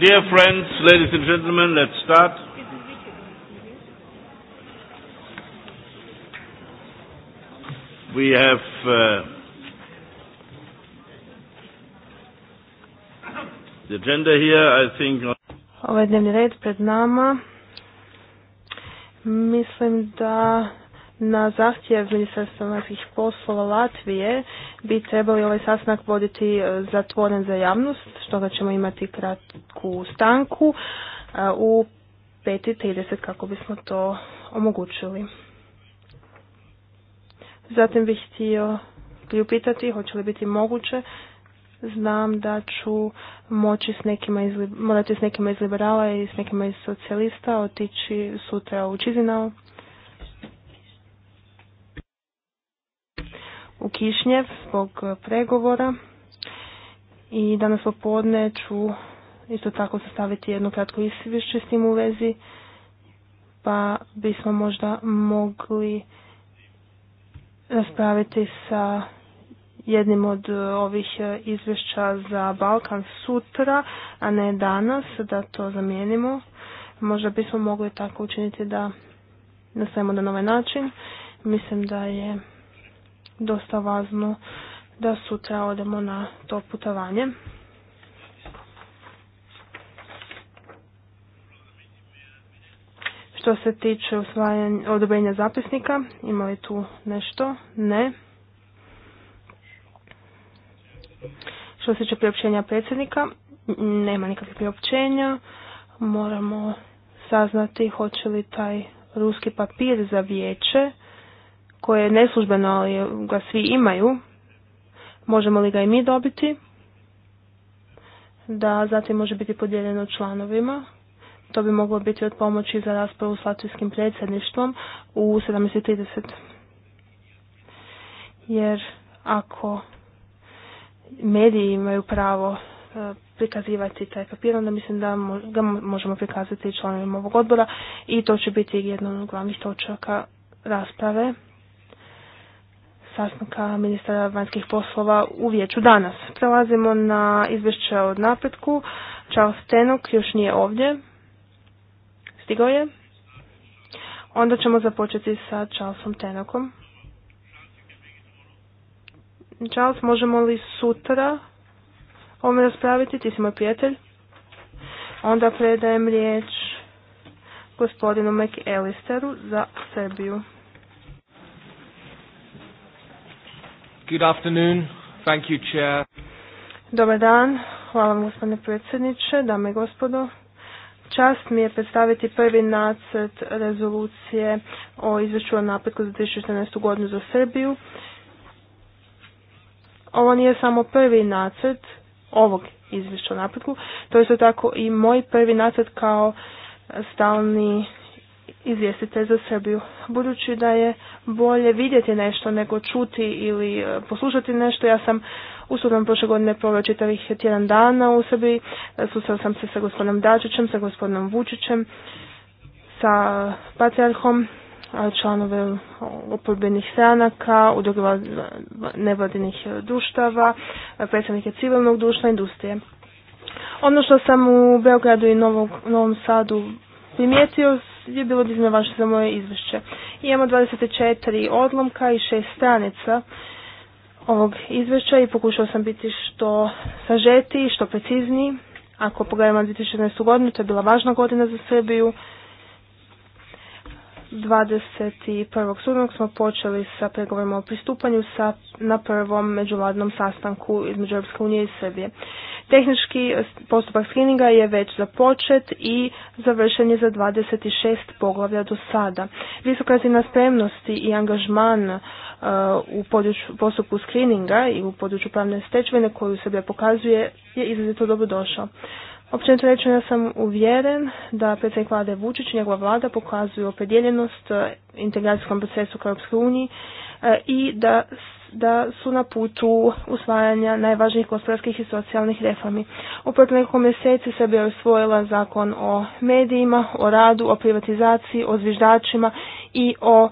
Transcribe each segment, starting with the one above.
Dear friends, ladies and gentlemen, let's start. We have uh, the agenda here, I think. Ovaj dnevni red pred nama. Mislim da na zahtjev Ministarstva vanjskih poslova Latvije bi trebali ovaj sastanak voditi e, zatvoren za javnost, što da ćemo imati kratku stanku e, u 5.30 kako bismo to omogućili. Zatim bih htio priupitati hoće li biti moguće znam da ću moći s nekima iz, morati s nekima iz liberala i s nekima iz socijalista otići sutra u Čizinao. u Kišnjev zbog e, pregovora i danas popodne ću isto tako sastaviti jedno kratko izvješće s tim u vezi pa bismo možda mogli raspraviti sa jednim od e, ovih e, izvješća za Balkan sutra, a ne danas, da to zamijenimo. Možda bismo mogli tako učiniti da nastavimo na ovaj način. Mislim da je dosta važno da sutra odemo na to putovanje. Što se tiče odobrenja zapisnika, ima li tu nešto? Ne. Što se tiče priopćenja predsjednika, nema nikakvih priopćenja. Moramo saznati hoće li taj ruski papir za vijeće koje je neslužbeno, ali ga svi imaju, možemo li ga i mi dobiti? Da zatim može biti podijeljeno članovima. To bi moglo biti od pomoći za raspravu s latvijskim predsjedništvom u 17.30. Jer ako mediji imaju pravo e, prikazivati taj papir, onda mislim da ga možemo prikazati i članovima ovog odbora i to će biti jedna od glavnih točaka rasprave sastanka ministra vanjskih poslova u vijeću danas. Prelazimo na izvješće od napretku. Charles Tenok još nije ovdje. Stigao je. Onda ćemo započeti sa Charlesom Tenokom. Charles, možemo li sutra ovome raspraviti? Ti si moj prijatelj. Onda predajem riječ gospodinu McAllisteru za Srbiju. Good afternoon. Thank you, Chair. Dobar dan. Hvala gospodine predsjedniče, dame i gospodo. Čast mi je predstaviti prvi nacrt rezolucije o izvješću o napretku za 2014. godinu za Srbiju. Ovo nije samo prvi nacrt ovog izvješća o napretku, to je isto tako i moj prvi nacrt kao stalni izvjestitelj za Srbiju. Budući da je bolje vidjeti nešto nego čuti ili e, poslušati nešto, ja sam u sudom prošle godine proveo čitavih tjedan dana u Srbiji, e, susreo sam se sa gospodinom Dačićem, sa gospodinom Vučićem, sa Patriarhom, članove oporbenih stranaka, udrugova nevladinih društava, predstavnike civilnog društva, industrije. Ono što sam u Beogradu i Novom, Novom Sadu primijetio je bilo dizno vaše za moje izvješće. Imamo 24 odlomka i 6 stranica ovog izvješća i pokušao sam biti što sažetiji, što precizniji. Ako pogledamo 2016. godinu, to je bila važna godina za Srbiju. 21. sudnog smo počeli sa pregovorima o pristupanju na prvom međuladnom sastanku između Europske unije i Srbije. Tehnički postupak screeninga je već započet i završen je za 26 poglavlja do sada. Visoka razina spremnosti i angažman e, u području, postupku skrininga i u području pravne stečevine koju sebe pokazuje je izrazito došao. Općenito rečeno ja sam uvjeren da predsjednik vlade Vučić i njegova vlada pokazuju opredjeljenost e, integracijskom procesu u Europskoj uniji e, i da da su na putu usvajanja najvažnijih gospodarskih i socijalnih reformi. U protiv nekoliko mjeseci se bi usvojila zakon o medijima, o radu, o privatizaciji, o zviždačima i o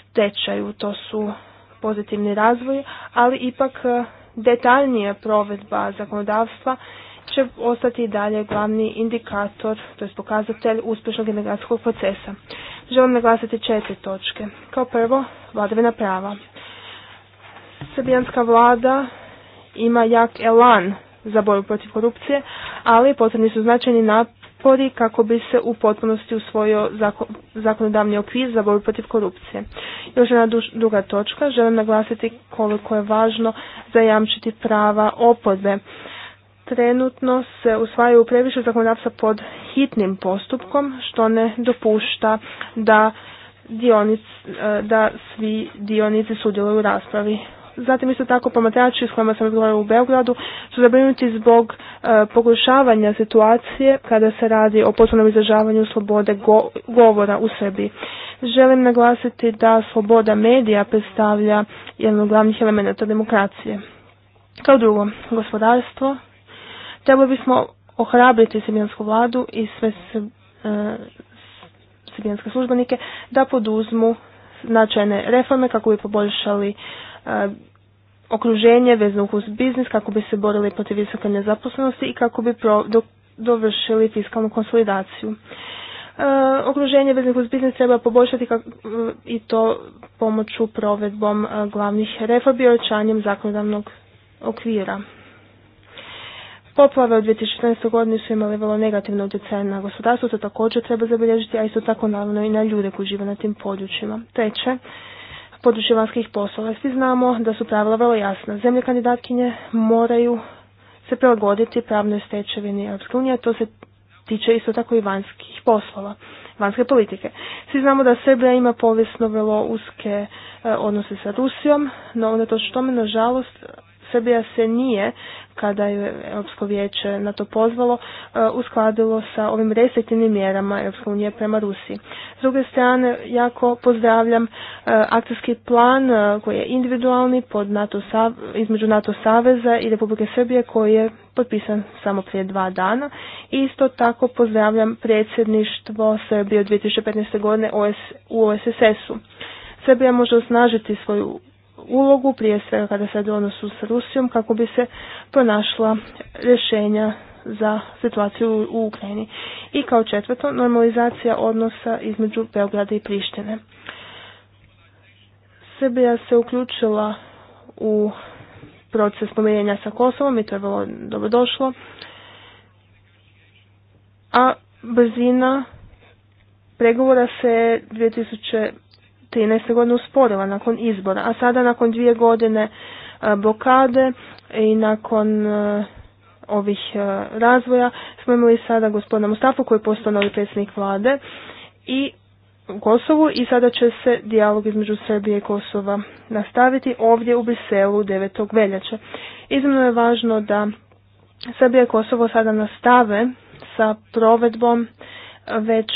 stečaju. To su pozitivni razvoj, ali ipak e, detaljnija provedba zakonodavstva će ostati i dalje glavni indikator, to je pokazatelj uspješnog integracijskog procesa. Želim naglasiti četiri točke. Kao prvo, vladavina prava. Srbijanska vlada ima jak elan za borbu protiv korupcije, ali potrebni su značajni napori kako bi se u potpunosti usvojio zakonodavni okvir za borbu protiv korupcije. Još jedna druga točka, želim naglasiti koliko je važno zajamčiti prava oporbe. Trenutno se usvajaju previše zakonodavstva pod hitnim postupkom, što ne dopušta da da svi dionici sudjeluju u raspravi. Zatim isto tako promatrači s kojima sam razgovarala u Beogradu su zabrinuti zbog e, situacije kada se radi o poslovnom izražavanju slobode govora u sebi. Želim naglasiti da sloboda medija predstavlja jedan od glavnih elemenata demokracije. Kao drugo, gospodarstvo. Trebali bismo ohrabriti sibijansku vladu i sve sibijanske e, službenike da poduzmu značajne reforme kako bi poboljšali E, okruženje vezno uz biznis kako bi se borili protiv visoke nezaposlenosti i kako bi pro, do, dovršili fiskalnu konsolidaciju. E, okruženje vezno uz biznis treba poboljšati e, i to pomoću provedbom e, glavnih reformi i očanjem zakonodavnog okvira. Poplave u 2014. godini su imale vrlo negativno utjecaje na gospodarstvo, to također treba zabilježiti, a isto tako naravno i na ljude koji žive na tim područjima. Treće, području vanjskih poslova. Svi znamo da su pravila vrlo jasna. Zemlje kandidatkinje moraju se prilagoditi pravnoj stečevini Europske unije, to se tiče isto tako i vanjskih poslova, vanjske politike. Svi znamo da Srbija ima povijesno vrlo uske eh, odnose sa Rusijom, no onda to što me nažalost Srbija se nije, kada je Europsko vijeće na to pozvalo, e, uskladilo sa ovim restriktivnim mjerama Europske unije prema Rusiji. S druge strane, jako pozdravljam e, akcijski plan e, koji je individualni pod NATO, između NATO Saveza i Republike Srbije koji je potpisan samo prije dva dana. Isto tako pozdravljam predsjedništvo Srbije od 2015. godine u OSSS-u. Srbija može osnažiti svoju ulogu, prije svega kada se donosu s Rusijom, kako bi se pronašla rješenja za situaciju u Ukrajini. I kao četvrto, normalizacija odnosa između Beograda i Prištine. Srbija se uključila u proces pomirenja sa Kosovom i to je vrlo dobro došlo. A brzina pregovora se 2000 2013. godine usporila nakon izbora, a sada nakon dvije godine e, blokade i nakon e, ovih e, razvoja smo imali sada gospodina Mustafa koji je postao novi predsjednik vlade i u Kosovu i sada će se dijalog između Srbije i Kosova nastaviti ovdje u Briselu 9. veljače. Iznimno je važno da Srbija i Kosovo sada nastave sa provedbom već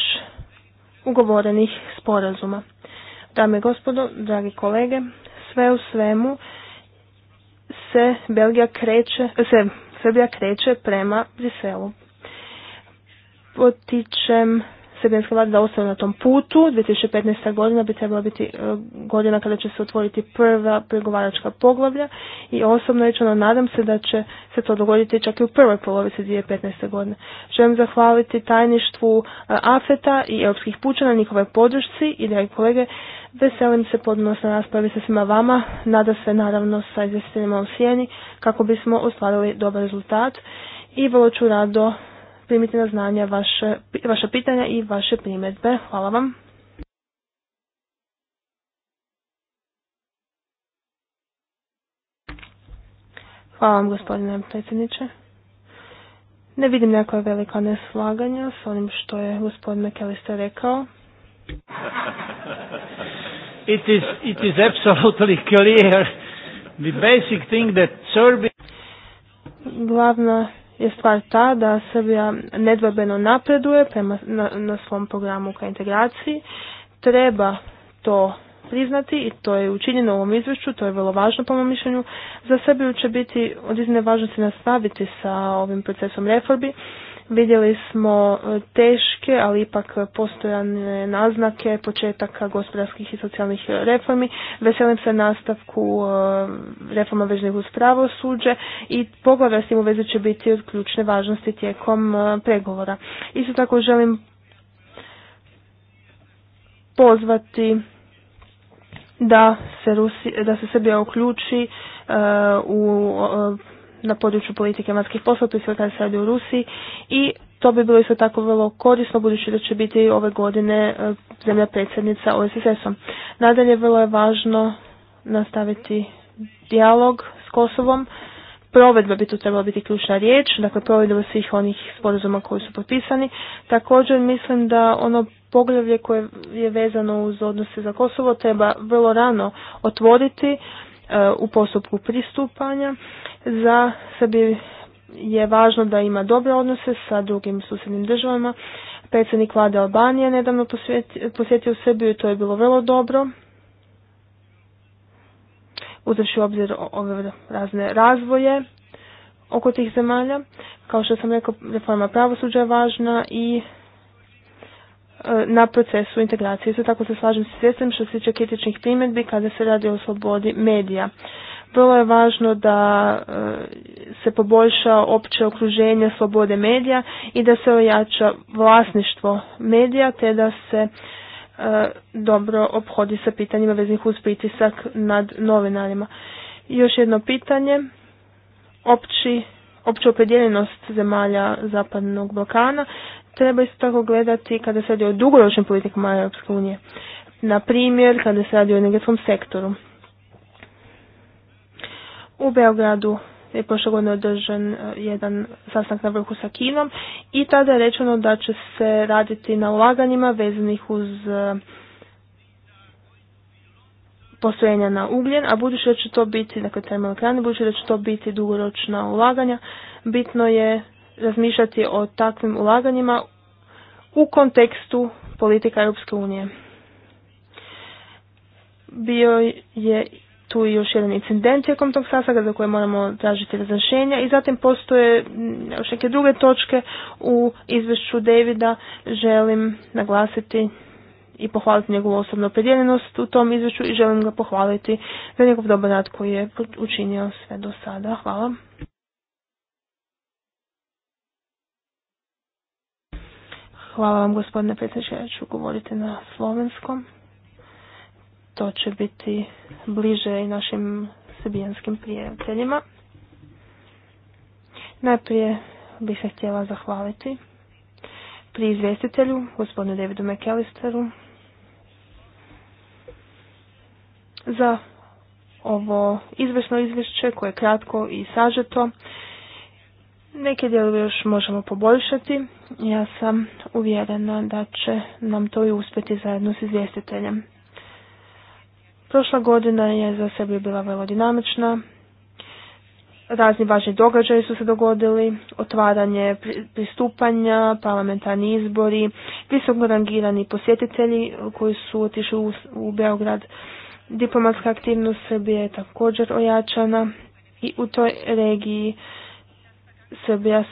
ugovorenih sporazuma. Dame i gospodo, dragi kolege, sve u svemu se Belgija kreće, se Srbija kreće prema Briselu. Potičem srbijanska vlada da ostane na tom putu. 2015. godina bi trebala biti e, godina kada će se otvoriti prva pregovaračka poglavlja i osobno rečeno nadam se da će se to dogoditi čak i u prvoj polovici 2015. godine. Želim zahvaliti tajništvu e, AFETA i europskih pučana, njihovoj podršci i dragi kolege, veselim se podnosno raspravi sa svima vama, nada se naravno sa izvjestiteljima u sjeni kako bismo ostvarili dobar rezultat i vrlo ću rado primiti na znanje vaše, vaše pitanja i vaše primjedbe. Hvala vam. Hvala vam gospodine predsjedniče. Ne vidim neko velika neslaganja s onim što je gospodin McAllister rekao. It is, it is absolutely clear. The basic thing that Serbia... Glavna je stvar ta da Srbija nedvojbeno napreduje prema, na, svom programu ka integraciji. Treba to priznati i to je učinjeno u ovom izvješću, to je vrlo važno po mom mišljenju. Za Srbiju će biti od iznimne važnosti nastaviti sa ovim procesom reformi Vidjeli smo e, teške, ali ipak postojane naznake početaka gospodarskih i socijalnih reformi. Veselim se nastavku e, reforma vežnih uz pravosuđe i poglavlja s tim u vezi će biti od ključne važnosti tijekom e, pregovora. Isto tako želim pozvati da se, da se Srbija uključi u na području politike vanjskih poslova, sve tada se radi u Rusiji i to bi bilo isto tako vrlo korisno budući da će biti ove godine e, zemlja predsjednica OSSS-om. Nadalje vrlo je važno nastaviti dijalog s Kosovom. Provedba bi tu trebala biti ključna riječ, dakle provedba svih onih sporazuma koji su potpisani. Također mislim da ono poglavlje koje je vezano uz odnose za Kosovo treba vrlo rano otvoriti e, u postupku pristupanja za sebi je važno da ima dobre odnose sa drugim susjednim državama. Predsjednik vlade Albanije nedavno posjetio Srbiju i to je bilo vrlo dobro. Uzevši u obzir ove razne razvoje oko tih zemalja. Kao što sam rekao, reforma pravosuđa je važna i e, na procesu integracije. Isto tako se slažem s svjestom što se tiče kritičnih primjedbi kada se radi o slobodi medija. Vrlo je važno da e, se poboljša opće okruženje slobode medija i da se ojača vlasništvo medija te da se e, dobro obhodi sa pitanjima veznih uz pritisak nad novinarima. Još jedno pitanje, opći, opća opredjeljenost zemalja Zapadnog Balkana treba isto tako gledati kada se radi o dugoročnim politikama Europske unije. Na primjer, kada se radi o energetskom sektoru. U Beogradu je prošle godine održan e, jedan sastanak na vrhu sa Kinom i tada je rečeno da će se raditi na ulaganjima vezanih uz e, postojenja na ugljen, a budući da će to biti, dakle termoelektrane, budući da će to biti dugoročna ulaganja, bitno je razmišljati o takvim ulaganjima u kontekstu politika Europske unije. Bio je tu je još jedan incident tijekom tog sastanka za koje moramo tražiti razrešenja i zatim postoje mm, još neke druge točke u izvješću Davida. Želim naglasiti i pohvaliti njegovu osobnu opredjeljenost u tom izvješću i želim ga pohvaliti za njegov dobar rad koji je učinio sve do sada. Hvala. Hvala vam gospodine predsjedniče, ja ću govoriti na slovenskom to će biti bliže i našim srbijanskim prijateljima. Najprije bih se htjela zahvaliti pri izvjestitelju, gospodinu Davidu McAllisteru, za ovo izvršno izvješće koje je kratko i sažeto. Neke dijelove još možemo poboljšati. Ja sam uvjerena da će nam to i uspjeti zajedno s izvjestiteljem. Prošla godina je za Srbiju bila vrlo dinamična. Razni važni događaji su se dogodili, otvaranje pristupanja, parlamentarni izbori, visoko rangirani posjetitelji koji su otišli u, Beograd. Diplomatska aktivnost Srbije je također ojačana i u toj regiji Srbija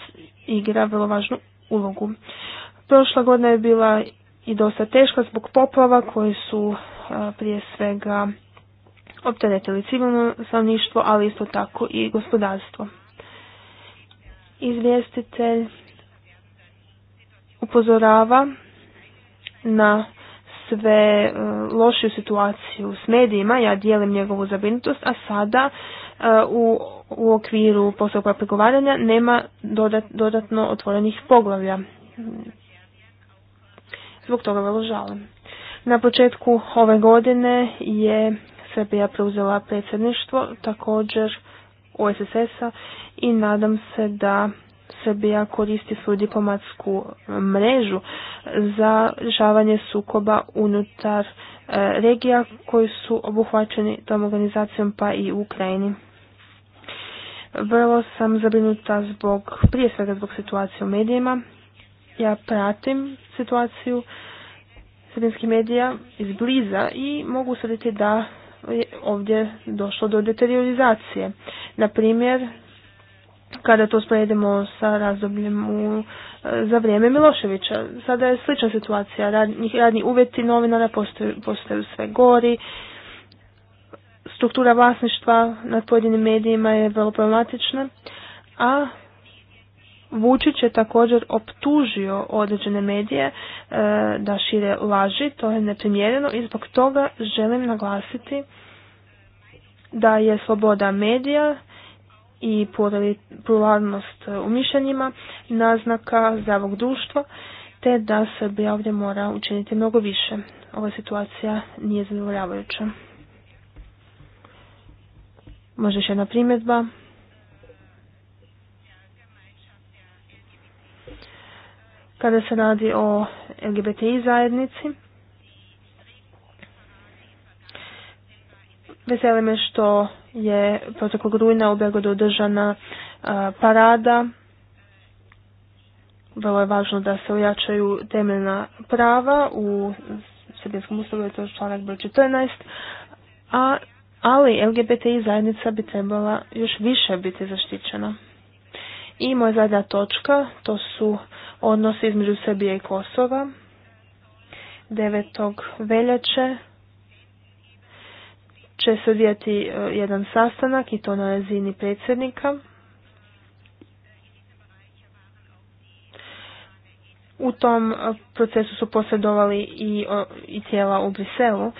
igra vrlo važnu ulogu. Prošla godina je bila i dosta teška zbog poplava koji su prije svega opteretili civilno stanovništvo, ali isto tako i gospodarstvo. Izvjestitelj upozorava na sve e, lošiju situaciju s medijima, ja dijelim njegovu zabrinutost, a sada e, u, u okviru postupka pregovaranja nema dodat, dodatno otvorenih poglavlja. Zbog toga vrlo žalim. Na početku ove godine je Srbija preuzela predsjedništvo također OSSS-a i nadam se da Srbija koristi svoju diplomatsku mrežu za rješavanje sukoba unutar e, regija koji su obuhvaćeni tom organizacijom pa i u Ukrajini. Vrlo sam zabrinuta zbog, prije svega zbog situacije u medijima. Ja pratim situaciju sredinskih medija izbliza i mogu srediti da je ovdje došlo do deteriorizacije. Na primjer, kada to spojedemo sa razdobljem u, e, za vrijeme Miloševića. Sada je slična situacija, radni, radni uvjeti novinara postaju, sve gori, struktura vlasništva nad pojedinim medijima je vrlo problematična, a Vučić je također optužio određene medije e, da šire laži, to je neprimjereno i zbog toga želim naglasiti da je sloboda medija i pluralnost u mišljenjima naznaka zdravog društva, te da bi ovdje mora učiniti mnogo više. Ova situacija nije zadovoljavajuća. Može još jedna primjedba. kada se radi o LGBTI zajednici. Veseli me što je proteklog rujna u Begodu održana parada. Vrlo je važno da se ojačaju temeljna prava u Srbijskom ustavu, je to članak broj 14, a, ali LGBTI zajednica bi trebala još više biti zaštićena. I moja zadnja točka, to su odnosi između Srbije i Kosova. 9. veljače će se odvijati e, jedan sastanak i to na razini predsjednika. U tom e, procesu su posredovali i, i tijela u Briselu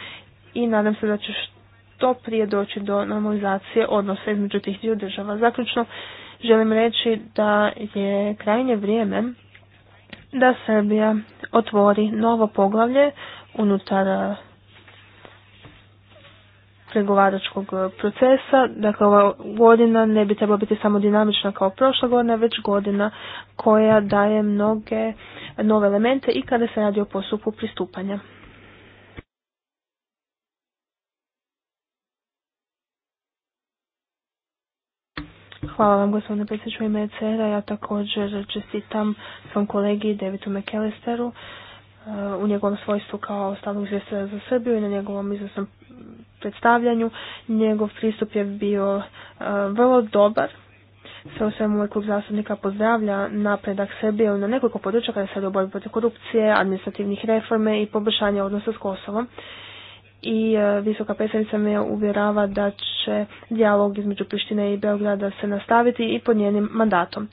i nadam se da će što prije doći do normalizacije odnosa između tih dviju država. Zaključno, želim reći da je krajnje vrijeme da Srbija otvori novo poglavlje unutar e, pregovaračkog procesa. Dakle, ova godina ne bi trebala biti samo dinamična kao prošla godina, već godina koja daje mnoge nove elemente i kada se radi o postupku pristupanja. Hvala vam gospodine predsjedniče ime ecr Ja također čestitam svom kolegi Davidu McAllisteru e, u njegovom svojstvu kao stalnog izvjestitelja za Srbiju i na njegovom sam predstavljanju. Njegov pristup je bio e, vrlo dobar. Sve u svemu ovaj klub zastupnika pozdravlja napredak Srbije na nekoliko područja kada se radi o protiv korupcije, administrativnih reforme i poboljšanja odnosa s Kosovom i e, visoka predstavnica me uvjerava da će dijalog između Prištine i Beograda se nastaviti i pod njenim mandatom.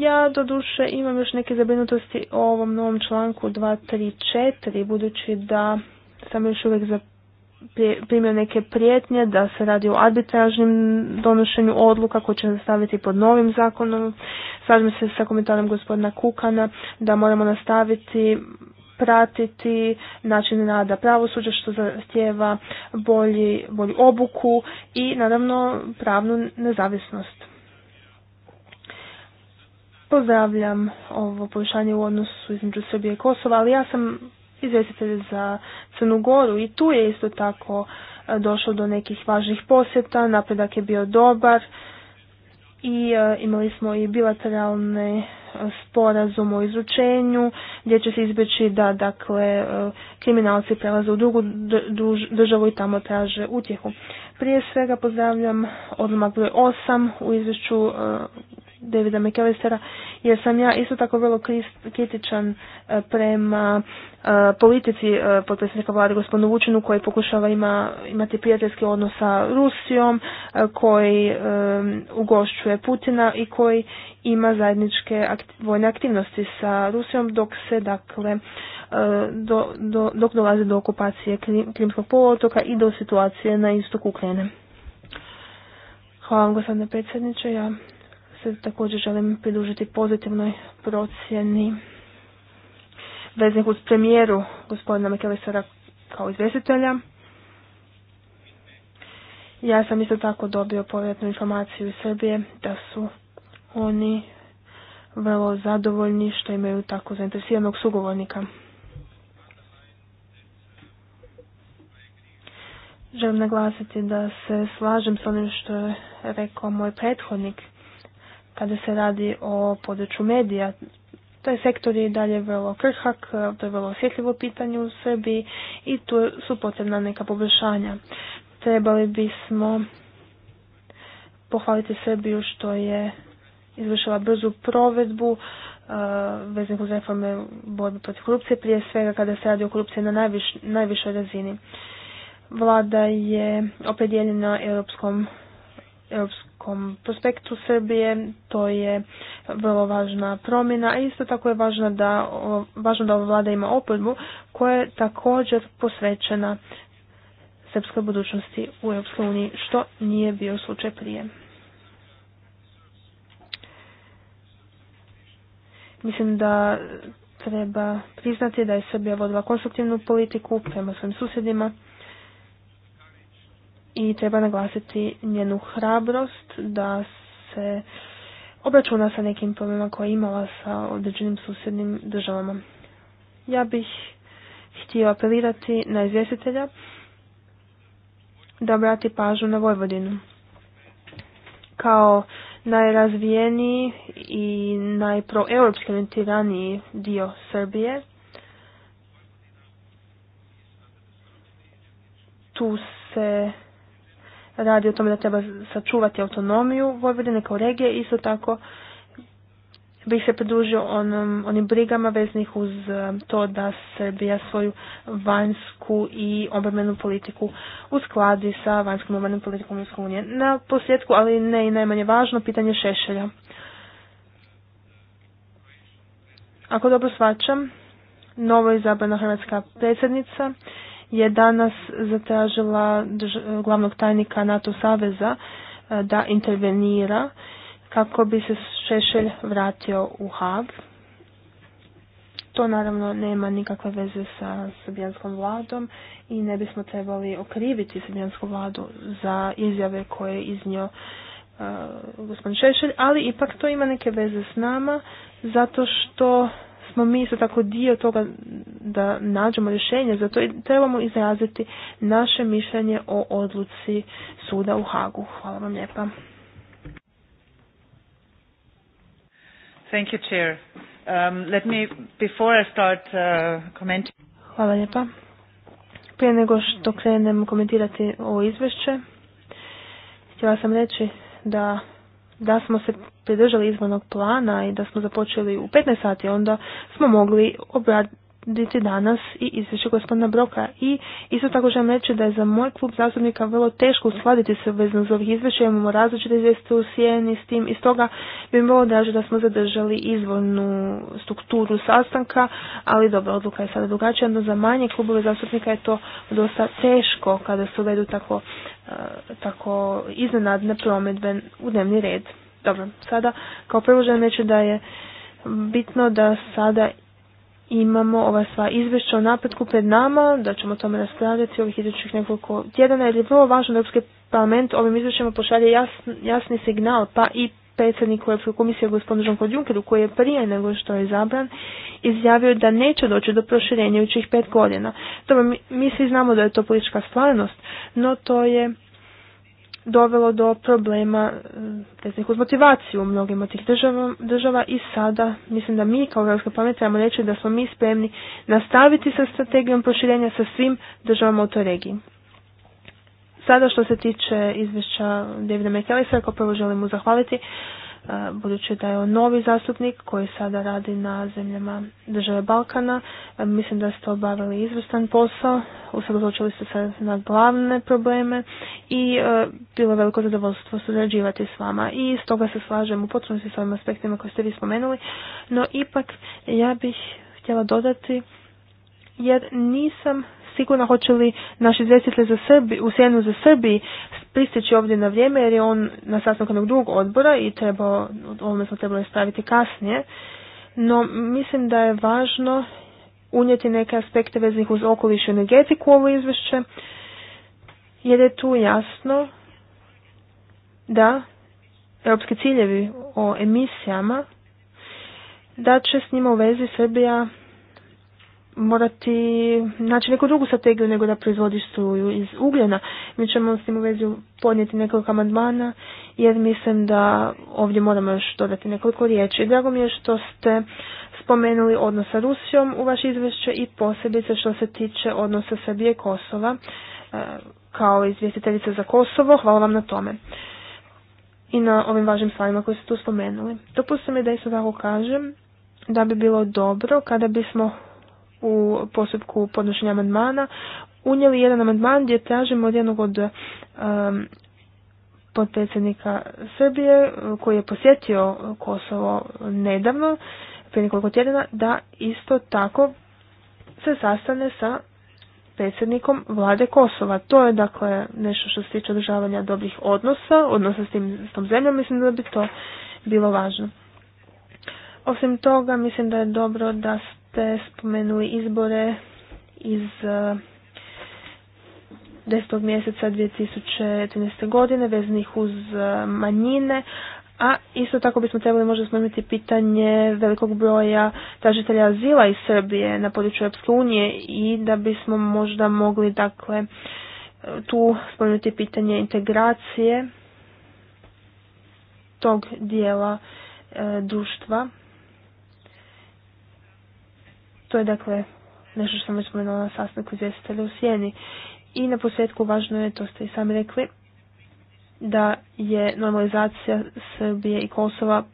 Ja duše, imam još neke zabrinutosti o ovom novom članku 234 budući da sam još uvijek primio neke prijetnje da se radi o arbitražnim donošenju odluka koje će nastaviti pod novim zakonom. Slažem se sa komentarom gospodina Kukana da moramo nastaviti pratiti način rada pravosuđa što zahtjeva bolji, bolju obuku i naravno pravnu nezavisnost. Pozdravljam ovo povišanje u odnosu između Srbije i Kosova, ali ja sam izvjestitelj za Crnu Goru i tu je isto tako e, došlo do nekih važnih posjeta, napredak je bio dobar i e, imali smo i bilateralne sporazum o izručenju gdje će se izbjeći da dakle e, kriminalci prelaze u drugu državu i tamo traže utjehu. Prije svega pozdravljam odmah broj 8 u izvješću e, Davida McAllistera, jer sam ja isto tako vrlo kritičan e, prema e, politici e, potpredsjednika vlade gospodinu Vučinu koji pokušava ima, imati prijateljski odnos sa Rusijom, koji ugošćuje Putina i koji ima zajedničke vojne aktivnosti sa Rusijom dok se dakle do, do, dok dolazi do okupacije Krimskog polotoka i do situacije na istoku Ukrajine. Hvala vam gospodine predsjedniče. Ja se također želim pridružiti pozitivnoj procjeni veznih uz premijeru gospodina Mekelisara kao izvjestitelja. Ja sam isto tako dobio povjetnu informaciju iz Srbije da su oni vrlo zadovoljni što imaju tako zainteresiranog sugovornika. Želim naglasiti da se slažem s onim što je rekao moj prethodnik kada se radi o području medija, taj sektor je i dalje vrlo krhak, to je vrlo osjetljivo pitanje u Srbiji i tu su potrebna neka poboljšanja. Trebali bismo pohvaliti Srbiju što je izvršila brzu provedbu uh, veznih uz reforme borbe protiv korupcije, prije svega kada se radi o korupciji na najvišoj razini. Vlada je opredjeljena europskom europskom prospektu Srbije, to je vrlo važna promjena, a isto tako je važno da, važno da ova vlada ima oporbu koja je također posvećena srpskoj budućnosti u EU, što nije bio slučaj prije. Mislim da treba priznati da je Srbija vodila konstruktivnu politiku prema svojim susjedima i treba naglasiti njenu hrabrost da se obračuna sa nekim problemima koje je imala sa određenim susjednim državama. Ja bih htio apelirati na izvjestitelja da obrati pažu na Vojvodinu. Kao najrazvijeniji i najproeuropski orientiraniji dio Srbije, tu se radi o tome da treba sačuvati autonomiju Vojvodine kao regije. Isto tako bih se pridružio onom, onim brigama veznih uz eh, to da Srbija svoju vanjsku i obrmenu politiku uskladi sa vanjskom obrmenom politikom Europske unije. Na posljedku, ali ne i najmanje važno, pitanje Šešelja. Ako dobro svačam, novo izabrana hrvatska predsjednica je danas zatražila glavnog tajnika NATO saveza e, da intervenira kako bi se Šešelj vratio u Hag. To naravno nema nikakve veze sa srbijanskom vladom i ne bismo trebali okriviti srbijansku vladu za izjave koje je iznio e, gospodin Šešelj, ali ipak to ima neke veze s nama, zato što mi isto tako dio toga da nađemo rješenje, zato i trebamo izraziti naše mišljenje o odluci suda u Hagu. Hvala vam lijepa. Thank you, Chair. Um, let me, before I start uh, commenting... Hvala lijepa. Prije nego što krenem komentirati ovo izvješće, htjela sam reći da da smo se pridržali izvornog plana i da smo započeli u 15 sati, onda smo mogli obraditi danas i izvješće gospodina Broka. I isto tako želim reći da je za moj klub zastupnika vrlo teško uskladiti se vezno za ovih izvješća, imamo različite izvješće u sjeni s tim i stoga bi bilo draže da smo zadržali izvornu strukturu sastanka, ali dobra odluka je sada drugačija, no za manje klubove zastupnika je to dosta teško kada se uvedu tako tako iznenadne promjedbe u dnevni red. Dobro, sada kao prvo želim reći da je bitno da sada imamo ova sva izvješća o napretku pred nama, da ćemo o tome raspravljati ovih idućih nekoliko tjedana, jer je vrlo važno da Europski parlament ovim izvješćima pošalje jasni signal, pa i predsjednik Europske komisije gospodinu Jean-Claude Junckeru koji je prije nego što je zabran izjavio da neće doći do proširenja učih pet godina. To mi, svi znamo da je to politička stvarnost, no to je dovelo do problema veznih uz motivaciju u mnogim od tih država, država i sada mislim da mi kao Europska pamet trebamo reći da smo mi spremni nastaviti sa strategijom proširenja sa svim državama u toj regiji. Sada što se tiče izvješća Davida McAllistera, ako prvo želim mu zahvaliti, e, budući da je on novi zastupnik koji sada radi na zemljama države Balkana. E, mislim da ste obavili izvrstan posao, usredotočili ste se na glavne probleme i e, bilo veliko zadovoljstvo surađivati s vama. I stoga se slažem u potpunosti s ovim aspektima koje ste vi spomenuli, no ipak ja bih htjela dodati jer nisam sigurna hoće li naš izvjestitelj za Srbi, u sjenu za Srbiji pristići ovdje na vrijeme jer je on na sastanku jednog drugog odbora i trebao, ovome smo trebali staviti kasnije. No mislim da je važno unijeti neke aspekte veznih uz okoliš i energetiku u ovo izvješće jer je tu jasno da europski ciljevi o emisijama da će s njima u vezi Srbija morati naći neku drugu strategiju nego da proizvodi struju iz ugljena. Mi ćemo s tim u vezi podnijeti nekoliko amandmana jer mislim da ovdje moramo još dodati nekoliko riječi. Drago mi je što ste spomenuli odnos sa Rusijom u vaše izvješće i posebice što se tiče odnosa Srbije i Kosova e, kao izvjestiteljice za Kosovo. Hvala vam na tome i na ovim važnim stvarima koje ste tu spomenuli. Dopustite mi da isto tako kažem da bi bilo dobro kada bismo u postupku podnošenja amandmana unijeli jedan amandman gdje tražimo od jednog od um, potpredsjednika Srbije koji je posjetio Kosovo nedavno, prije nekoliko tjedana, da isto tako se sastane sa predsjednikom vlade Kosova. To je dakle nešto što se tiče održavanja dobrih odnosa, odnosa s, tim, s tom zemljom, mislim da bi to bilo važno. Osim toga, mislim da je dobro da ste spomenuli izbore iz 10. E, mjeseca 2013. godine veznih uz e, manjine, a isto tako bismo trebali možda spomenuti pitanje velikog broja tražitelja azila iz Srbije na području Europske unije i da bismo možda mogli dakle e, tu spomenuti pitanje integracije tog dijela društva to je dakle nešto što sam već spomenula na sastanku izvjestitelja u Sjeni. I na posljedku važno je, to ste i sami rekli, da je normalizacija Srbije i Kosova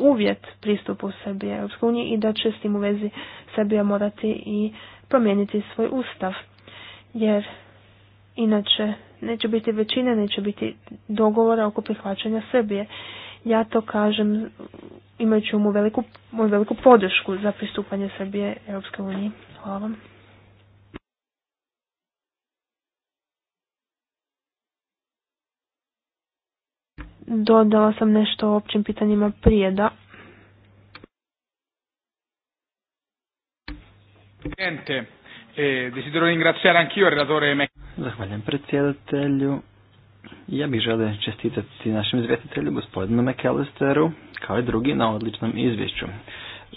uvjet pristupu Srbije u unije i da će s tim u vezi Srbija morati i promijeniti svoj ustav. Jer inače neće biti većine, neće biti dogovora oko prihvaćanja Srbije. Ja to kažem imajući mu veliku, moju veliku podršku za pristupanje Srbije Europske unije. Hvala vam. Dodala sam nešto o općim pitanjima prije, da. Eh, Zahvaljujem predsjedatelju. Ja bih želio čestitati našem izvjetitelju, gospodinu McAllisteru, kao i drugi na odličnom izvješću.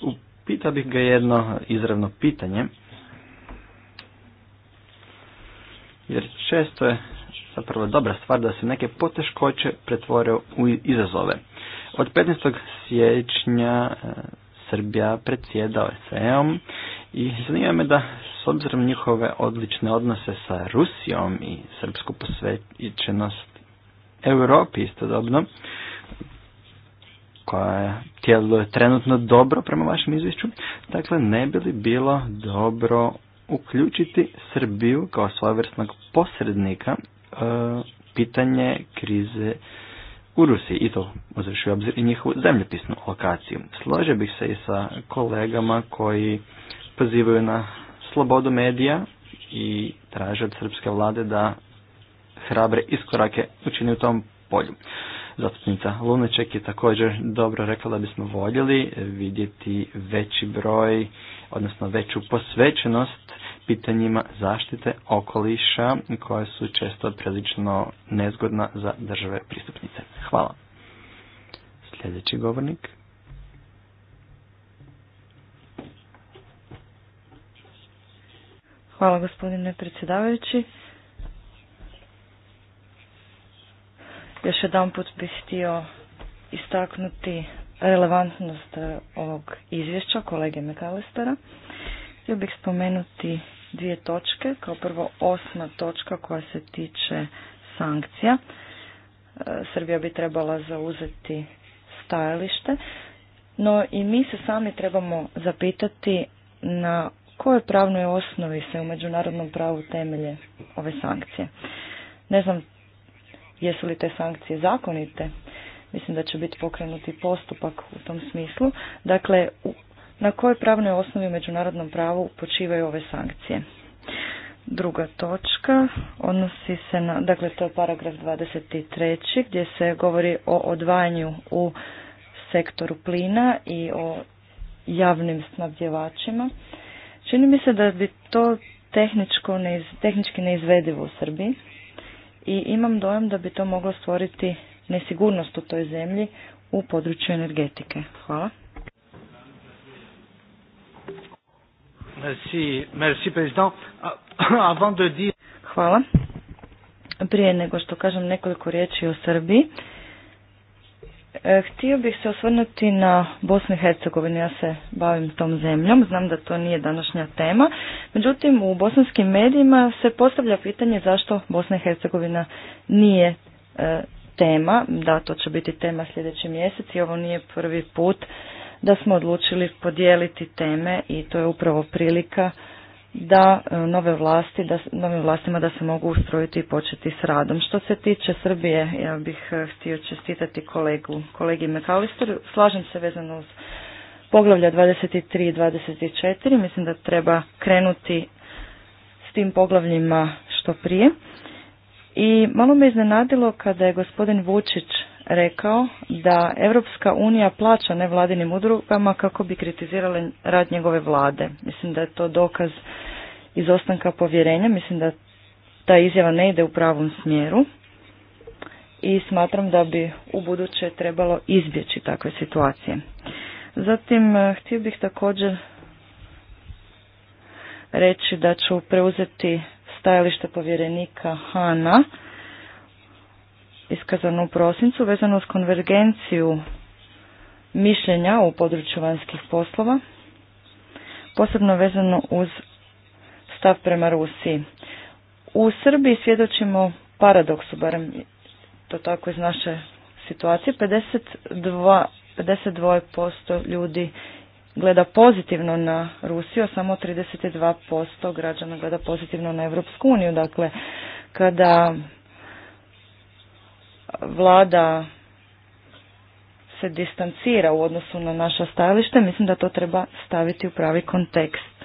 Upitao bih ga jedno izravno pitanje, jer često je zapravo dobra stvar da se neke poteškoće pretvore u izazove. Od 15. siječnja e, Srbija predsjedao SEOM i zanima me da s obzirom njihove odlične odnose sa Rusijom i srpsku posvećenost Europi istodobno, koja tijelo je trenutno dobro prema vašem izvješću, dakle ne bi li bilo dobro uključiti Srbiju kao svojevrsnog posrednika e, pitanje krize u Rusiji i to u obzir i njihovu zemljopisnu lokaciju. Složio bih se i sa kolegama koji pozivaju na slobodu medija i traže od srpske vlade da hrabre iskorake učini u tom polju. Zastupnica Luneček je također dobro rekla da bismo voljeli vidjeti veći broj, odnosno veću posvećenost pitanjima zaštite okoliša koja su često prilično nezgodna za države pristupnice. Hvala. Sljedeći govornik. Hvala gospodine predsjedavajući. Još jedan put bih htio istaknuti relevantnost e, ovog izvješća kolege Mekalistera. Htio bih spomenuti dvije točke. Kao prvo osma točka koja se tiče sankcija. E, Srbija bi trebala zauzeti stajalište. No i mi se sami trebamo zapitati na kojoj pravnoj osnovi se u međunarodnom pravu temelje ove sankcije. Ne znam jesu li te sankcije zakonite. Mislim da će biti pokrenuti postupak u tom smislu. Dakle, na kojoj pravnoj osnovi u međunarodnom pravu počivaju ove sankcije? Druga točka odnosi se na, dakle to je paragraf 23. gdje se govori o odvajanju u sektoru plina i o javnim snabdjevačima. Čini mi se da bi to tehnički neizvedivo u Srbiji i imam dojam da bi to moglo stvoriti nesigurnost u toj zemlji u području energetike. Hvala. Merci, merci président. Ah, avant de dire... Hvala. Prije nego što kažem nekoliko riječi o Srbiji, E, htio bih se osvrnuti na Bosnu i Hercegovinu, ja se bavim tom zemljom, znam da to nije današnja tema, međutim u bosanskim medijima se postavlja pitanje zašto Bosna i Hercegovina nije e, tema, da to će biti tema sljedeći mjesec i ovo nije prvi put da smo odlučili podijeliti teme i to je upravo prilika da e, nove vlasti, da, novim vlastima da se mogu ustrojiti i početi s radom. Što se tiče Srbije, ja bih e, htio čestitati kolegu, kolegi McAllisteru. Slažem se vezano uz poglavlja 23 i 24. Mislim da treba krenuti s tim poglavljima što prije. I malo me iznenadilo kada je gospodin Vučić rekao da Europska unija plaća nevladinim udrugama kako bi kritizirale rad njegove vlade. Mislim da je to dokaz izostanka povjerenja, mislim da ta izjava ne ide u pravom smjeru i smatram da bi u buduće trebalo izbjeći takve situacije. Zatim, eh, htio bih također reći da ću preuzeti stajalište povjerenika Hana iskazano u prosincu vezano s konvergenciju mišljenja u području vanjskih poslova, posebno vezano uz stav prema Rusiji. U Srbiji svjedočimo paradoksu, barem to tako iz naše situacije, 52%, 52 ljudi gleda pozitivno na Rusiju, a samo 32% građana gleda pozitivno na Europsku uniju. Dakle, kada vlada se distancira u odnosu na naša stajalište, mislim da to treba staviti u pravi kontekst.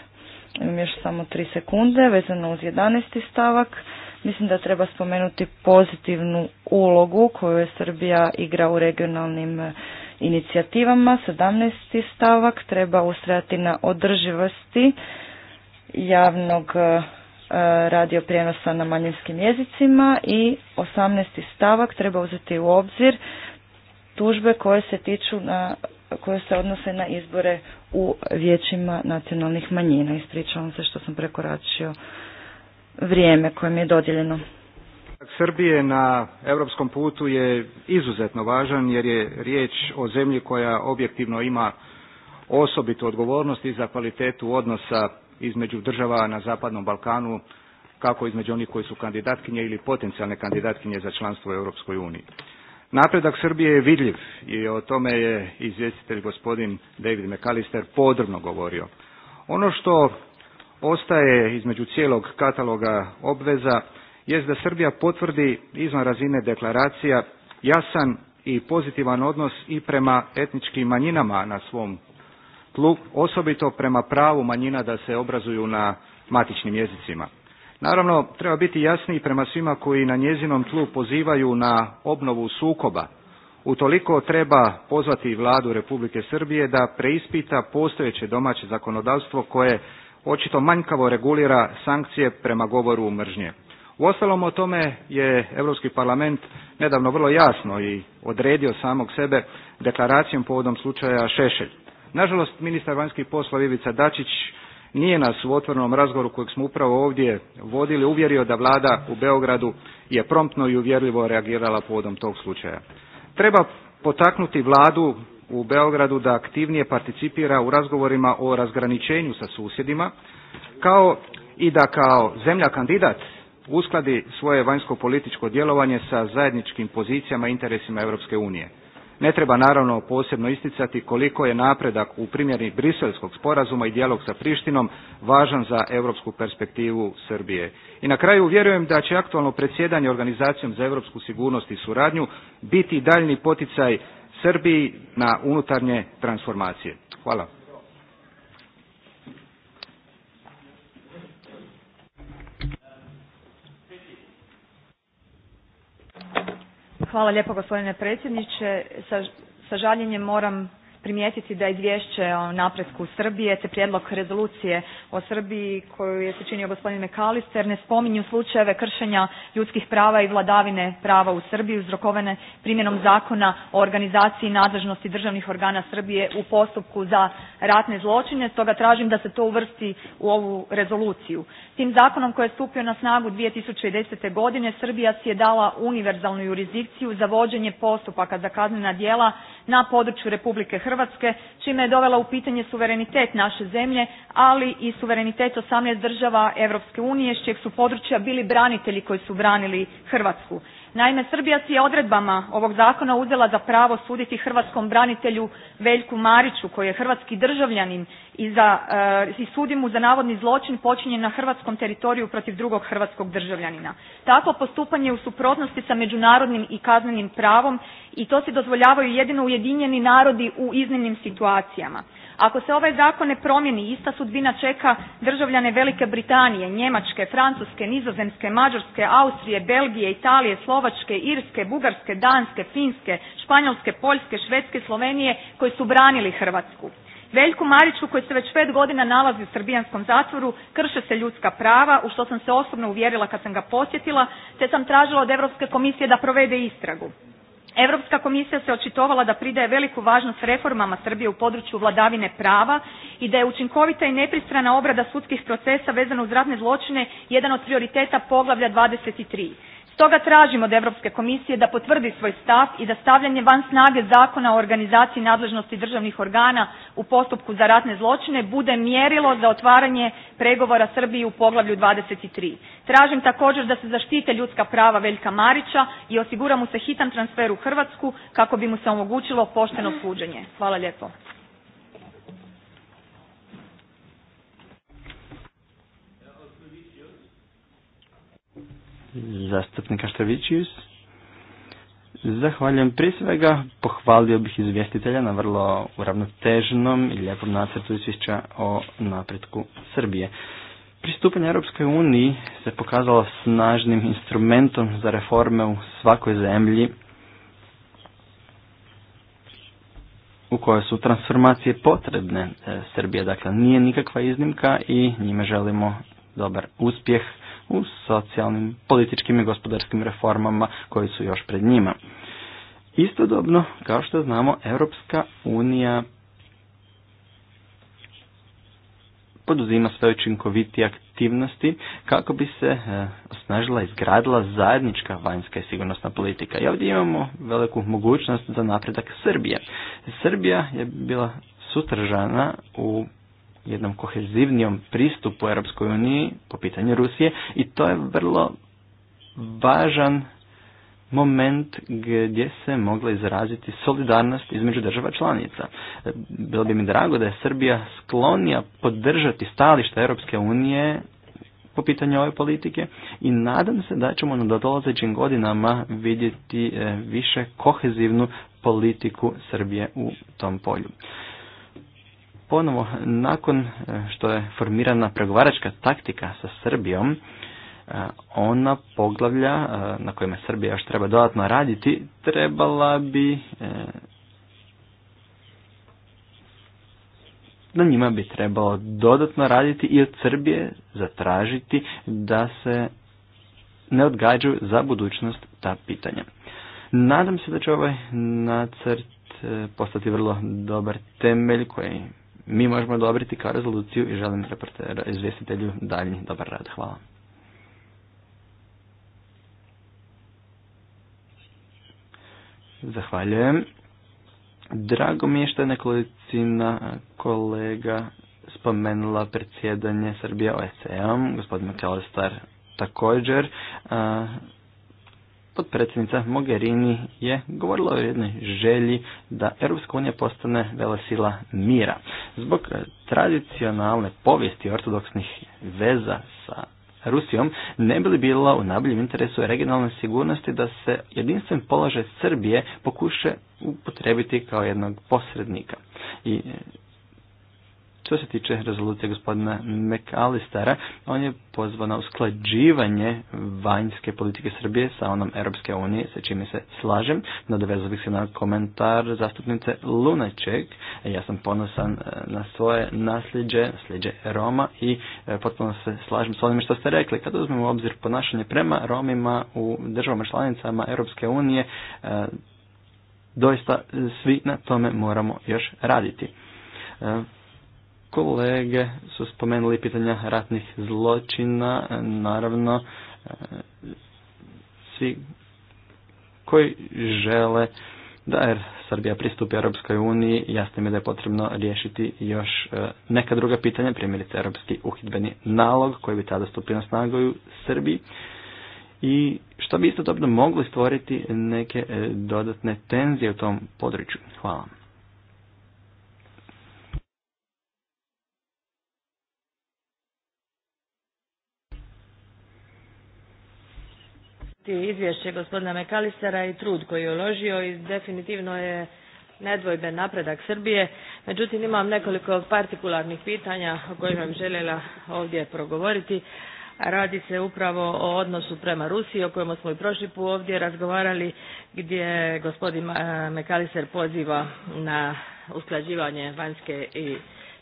Imam još samo tri sekunde, vezano uz 11. stavak. Mislim da treba spomenuti pozitivnu ulogu koju je Srbija igra u regionalnim e, inicijativama. 17. stavak treba ustrajati na održivosti javnog e, E, radio prijenosa na manjinskim jezicima i 18. stavak treba uzeti u obzir tužbe koje se tiču na koje se odnose na izbore u vijećima nacionalnih manjina. Ispričavam se što sam prekoračio vrijeme koje mi je dodijeljeno. Srbije na europskom putu je izuzetno važan jer je riječ o zemlji koja objektivno ima osobitu odgovornost i za kvalitetu odnosa između država na Zapadnom Balkanu, kako između onih koji su kandidatkinje ili potencijalne kandidatkinje za članstvo u Europskoj uniji. Napredak Srbije je vidljiv i o tome je izvjestitelj gospodin David McAllister podrobno govorio. Ono što ostaje između cijelog kataloga obveza jest da Srbija potvrdi izvan razine deklaracija jasan i pozitivan odnos i prema etničkim manjinama na svom tlu, osobito prema pravu manjina da se obrazuju na matičnim jezicima. Naravno, treba biti jasniji prema svima koji na njezinom tlu pozivaju na obnovu sukoba. Utoliko treba pozvati vladu Republike Srbije da preispita postojeće domaće zakonodavstvo koje očito manjkavo regulira sankcije prema govoru mržnje. Uostalom o tome je Europski parlament nedavno vrlo jasno i odredio samog sebe deklaracijom povodom slučaja Šešelj. Nažalost, ministar vanjskih poslova Ivica Dačić nije nas u otvorenom razgovoru kojeg smo upravo ovdje vodili uvjerio da vlada u Beogradu je promptno i uvjerljivo reagirala povodom tog slučaja. Treba potaknuti vladu u Beogradu da aktivnije participira u razgovorima o razgraničenju sa susjedima, kao i da kao zemlja kandidat uskladi svoje vanjsko političko djelovanje sa zajedničkim pozicijama i interesima Europske unije. Ne treba naravno posebno isticati koliko je napredak u primjeni Briselskog sporazuma i dijalog sa Prištinom važan za europsku perspektivu Srbije. I na kraju vjerujem da će aktualno predsjedanje Organizacijom za europsku sigurnost i suradnju biti daljni poticaj Srbiji na unutarnje transformacije. Hvala. Hvala lijepo gospodine predsjedniče. Sa, žaljenjem moram primijetiti da izvješće o napretku Srbije te prijedlog rezolucije o Srbiji koju je sačinio gospodin Mekalister, ne spominju slučajeve kršenja ljudskih prava i vladavine prava u Srbiji uzrokovane primjenom zakona o organizaciji nadležnosti državnih organa Srbije u postupku za ratne zločine, stoga tražim da se to uvrsti u ovu rezoluciju. Tim zakonom koji je stupio na snagu 2010. godine Srbija si je dala univerzalnu jurisdikciju za vođenje postupaka za kaznena djela na području Republike Hrvatske Hrvatske čime je dovela u pitanje suverenitet naše zemlje, ali i suverenitet 18 država Europske unije s čijeg su područja bili branitelji koji su branili Hrvatsku. Naime, Srbija si je odredbama ovog zakona uzela za pravo suditi hrvatskom branitelju Veljku Mariću koji je hrvatski državljanin i, za, e, sudi mu za navodni zločin počinjen na hrvatskom teritoriju protiv drugog hrvatskog državljanina. Takvo postupanje je u suprotnosti sa međunarodnim i kaznenim pravom i to si dozvoljavaju jedino Ujedinjeni narodi u iznimnim situacijama. Ako se ovaj zakon ne promijeni ista sudbina čeka državljane Velike Britanije, Njemačke, Francuske, Nizozemske, Mađarske, Austrije, Belgije, Italije, Slovačke, Irske, Bugarske, Danske, Finske, Španjolske, Poljske, Švedske, Slovenije koji su branili Hrvatsku. Veljku Mariću koji se već pet godina nalazi u srbijanskom zatvoru krše se ljudska prava u što sam se osobno uvjerila kad sam ga posjetila te sam tražila od Europske komisije da provede istragu. Europska komisija se očitovala da pridaje veliku važnost reformama Srbije u području vladavine prava i da je učinkovita i nepristrana obrada sudskih procesa vezano uz ratne zločine jedan od prioriteta poglavlja 23. Stoga tražim od Europske komisije da potvrdi svoj stav i da stavljanje van snage Zakona o organizaciji nadležnosti državnih organa u postupku za ratne zločine bude mjerilo za otvaranje pregovora Srbiji u poglavlju 23. Tražim također da se zaštite ljudska prava Veljka Marića i osigura mu se hitan transfer u Hrvatsku kako bi mu se omogućilo pošteno suđenje. Hvala lijepo. zastupnika Števićius. Zahvaljujem prije svega, pohvalio bih izvjestitelja na vrlo uravnotežnom i lijepom nacrtu izvješća o napretku Srbije. Pristupanje Europskoj uniji se pokazalo snažnim instrumentom za reforme u svakoj zemlji u kojoj su transformacije potrebne. E, Srbije, dakle nije nikakva iznimka i njime želimo dobar uspjeh u socijalnim, političkim i gospodarskim reformama koji su još pred njima. Istodobno, kao što znamo, Europska unija poduzima sve učinkoviti aktivnosti kako bi se e, osnažila i izgradila zajednička vanjska i sigurnosna politika. I ovdje imamo veliku mogućnost za napredak Srbije. Srbija je bila sutržana u jednom kohezivnijom pristupu Europskoj uniji po pitanju Rusije i to je vrlo važan moment gdje se mogla izraziti solidarnost između država članica. Bilo bi mi drago da je Srbija sklonija podržati stališta Europske unije po pitanju ove politike i nadam se da ćemo na dolazećim godinama vidjeti e, više kohezivnu politiku Srbije u tom polju ponovo, nakon e, što je formirana pregovaračka taktika sa Srbijom, e, ona poglavlja e, na kojima Srbija još treba dodatno raditi, trebala bi na njima bi trebalo dodatno raditi i od Srbije zatražiti da se ne odgađaju za budućnost ta pitanja. Nadam se da će ovaj nacrt postati vrlo dobar temelj koji mi možemo odobriti kao rezoluciju i želim izvjestitelju daljnji dobar rad. Hvala. Zahvaljujem. Drago mi je što je nekolicina kolega spomenula predsjedanje Srbije OSCE-om, gospodin McAllister također potpredsjednica Mogherini je govorila o jednoj želji da EU postane velesila mira. Zbog tradicionalne povijesti ortodoksnih veza sa Rusijom, ne bi li bila u najboljem interesu regionalne sigurnosti da se jedinstven položaj Srbije pokuše upotrebiti kao jednog posrednika. I što se tiče rezolucije gospodina McAllistera, on je pozvan na usklađivanje vanjske politike Srbije sa onom Europske unije, sa čime se slažem. Nadovezao bih se na komentar zastupnice Lunaček. Ja sam ponosan e, na svoje nasljeđe, nasljeđe Roma i e, potpuno se slažem s onim što ste rekli. Kada uzmemo u obzir ponašanje prema Romima u državama članicama Europske unije, e, doista svi na tome moramo još raditi Kolege su spomenuli pitanja ratnih zločina, naravno e, svi koji žele da jer Srbija pristupi Europskoj uniji, jasno mi je da je potrebno riješiti još e, neka druga pitanja, primjerice Europski uhidbeni nalog koji bi tada stupio na snagu u Srbiji i što bi istodobno mogli stvoriti neke e, dodatne tenzije u tom području. Hvala. izvješće gospodina Mekalistera i trud koji je uložio i definitivno je nedvojben napredak Srbije. Međutim, imam nekoliko partikularnih pitanja o kojima bih željela ovdje progovoriti. Radi se upravo o odnosu prema Rusiji o kojemu smo i prošli put ovdje razgovarali gdje gospodin eh, Mekaliser poziva na usklađivanje vanjske i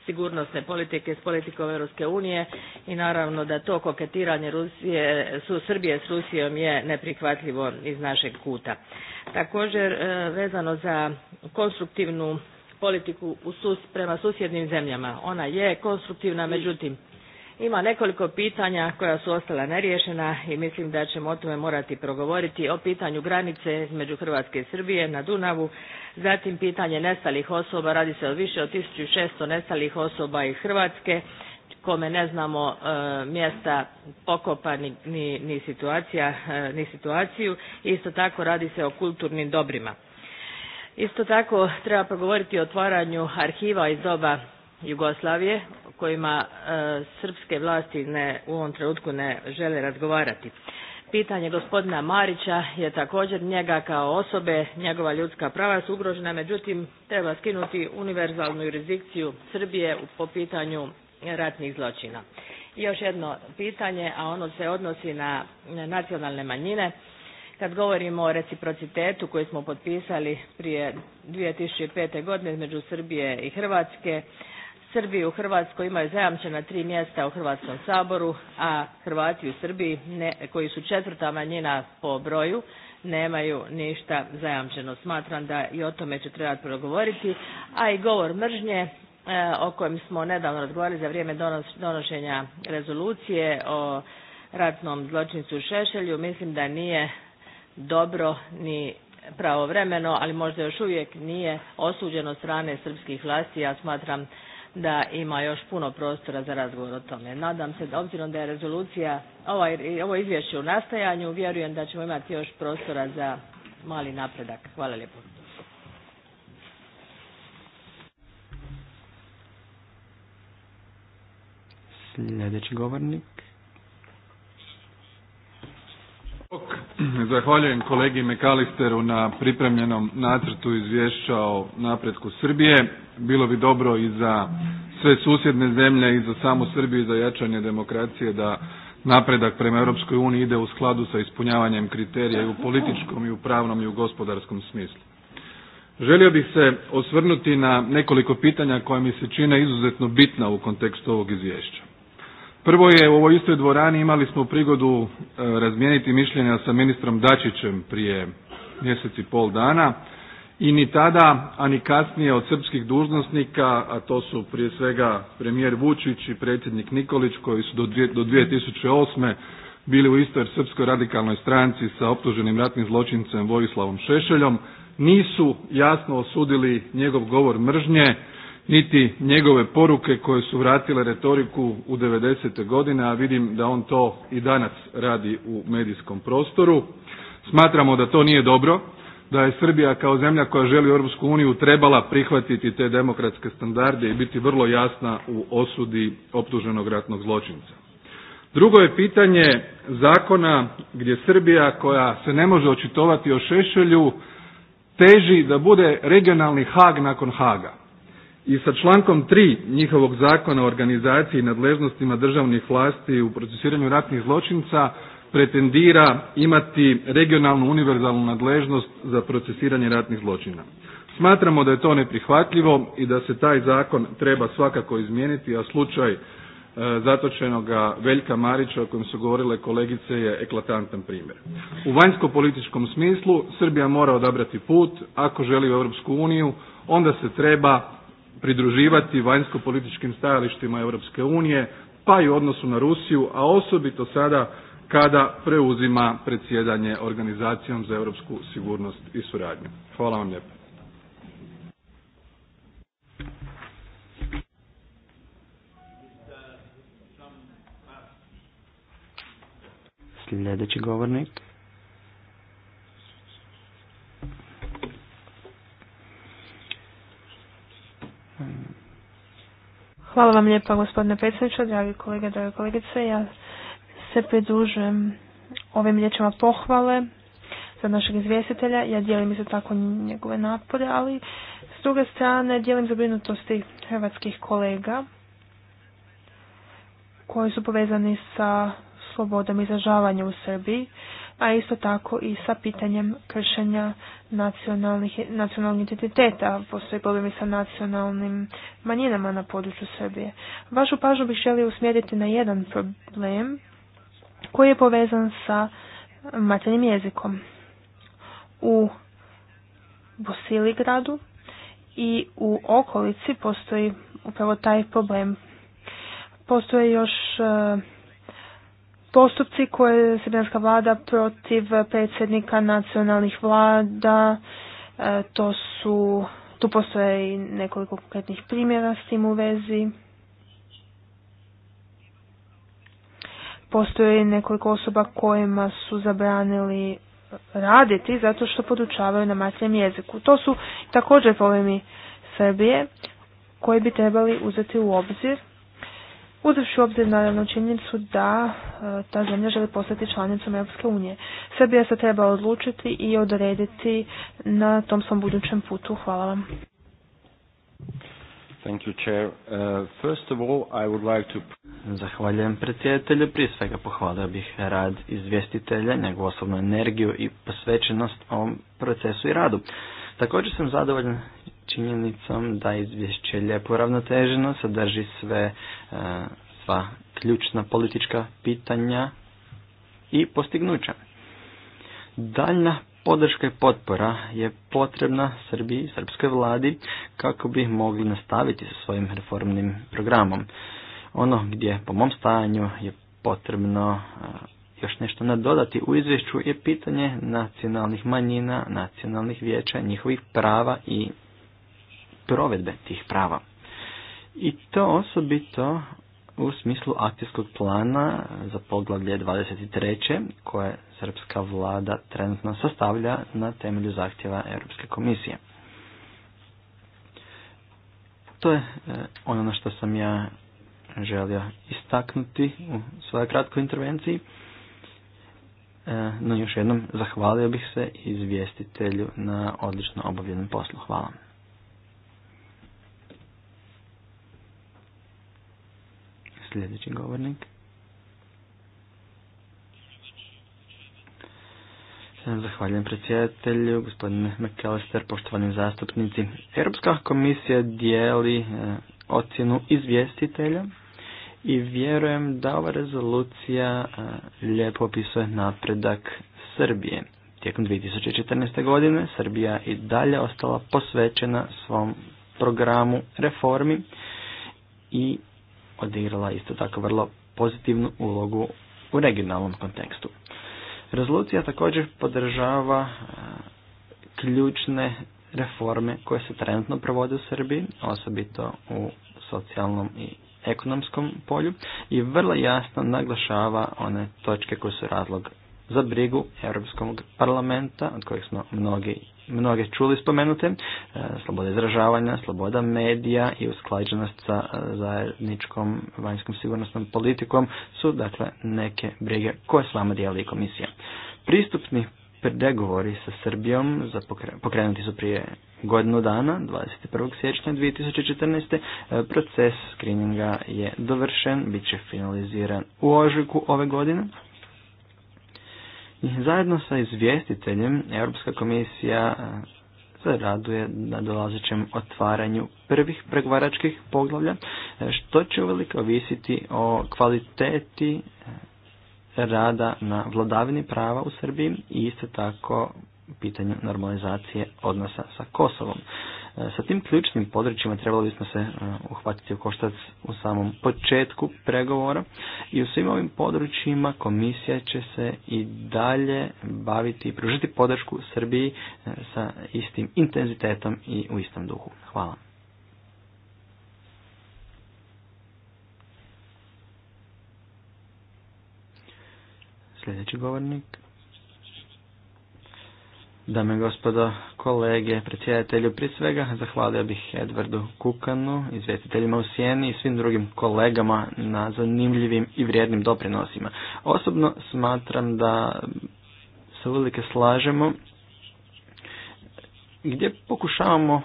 sigurnosne politike s politikom Europske unije i naravno da to koketiranje Rusije, su Srbije s Rusijom je neprihvatljivo iz našeg kuta. Također e, vezano za konstruktivnu politiku prema susjednim zemljama. Ona je konstruktivna, međutim ima nekoliko pitanja koja su ostala neriješena i mislim da ćemo o tome morati progovoriti o pitanju granice između Hrvatske i Srbije na Dunavu, zatim pitanje nestalih osoba, radi se o više od 1600 nestalih osoba iz Hrvatske, kome ne znamo e, mjesta pokopa ni, ni, situacija, e, ni situaciju. Isto tako radi se o kulturnim dobrima. Isto tako treba progovoriti o otvaranju arhiva iz doba Jugoslavije kojima e, srpske vlasti ne, u ovom trenutku ne žele razgovarati. Pitanje gospodina Marića je također njega kao osobe, njegova ljudska prava su ugrožena, međutim treba skinuti univerzalnu jurisdikciju Srbije po pitanju ratnih zločina. I još jedno pitanje, a ono se odnosi na nacionalne manjine. Kad govorimo o reciprocitetu koji smo potpisali prije 2005. godine između Srbije i Hrvatske, Srbi u Hrvatskoj imaju zajamčena tri mjesta u Hrvatskom saboru, a Hrvati u Srbiji, koji su četvrta manjina po broju, nemaju ništa zajamčeno. Smatram da i o tome će trebati progovoriti, a i govor mržnje e, o kojem smo nedavno razgovarali za vrijeme donošenja rezolucije o ratnom zločincu Šešelju, mislim da nije dobro ni pravovremeno, ali možda još uvijek nije osuđeno strane srpskih vlasti. Ja smatram da ima još puno prostora za razgovor o tome. Nadam se, da obzirom da je rezolucija, ovaj, ovo izvješće u nastajanju, vjerujem da ćemo imati još prostora za mali napredak. Hvala lijepo. Sljedeći govornik. Zahvaljujem kolegi Mekalisteru na pripremljenom nacrtu izvješća o napretku Srbije. Bilo bi dobro i za sve susjedne zemlje i za samu Srbiju i za jačanje demokracije da napredak prema Europskoj uniji ide u skladu sa ispunjavanjem kriterija i u političkom i u pravnom i u gospodarskom smislu. Želio bih se osvrnuti na nekoliko pitanja koja mi se čine izuzetno bitna u kontekstu ovog izvješća. Prvo je u ovoj istoj dvorani imali smo prigodu e, razmijeniti mišljenja sa ministrom Dačićem prije mjesec i pol dana i ni tada, a ni kasnije od srpskih dužnosnika, a to su prije svega premijer Vučić i predsjednik Nikolić koji su do 2008. bili u istoj srpskoj radikalnoj stranci sa optuženim ratnim zločincem Vojislavom Šešeljom, nisu jasno osudili njegov govor mržnje niti njegove poruke koje su vratile retoriku u 90. godine, a vidim da on to i danas radi u medijskom prostoru. Smatramo da to nije dobro, da je Srbija kao zemlja koja želi Europsku uniju trebala prihvatiti te demokratske standarde i biti vrlo jasna u osudi optuženog ratnog zločinca. Drugo je pitanje zakona gdje Srbija koja se ne može očitovati o Šešelju teži da bude regionalni Hag nakon Haga i sa člankom 3. njihovog zakona o organizaciji i nadležnostima državnih vlasti u procesiranju ratnih zločinca pretendira imati regionalnu univerzalnu nadležnost za procesiranje ratnih zločina. Smatramo da je to neprihvatljivo i da se taj zakon treba svakako izmijeniti, a slučaj e, zatočenoga Veljka Marića o kojem su govorile kolegice je eklatantan primjer. U vanjsko-političkom smislu Srbija mora odabrati put ako želi u Europsku uniju, onda se treba pridruživati vajnsko-političkim stajalištima Europske unije, pa i u odnosu na Rusiju, a osobito sada kada preuzima predsjedanje Organizacijom za europsku sigurnost i suradnju. Hvala vam lijepo. Sljedeći govornik. Hvala vam lijepa gospodine predsjedniče, dragi kolege, drage kolegice. Ja se pridružujem ovim riječima pohvale za našeg izvjestitelja. Ja dijelim se tako njegove napore, ali s druge strane dijelim zabrinutosti hrvatskih kolega koji su povezani sa slobodom izražavanja u Srbiji a isto tako i sa pitanjem kršenja nacionalnih, nacionalnih identiteta. Postoji problemi sa nacionalnim manjinama na području Srbije. Vašu pažnju bih želio usmjeriti na jedan problem koji je povezan sa maternim jezikom. U Bosiligradu i u okolici postoji upravo taj problem. Postoje još eh, postupci koje je srbijanska vlada protiv predsjednika nacionalnih vlada, e, to su, tu postoje i nekoliko konkretnih primjera s tim u vezi. Postoje nekoliko osoba kojima su zabranili raditi zato što podučavaju na matljem jeziku. To su također problemi Srbije koji bi trebali uzeti u obzir uzevši obzirom na naravno činjenicu da e, ta zemlja želi postati članicom Europske unije. Srbija se treba odlučiti i odrediti na tom svom budućem putu. Hvala vam. Uh, like to... Zahvaljujem predsjedatelju. Prije svega pohvalio bih rad izvjestitelja, njegovu osobnu energiju i posvećenost ovom procesu i radu. Također sam zadovoljan činjenicom da izvješće lijepo ravnoteženo sadrži sve e, sva ključna politička pitanja i postignuća. Daljna podrška i potpora je potrebna Srbiji i srpskoj vladi kako bi mogli nastaviti sa svojim reformnim programom. Ono gdje po mom stajanju je potrebno e, još nešto nadodati u izvješću je pitanje nacionalnih manjina, nacionalnih vijeća, njihovih prava i provedbe tih prava. I to osobito u smislu akcijskog plana za poglavlje 23. koje srpska vlada trenutno sastavlja na temelju zahtjeva Europske komisije. To je e, ono na što sam ja želio istaknuti u svojoj kratkoj intervenciji. E, no još jednom zahvalio bih se izvjestitelju na odlično obavljenom poslu. Hvala. Sljedeći govornik. Zahvaljujem predsjedatelju, gospodine McAllister, poštovani zastupnici. Europska komisija dijeli e, ocjenu izvjestitelja i vjerujem da ova rezolucija e, lijepo opisuje napredak Srbije. Tijekom 2014. godine Srbija i dalje ostala posvećena svom programu reformi i odigrala isto tako vrlo pozitivnu ulogu u regionalnom kontekstu. Rezolucija također podržava e, ključne reforme koje se trenutno provode u Srbiji, osobito u socijalnom i ekonomskom polju i vrlo jasno naglašava one točke koje su razlog za brigu Europskog parlamenta, od kojih smo mnogi, mnoge čuli spomenute, e, sloboda izražavanja, sloboda medija i usklađenost sa e, zajedničkom vanjskom sigurnosnom politikom su dakle neke brige koje s vama dijeli komisija. Pristupni pregovori sa Srbijom za pokrenuti su prije godinu dana, 21. siječnja 2014. E, proces screeninga je dovršen, bit će finaliziran u ožujku ove godine. Zajedno sa izvjestiteljem Europska komisija e, se raduje na dolazećem otvaranju prvih pregovaračkih poglavlja, e, što će uvelike ovisiti o kvaliteti e, rada na vladavini prava u Srbiji i isto tako pitanju normalizacije odnosa sa Kosovom. E, sa tim ključnim područjima trebali bismo se e, uhvatiti u koštac u samom početku pregovora i u svim ovim područjima komisija će se i dalje baviti i pružiti podršku Srbiji e, sa istim intenzitetom i u istom duhu. Hvala. Sljedeći govornik. Dame i gospodo, kolege, predsjedatelju, prije svega zahvalio bih Edvardu Kukanu, izvjestiteljima u Sijeni i svim drugim kolegama na zanimljivim i vrijednim doprinosima. Osobno smatram da se uvelike slažemo gdje pokušavamo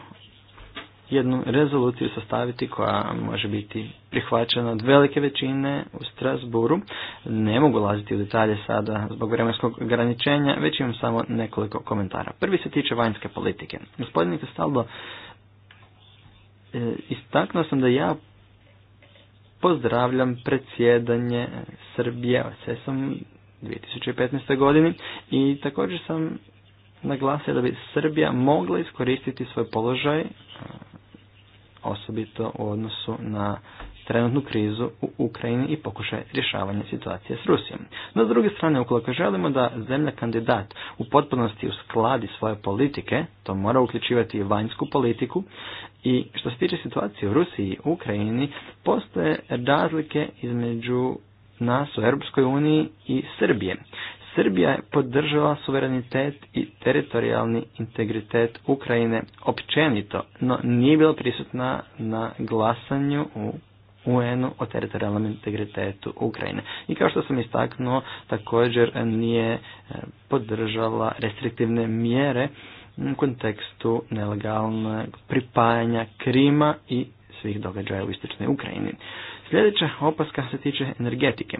jednu rezoluciju sastaviti koja može biti prihvaćena od velike većine u Strasburu. Ne mogu laziti u detalje sada zbog vremenskog ograničenja, već imam samo nekoliko komentara. Prvi se tiče vanjske politike. Gospodin Kastalbo, eh, istaknuo sam da ja pozdravljam predsjedanje Srbije OSS-om 2015. godini i također sam naglasio da bi Srbija mogla iskoristiti svoj položaj eh, osobito u odnosu na trenutnu krizu u Ukrajini i pokušaj rješavanja situacije s Rusijom. No, s druge strane, ukoliko želimo da zemlja kandidat u potpunosti uskladi svoje politike, to mora uključivati i vanjsku politiku i što se tiče situacije u Rusiji i Ukrajini, postoje razlike između nas u Europskoj uniji i Srbije. Srbija je podržala suverenitet i teritorijalni integritet Ukrajine općenito, no nije bila prisutna na glasanju u UN-u o teritorijalnom integritetu Ukrajine. I kao što sam istaknuo, također nije e, podržala restriktivne mjere u kontekstu nelegalnog pripajanja Krima i svih događaja u istočnoj Ukrajini. Sljedeća opaska se tiče energetike.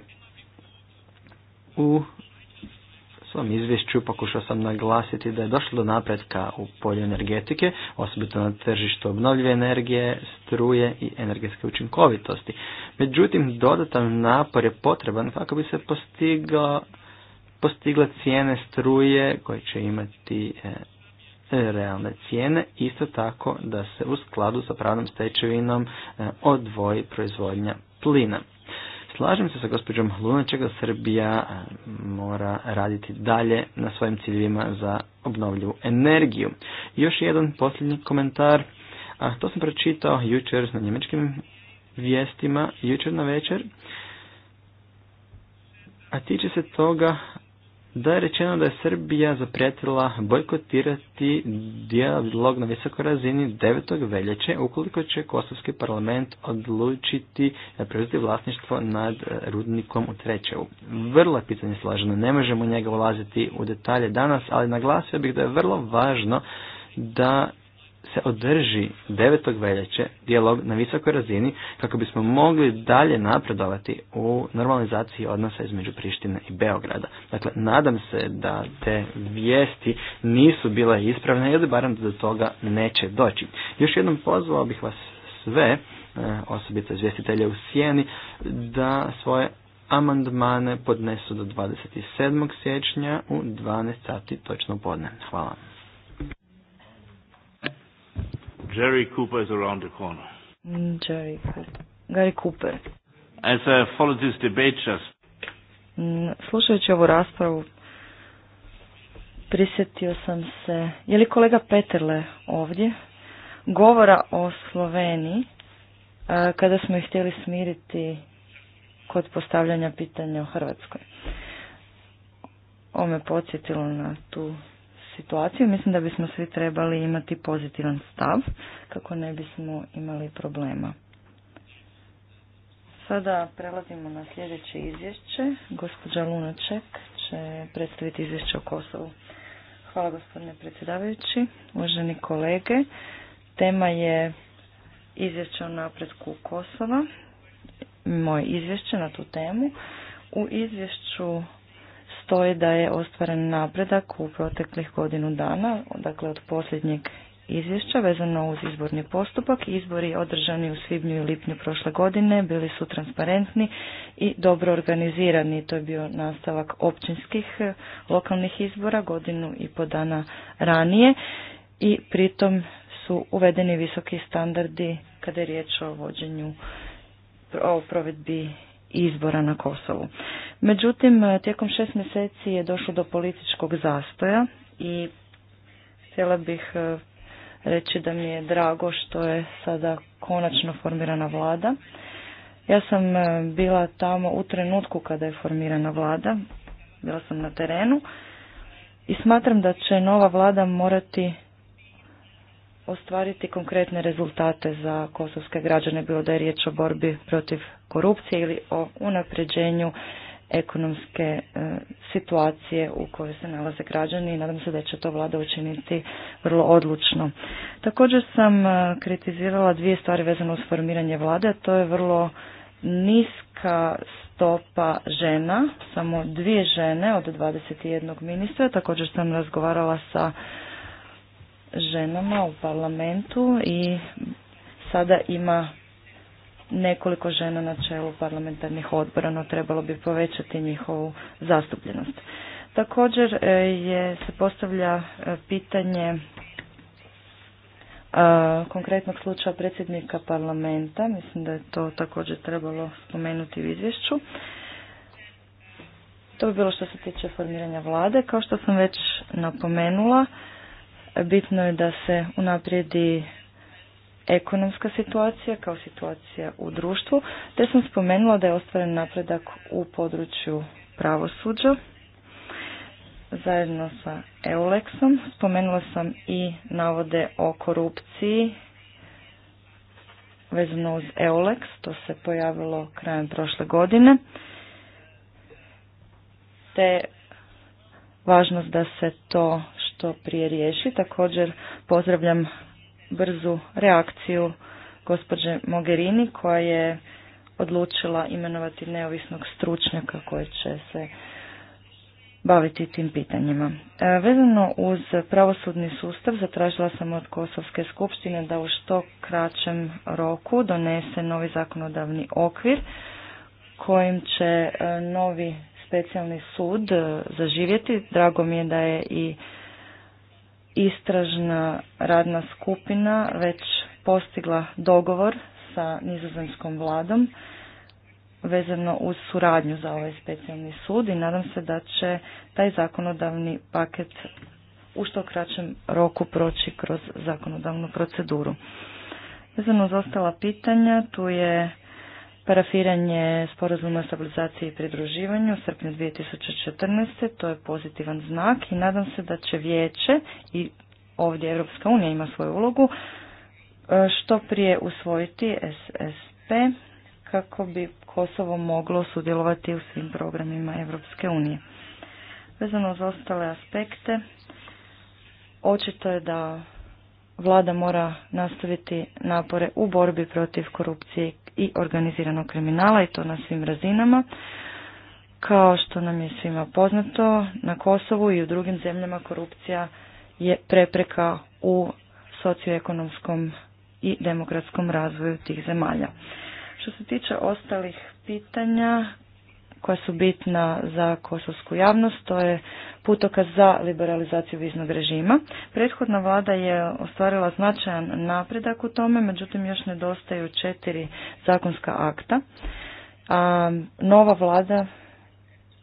U svom izvješću pokušao sam naglasiti da je došlo do napretka u polju energetike, osobito na tržištu obnovljive energije, struje i energetske učinkovitosti. Međutim, dodatan napor je potreban kako bi se postigla postigla cijene struje koje će imati e, realne cijene, isto tako da se u skladu sa pravnom stečevinom e, odvoji proizvodnja plina. Slažem se sa gospođom Lunaček da Srbija e, mora raditi dalje na svojim ciljevima za obnovljivu energiju. Još jedan posljednji komentar, a to sam pročitao jučer na njemačkim vijestima, jučer na večer, a tiče se toga da je rečeno da je Srbija zapretila bojkotirati dijalog na visokoj razini 9. veljače ukoliko će Kosovski parlament odlučiti preuzeti vlasništvo nad rudnikom u Trećevu. Vrlo je pitanje slaženo, ne možemo njega ulaziti u detalje danas, ali naglasio bih da je vrlo važno da se održi 9. veljače dijalog na visokoj razini kako bismo mogli dalje napredovati u normalizaciji odnosa između Prištine i Beograda. Dakle, nadam se da te vijesti nisu bile ispravne ili barem da do toga neće doći. Još jednom pozvao bih vas sve, e, osobito izvjestitelje u Sijeni, da svoje amandmane podnesu do 27. siječnja u 12 sati točno podne. Hvala. Jerry Cooper is around the corner. Mm, Jerry Cooper. this debate just... Mm, slušajući ovu raspravu, prisjetio sam se, je li kolega Peterle ovdje, govora o Sloveniji, e, kada smo ih htjeli smiriti kod postavljanja pitanja o Hrvatskoj. Ovo me podsjetilo na tu situaciju. Mislim da bismo svi trebali imati pozitivan stav kako ne bismo imali problema. Sada prelazimo na sljedeće izvješće. Gospođa Lunaček će predstaviti izvješće o Kosovu. Hvala gospodine predsjedavajući, uvaženi kolege. Tema je izvješće o napretku Kosova, moje izvješće na tu temu. U izvješću je da je ostvaren napredak u proteklih godinu dana, dakle od posljednjeg izvješća vezano uz izborni postupak. Izbori održani u svibnju i lipnju prošle godine bili su transparentni i dobro organizirani. To je bio nastavak općinskih eh, lokalnih izbora godinu i po dana ranije i pritom su uvedeni visoki standardi kada je riječ o vođenju o provedbi izbora na Kosovu. Međutim, tijekom šest mjeseci je došlo do političkog zastoja i htjela bih e, reći da mi je drago što je sada konačno formirana vlada. Ja sam e, bila tamo u trenutku kada je formirana vlada, bila sam na terenu i smatram da će nova vlada morati ostvariti konkretne rezultate za kosovske građane, bilo da je riječ o borbi protiv korupcije ili o unapređenju ekonomske e, situacije u kojoj se nalaze građani i nadam se da će to vlada učiniti vrlo odlučno. Također sam e, kritizirala dvije stvari vezano uz formiranje vlade, to je vrlo niska stopa žena, samo dvije žene od 21 ministra. Također sam razgovarala sa ženama u parlamentu i sada ima nekoliko žena na čelu parlamentarnih odbora, no trebalo bi povećati njihovu zastupljenost. Također e, je, se postavlja e, pitanje a, e, konkretnog slučaja predsjednika parlamenta, mislim da je to također trebalo spomenuti u izvješću. To bi bilo što se tiče formiranja vlade. Kao što sam već napomenula, Bitno je da se unaprijedi ekonomska situacija kao situacija u društvu, te sam spomenula da je ostvaren napredak u području pravosuđa zajedno sa Eulexom. Spomenula sam i navode o korupciji vezano uz Eulex, to se pojavilo krajem prošle godine, te važnost da se to što prije riješi. Također pozdravljam brzu reakciju gospođe Mogherini koja je odlučila imenovati neovisnog stručnjaka koji će se baviti tim pitanjima. E, vezano uz pravosudni sustav zatražila sam od Kosovske skupštine da u što kraćem roku donese novi zakonodavni okvir kojim će e, novi specijalni sud e, zaživjeti. Drago mi je da je i istražna radna skupina već postigla dogovor sa nizozemskom vladom vezano uz suradnju za ovaj specijalni sud i nadam se da će taj zakonodavni paket u što kraćem roku proći kroz zakonodavnu proceduru. Vezano za ostala pitanja, tu je parafiranje sporazuma o stabilizaciji i pridruživanju u srpnju 2014. To je pozitivan znak i nadam se da će vijeće i ovdje Europska unija ima svoju ulogu e, što prije usvojiti SSP kako bi Kosovo moglo sudjelovati u svim programima Europske unije. Vezano za ostale aspekte, očito je da vlada mora nastaviti napore u borbi protiv korupcije i i organiziranog kriminala i to na svim razinama. Kao što nam je svima poznato, na Kosovu i u drugim zemljama korupcija je prepreka u socioekonomskom i demokratskom razvoju tih zemalja. Što se tiče ostalih pitanja koja su bitna za kosovsku javnost, to je putoka za liberalizaciju viznog režima. Prethodna vlada je ostvarila značajan napredak u tome, međutim još nedostaju četiri zakonska akta. A, nova vlada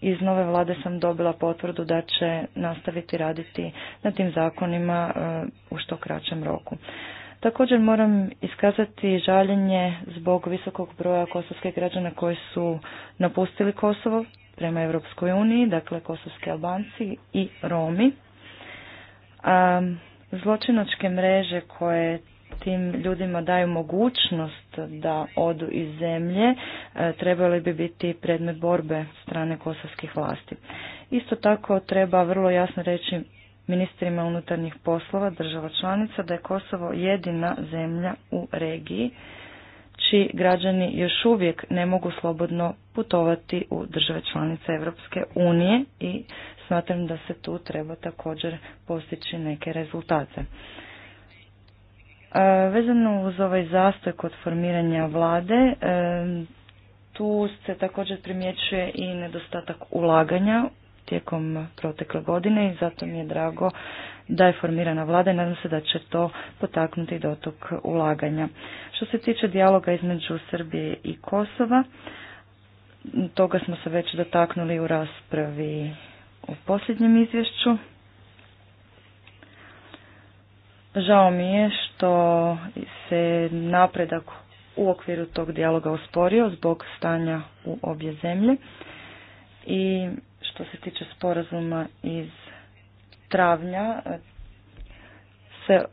iz nove vlade sam dobila potvrdu da će nastaviti raditi na tim zakonima e, u što kraćem roku. Također moram iskazati žaljenje zbog visokog broja kosovskih građana koji su napustili Kosovo prema Europskoj uniji, dakle kosovski Albanci i Romi. zločinačke mreže koje tim ljudima daju mogućnost da odu iz zemlje, e, trebali bi biti predmet borbe strane kosovskih vlasti. Isto tako treba vrlo jasno reći ministrima unutarnjih poslova država članica da je Kosovo jedina zemlja u regiji čiji građani još uvijek ne mogu slobodno putovati u države članice Europske unije i smatram da se tu treba također postići neke rezultate. E, vezano uz ovaj zastoj kod formiranja vlade, e, tu se također primjećuje i nedostatak ulaganja tijekom protekle godine i zato mi je drago da je formirana vlada i nadam se da će to potaknuti dotok ulaganja. Što se tiče dijaloga između Srbije i Kosova, toga smo se već dotaknuli u raspravi u posljednjem izvješću. Žao mi je što se napredak u okviru tog dijaloga osporio zbog stanja u obje zemlje i što se tiče sporazuma iz travnja se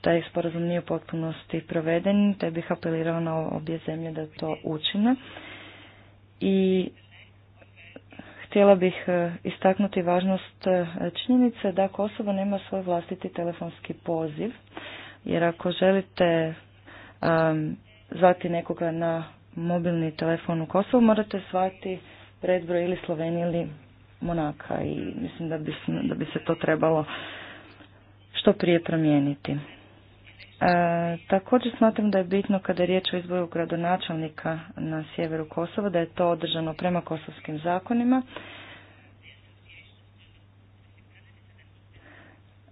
taj sporazum nije u potpunosti proveden, te bih apelirao na obje zemlje da to učine. I htjela bih e, istaknuti važnost e, činjenice da Kosovo osoba nema svoj vlastiti telefonski poziv, jer ako želite zvati nekoga na mobilni telefon u Kosovu, morate zvati predbroj ili Slovenije ili Monaka i mislim da bi, da bi se to trebalo što prije promijeniti. E, također smatram da je bitno kada je riječ o izboru gradonačelnika na sjeveru Kosova, da je to održano prema kosovskim zakonima.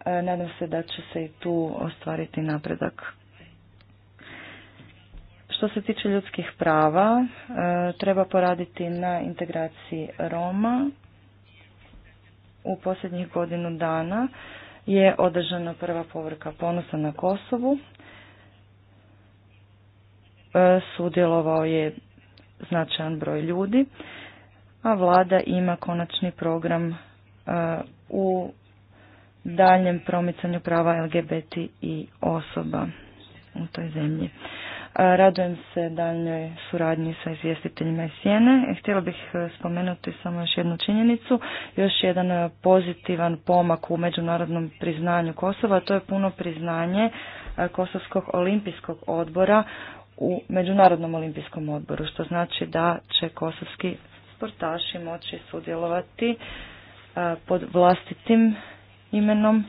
E, nadam se da će se i tu ostvariti napredak. Što se tiče ljudskih prava, e, treba poraditi na integraciji Roma u posljednjih godinu dana je održana prva povrka ponosa na Kosovu. E, sudjelovao je značajan broj ljudi, a vlada ima konačni program e, u daljem promicanju prava LGBT i osoba u toj zemlji. Radujem se daljnjoj suradnji sa izvjestiteljima iz Sjene. Htjela bih e, spomenuti samo još jednu činjenicu, još jedan e, pozitivan pomak u međunarodnom priznanju Kosova, to je puno priznanje e, Kosovskog olimpijskog odbora u Međunarodnom olimpijskom odboru, što znači da će kosovski sportaši moći sudjelovati pod vlastitim imenom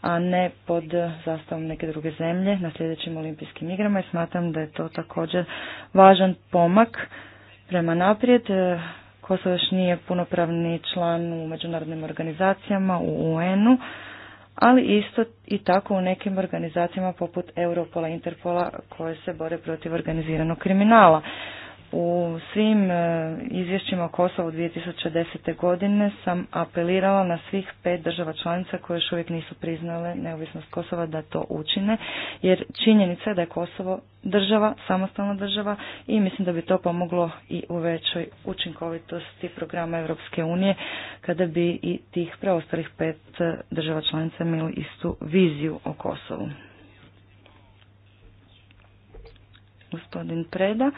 a ne pod zastavom neke druge zemlje na sljedećim olimpijskim igrama i smatram da je to također važan pomak prema naprijed. E, Kosovo još nije punopravni član u međunarodnim organizacijama, u UN-u, ali isto i tako u nekim organizacijama poput Europola, Interpola koje se bore protiv organiziranog kriminala. U svim e, izvješćima o Kosovu 2010. godine sam apelirala na svih pet država članica koje još uvijek nisu priznale neovisnost Kosova da to učine, jer činjenica je da je Kosovo država, samostalna država i mislim da bi to pomoglo i u većoj učinkovitosti programa Europske unije kada bi i tih preostalih pet e, država članica imali istu viziju o Kosovu. Gospodin Preda.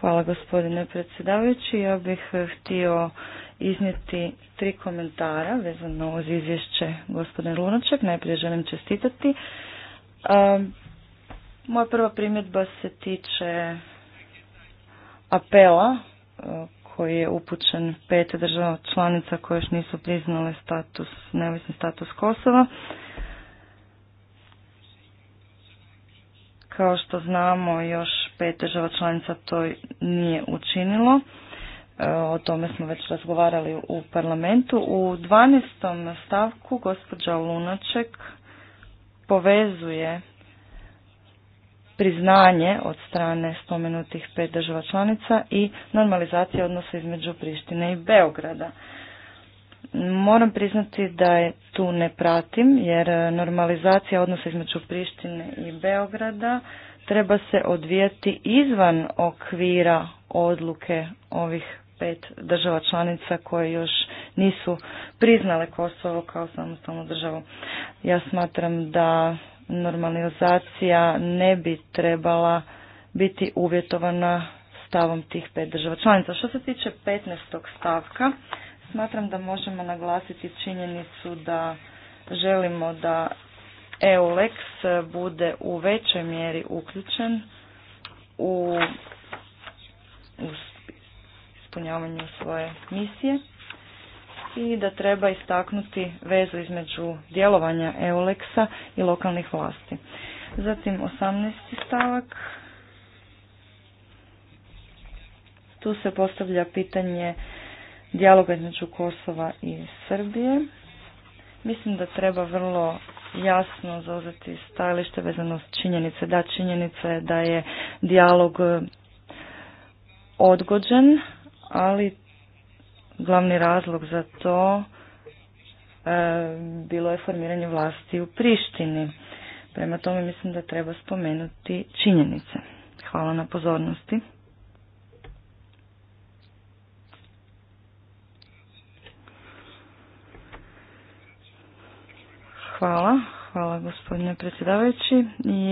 Hvala gospodine predsjedavajući. Ja bih eh, htio iznijeti tri komentara vezano uz izvješće gospodine Lunaček. Najprije želim čestitati. Moja prva primjedba se tiče apela eh, koji je upućen pet država članica koje još nisu priznale status, neovisni status Kosova. Kao što znamo još pet država članica to nije učinilo. E, o tome smo već razgovarali u parlamentu. U 12. stavku gospođa Lunaček povezuje priznanje od strane spomenutih pet država članica i normalizacija odnosa između Prištine i Beograda. Moram priznati da je tu ne pratim jer normalizacija odnosa između Prištine i Beograda treba se odvijati izvan okvira odluke ovih pet država članica koje još nisu priznale Kosovo kao samostalnu državu. Ja smatram da normalizacija ne bi trebala biti uvjetovana stavom tih pet država članica. Što se tiče 15. stavka, smatram da možemo naglasiti činjenicu da želimo da EULEX bude u većoj mjeri uključen u, ispunjavanje ispunjavanju svoje misije i da treba istaknuti vezu između djelovanja EULEX-a i lokalnih vlasti. Zatim 18. stavak. Tu se postavlja pitanje dijaloga između Kosova i Srbije. Mislim da treba vrlo jasno zauzeti stajalište vezano s činjenice. Da, činjenica je da je dijalog e, odgođen, ali glavni razlog za to e, bilo je formiranje vlasti u Prištini. Prema tome mislim da treba spomenuti činjenice. Hvala na pozornosti. Hvala. Hvala gospodine predsjedavajući.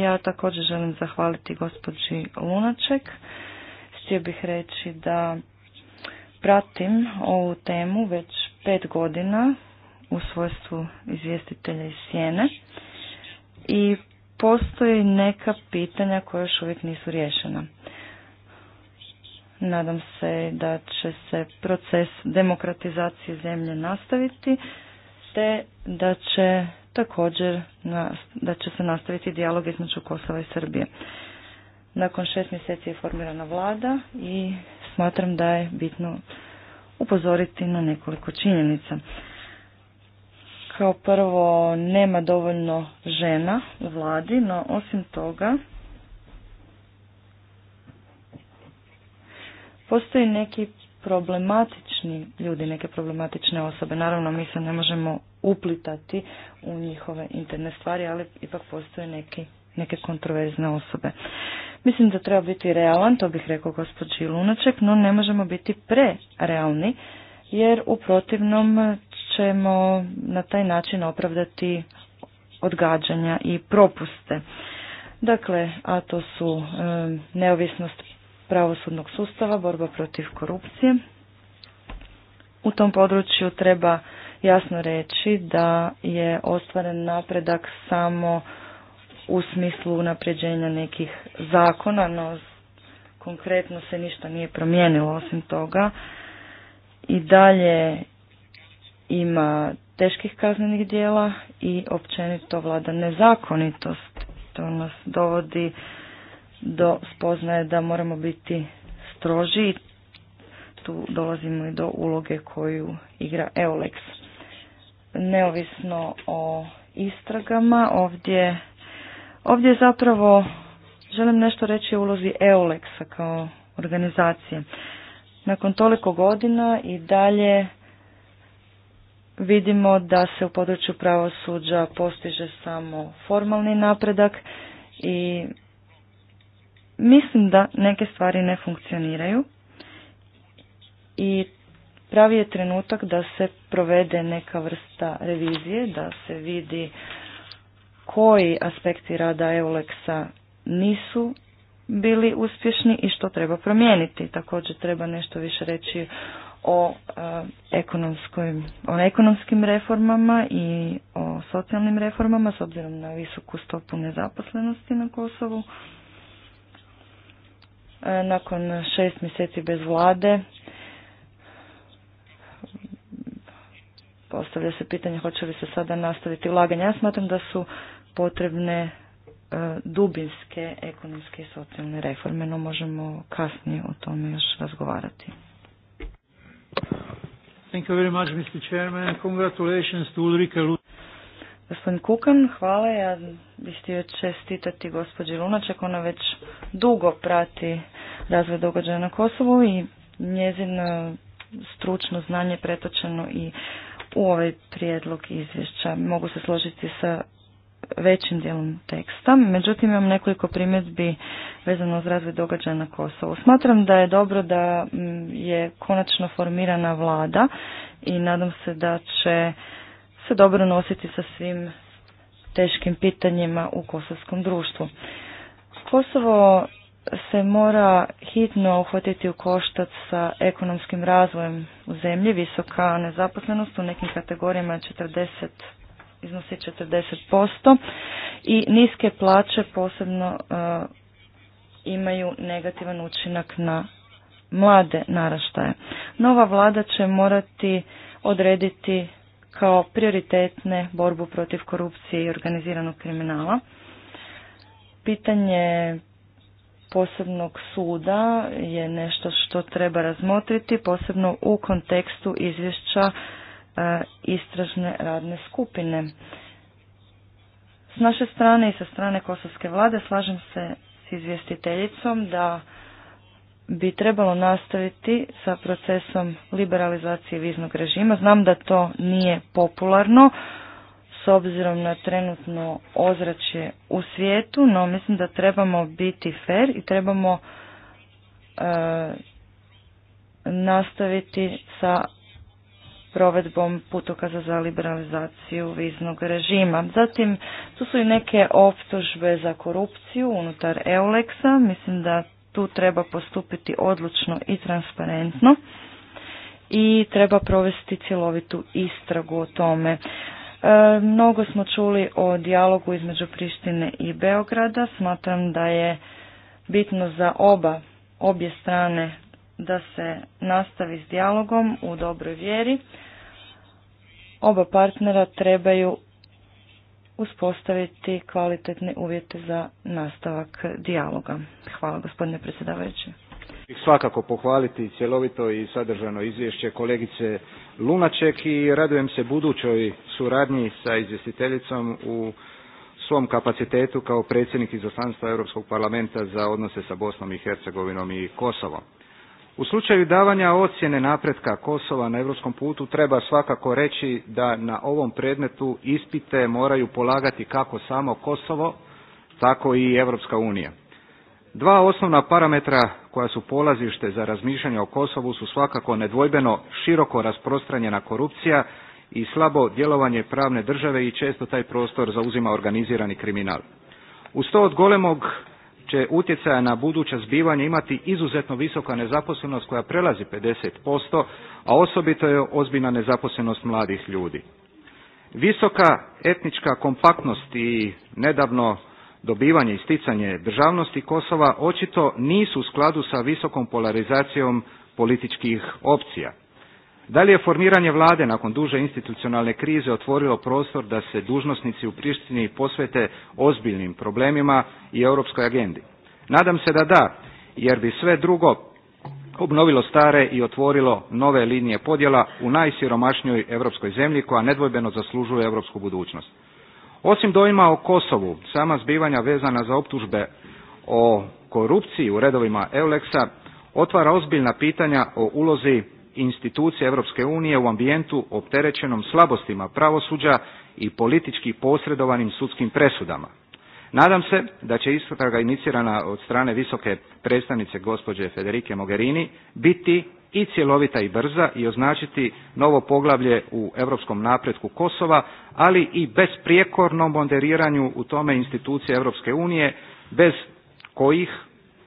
Ja također želim zahvaliti gospođi Lunaček. Htio bih reći da pratim ovu temu već pet godina u svojstvu izvjestitelja iz Sjene i postoji neka pitanja koja još uvijek nisu riješena. Nadam se da će se proces demokratizacije zemlje nastaviti te da će također da će se nastaviti dijalog između Kosova i Srbije. Nakon šest mjeseci je formirana vlada i smatram da je bitno upozoriti na nekoliko činjenica. Kao prvo, nema dovoljno žena u vladi, no osim toga postoji neki problematični ljudi, neke problematične osobe. Naravno, mi se ne možemo uplitati u njihove interne stvari, ali ipak postoje neki, neke kontroverzne osobe. Mislim da treba biti realan, to bih rekao gospođi Lunaček, no ne možemo biti prerealni, jer u protivnom ćemo na taj način opravdati odgađanja i propuste. Dakle, a to su e, neovisnost pravosudnog sustava, borba protiv korupcije. U tom području treba jasno reći da je ostvaren napredak samo u smislu unapređenja nekih zakona, no konkretno se ništa nije promijenilo osim toga. I dalje ima teških kaznenih dijela i općenito vlada nezakonitost. To nas dovodi do spoznaje da moramo biti stroži. Tu dolazimo i do uloge koju igra Eulex neovisno o istragama. Ovdje, ovdje zapravo želim nešto reći o ulozi Eulexa kao organizacije. Nakon toliko godina i dalje vidimo da se u području pravosuđa postiže samo formalni napredak i mislim da neke stvari ne funkcioniraju i pravi je trenutak da se provede neka vrsta revizije, da se vidi koji aspekti rada Eulexa nisu bili uspješni i što treba promijeniti. Također treba nešto više reći o e, o ekonomskim reformama i o socijalnim reformama s obzirom na visoku stopu nezaposlenosti na Kosovu. E, nakon šest mjeseci bez vlade Postavlja se pitanje hoće li se sada nastaviti ulaganje. Ja smatram da su potrebne e, dubinske ekonomske i socijalne reforme, no možemo kasnije o tome još razgovarati. Thank you very much, Mr. Chairman. Congratulations to Gospodin Kukan, hvala. Ja bih htio čestitati gospođi Lunaček. Ona već dugo prati razvoj događaja na Kosovu i njezin e, stručno znanje pretočeno i u ovaj prijedlog izvješća. Mogu se složiti sa većim dijelom teksta, međutim imam nekoliko primjedbi vezano uz razvoj događaja na Kosovu. Smatram da je dobro da mm, je konačno formirana vlada i nadam se da će se dobro nositi sa svim teškim pitanjima u kosovskom društvu. Kosovo se mora hitno uhvatiti u koštac sa ekonomskim razvojem u zemlji. Visoka nezaposlenost u nekim kategorijama je 40 iznosi 40% i niske plaće posebno e, imaju negativan učinak na mlade naraštaje. Nova vlada će morati odrediti kao prioritetne borbu protiv korupcije i organiziranog kriminala. Pitanje posebnog suda je nešto što treba razmotriti, posebno u kontekstu izvješća e, istražne radne skupine. S naše strane i sa strane kosovske vlade slažem se s izvjestiteljicom da bi trebalo nastaviti sa procesom liberalizacije viznog režima. Znam da to nije popularno, obzirom na trenutno ozračje u svijetu, no mislim da trebamo biti fair i trebamo e, nastaviti sa provedbom putokaza za liberalizaciju viznog režima. Zatim, tu su i neke optužbe za korupciju unutar Eulexa. Mislim da tu treba postupiti odlučno i transparentno i treba provesti cjelovitu istragu o tome. E, mnogo smo čuli o dijalogu između Prištine i Beograda. Smatram da je bitno za oba, obje strane da se nastavi s dijalogom u dobroj vjeri. Oba partnera trebaju uspostaviti kvalitetne uvjete za nastavak dijaloga. Hvala gospodine predsjedavajući bih svakako pohvaliti cjelovito i sadržano izvješće kolegice Lunaček i radujem se budućoj suradnji sa izvjestiteljicom u svom kapacitetu kao predsjednik izaslanstva Europskog parlamenta za odnose sa Bosnom i Hercegovinom i Kosovom. U slučaju davanja ocjene napretka Kosova na europskom putu treba svakako reći da na ovom predmetu ispite moraju polagati kako samo Kosovo, tako i Europska unija. Dva osnovna parametra koja su polazište za razmišljanje o Kosovu su svakako nedvojbeno široko rasprostranjena korupcija i slabo djelovanje pravne države i često taj prostor zauzima organizirani kriminal. Uz to od golemog će utjecaja na buduća zbivanja imati izuzetno visoka nezaposlenost koja prelazi 50%, a osobito je ozbiljna nezaposlenost mladih ljudi. Visoka etnička kompaktnost i nedavno dobivanje i sticanje državnosti Kosova očito nisu u skladu sa visokom polarizacijom političkih opcija. Da li je formiranje vlade nakon duže institucionalne krize otvorilo prostor da se dužnosnici u Prištini posvete ozbiljnim problemima i europskoj agendi? Nadam se da da, jer bi sve drugo obnovilo stare i otvorilo nove linije podjela u najsiromašnjoj europskoj zemlji koja nedvojbeno zaslužuje europsku budućnost. Osim dojma o Kosovu, sama zbivanja vezana za optužbe o korupciji u redovima EULEXa otvara ozbiljna pitanja o ulozi institucije Europske unije u ambijentu opterećenom slabostima pravosuđa i politički posredovanim sudskim presudama. Nadam se da će istraga inicirana od strane visoke predstavnice gospođe Federike Mogherini biti i cjelovita i brza i označiti novo poglavlje u europskom napretku Kosova, ali i bez prijekornom moderiranju u tome institucije Europske unije bez kojih,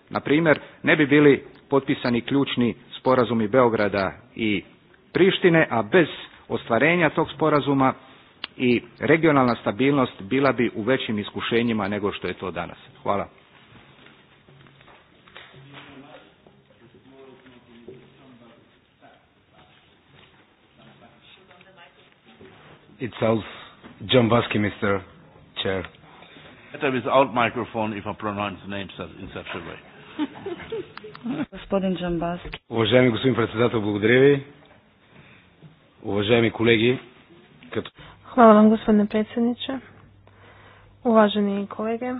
na primjer, ne bi bili potpisani ključni sporazumi Beograda i Prištine, a bez ostvarenja tog sporazuma i regionalna stabilnost bila bi u većim iskušenjima nego što je to danas. Hvala. itself Jambaski, Mr. Chair. Better without microphone if I pronounce name in such a way. Господин Джамбаски. Уважаеми господин председател, благодаря ви. Уважаеми колеги, като... Hvala vam gospodine predsjedniče, uvaženi kolege.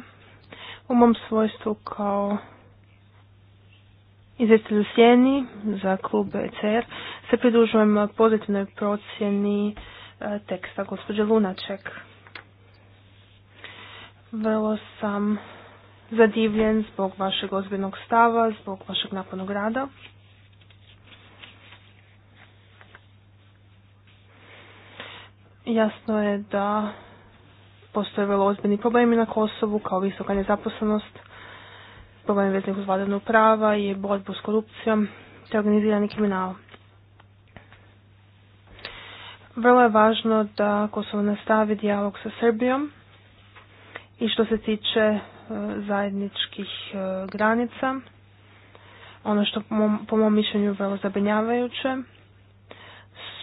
U mom svojstvu kao izvjestitelj u Sjeni za klub ECR se pridružujem pozitivnoj procjeni E, teksta gospođe Lunaček. Vrlo sam zadivljen zbog vašeg ozbiljnog stava, zbog vašeg napornog rada. Jasno je da postoje vrlo ozbiljni problemi na Kosovu, kao visoka nezaposlenost, problemi veznih uz prava i borbu s korupcijom te organizirani kriminal. Vrlo je važno da Kosovo nastavi dijalog sa Srbijom i što se tiče e, zajedničkih e, granica. Ono što po mom mišljenju vrlo zabrinjavajuće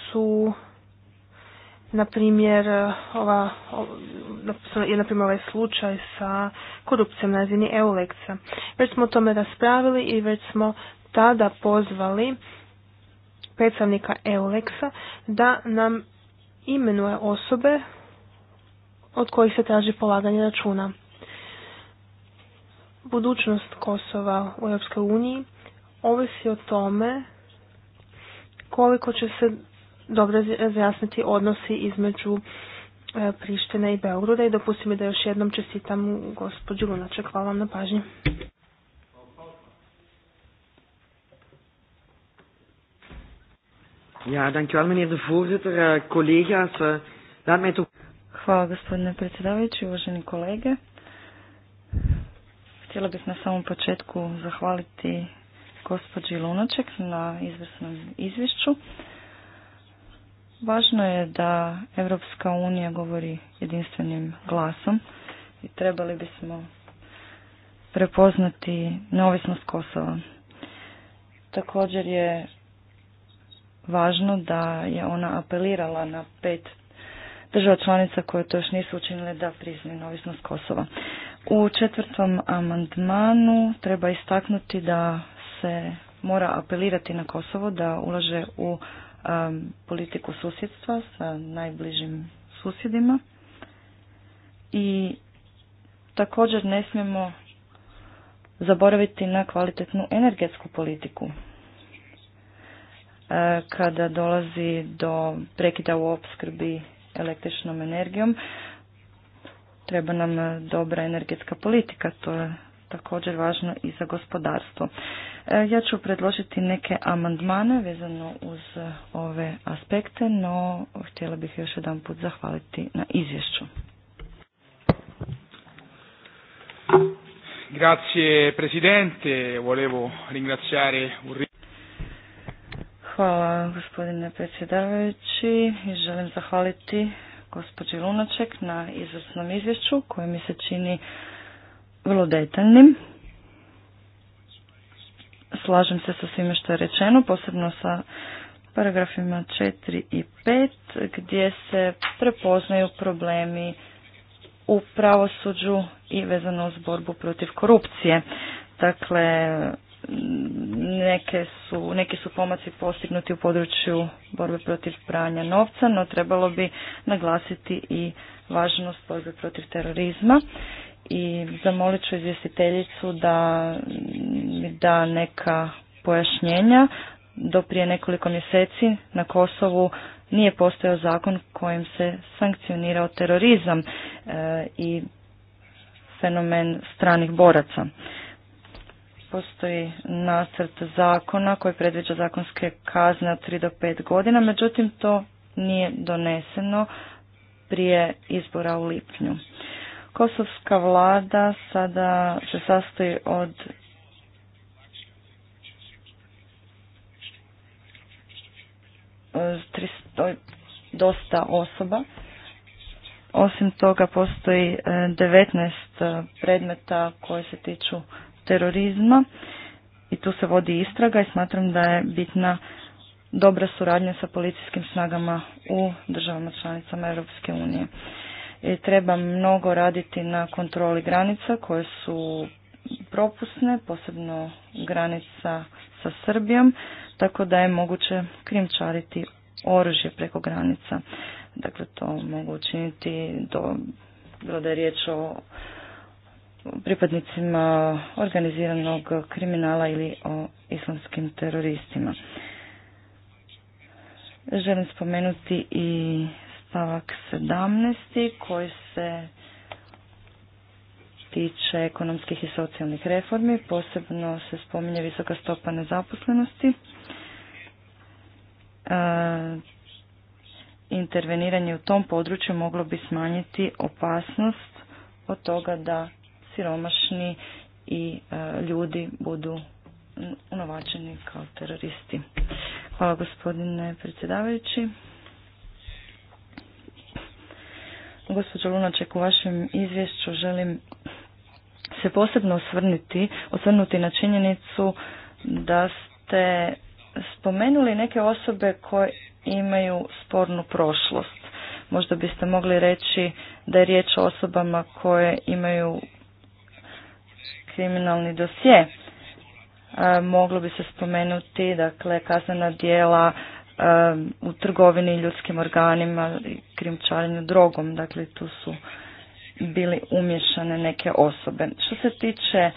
su na primjer e, ova, na primjer ovaj slučaj sa korupcijom na razini EU Već smo o tome raspravili i već smo tada pozvali predstavnika Eulexa da nam imenuje osobe od kojih se traži polaganje računa. Budućnost Kosova u Europskoj uniji ovisi o tome koliko će se dobro razjasniti odnosi između e, Prištine i Beograda i dopustite mi da još jednom čestitam gospođu Lunaček. Hvala vam na pažnji. Ja, dankjewel meneer de voorzitter, eh, collega's. Eh, mij toch... Hvala gospodine predsjedavajući, uvaženi kolege. Htjela bih na samom početku zahvaliti gospođi Lunaček na izvrsnom izvješću. Važno je da Evropska unija govori jedinstvenim glasom i trebali bismo prepoznati neovisnost Kosova. Također je važno da je ona apelirala na pet država članica koje to još nisu učinile da priznaju neovisnost Kosova. U četvrtom amandmanu treba istaknuti da se mora apelirati na Kosovo da ulaže u um, politiku susjedstva sa najbližim susjedima i također ne smijemo zaboraviti na kvalitetnu energetsku politiku kada dolazi do prekida u opskrbi električnom energijom. Treba nam dobra energetska politika, to je također važno i za gospodarstvo. E, ja ću predložiti neke amandmane vezano uz ove aspekte, no htjela bih još jedan put zahvaliti na izvješću. Grazie Presidente, volevo ringraziare Hvala gospodine predsjedavajući i želim zahvaliti gospođi Lunaček na izvrsnom izvješću koje mi se čini vrlo detaljnim. Slažem se sa svime što je rečeno, posebno sa paragrafima 4 i 5 gdje se prepoznaju problemi u pravosuđu i vezano uz borbu protiv korupcije. Dakle, neke su, neki su pomaci postignuti u području borbe protiv pranja novca, no trebalo bi naglasiti i važnost borbe protiv terorizma i zamolit ću izvjestiteljicu da da neka pojašnjenja. Do prije nekoliko mjeseci na Kosovu nije postojao zakon kojim se sankcionirao terorizam e, i fenomen stranih boraca postoji nacrt zakona koji predviđa zakonske kazne od 3 do 5 godina, međutim to nije doneseno prije izbora u lipnju. Kosovska vlada sada se sastoji od dosta osoba. Osim toga postoji 19 e, e, predmeta koje se tiču terorizma i tu se vodi istraga i smatram da je bitna dobra suradnja sa policijskim snagama u državama članicama Europske unije. E, treba mnogo raditi na kontroli granica koje su propusne, posebno granica sa Srbijom, tako da je moguće krimčariti oružje preko granica. Dakle, to mogu učiniti do, bilo da je riječ o pripadnicima organiziranog kriminala ili o islamskim teroristima. Želim spomenuti i stavak 17. koji se tiče ekonomskih i socijalnih reformi. Posebno se spominje visoka stopa nezaposlenosti. E, interveniranje u tom području moglo bi smanjiti opasnost od toga da siromašni i e, ljudi budu unovačeni kao teroristi. Hvala gospodine predsjedavajući. Gospođo Lunaček, u vašem izvješću želim se posebno osvrnuti, osvrnuti na činjenicu da ste spomenuli neke osobe koje imaju spornu prošlost. Možda biste mogli reći da je riječ o osobama koje imaju kriminalni dosje. E, moglo bi se spomenuti dakle, kaznena dijela e, u trgovini ljudskim organima i krimčarenju drogom. Dakle, tu su bili umješane neke osobe. Što se tiče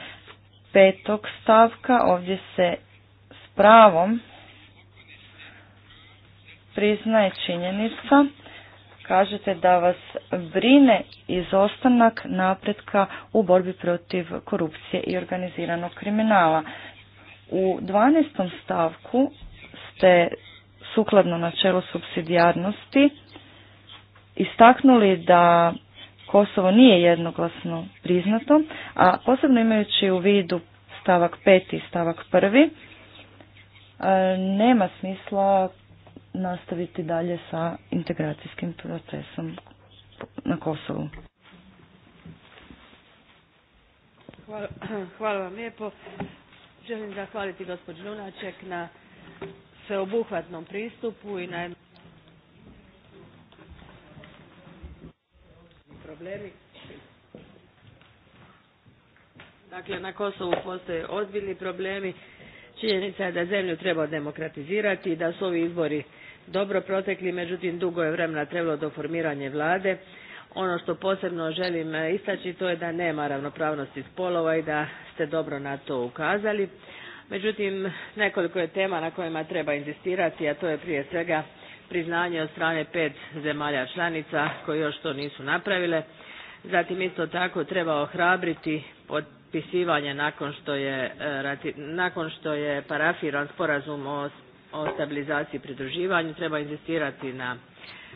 petog stavka, ovdje se s pravom priznaje činjenica kažete da vas brine izostanak napretka u borbi protiv korupcije i organiziranog kriminala. U 12. stavku ste sukladno načelu subsidijarnosti istaknuli da Kosovo nije jednoglasno priznato, a posebno imajući u vidu stavak 5. i stavak 1. E, nema smisla nastaviti dalje sa integracijskim procesom na Kosovu. Hvala, vam lijepo. Želim zahvaliti gospođu Lunaček na sveobuhvatnom pristupu i na problemi. Dakle, na Kosovu postoje ozbiljni problemi. Činjenica je da zemlju treba demokratizirati i da su ovi izbori dobro protekli, međutim dugo je vremena trebalo do formiranja vlade. Ono što posebno želim e, istaći to je da nema ravnopravnosti spolova i da ste dobro na to ukazali. Međutim, nekoliko je tema na kojima treba inzistirati, a to je prije svega priznanje od strane pet zemalja članica koje još to nisu napravile. Zatim isto tako treba ohrabriti potpisivanje nakon što je, e, nakon što je parafiran sporazum o o stabilizaciji i pridruživanju, treba inzistirati na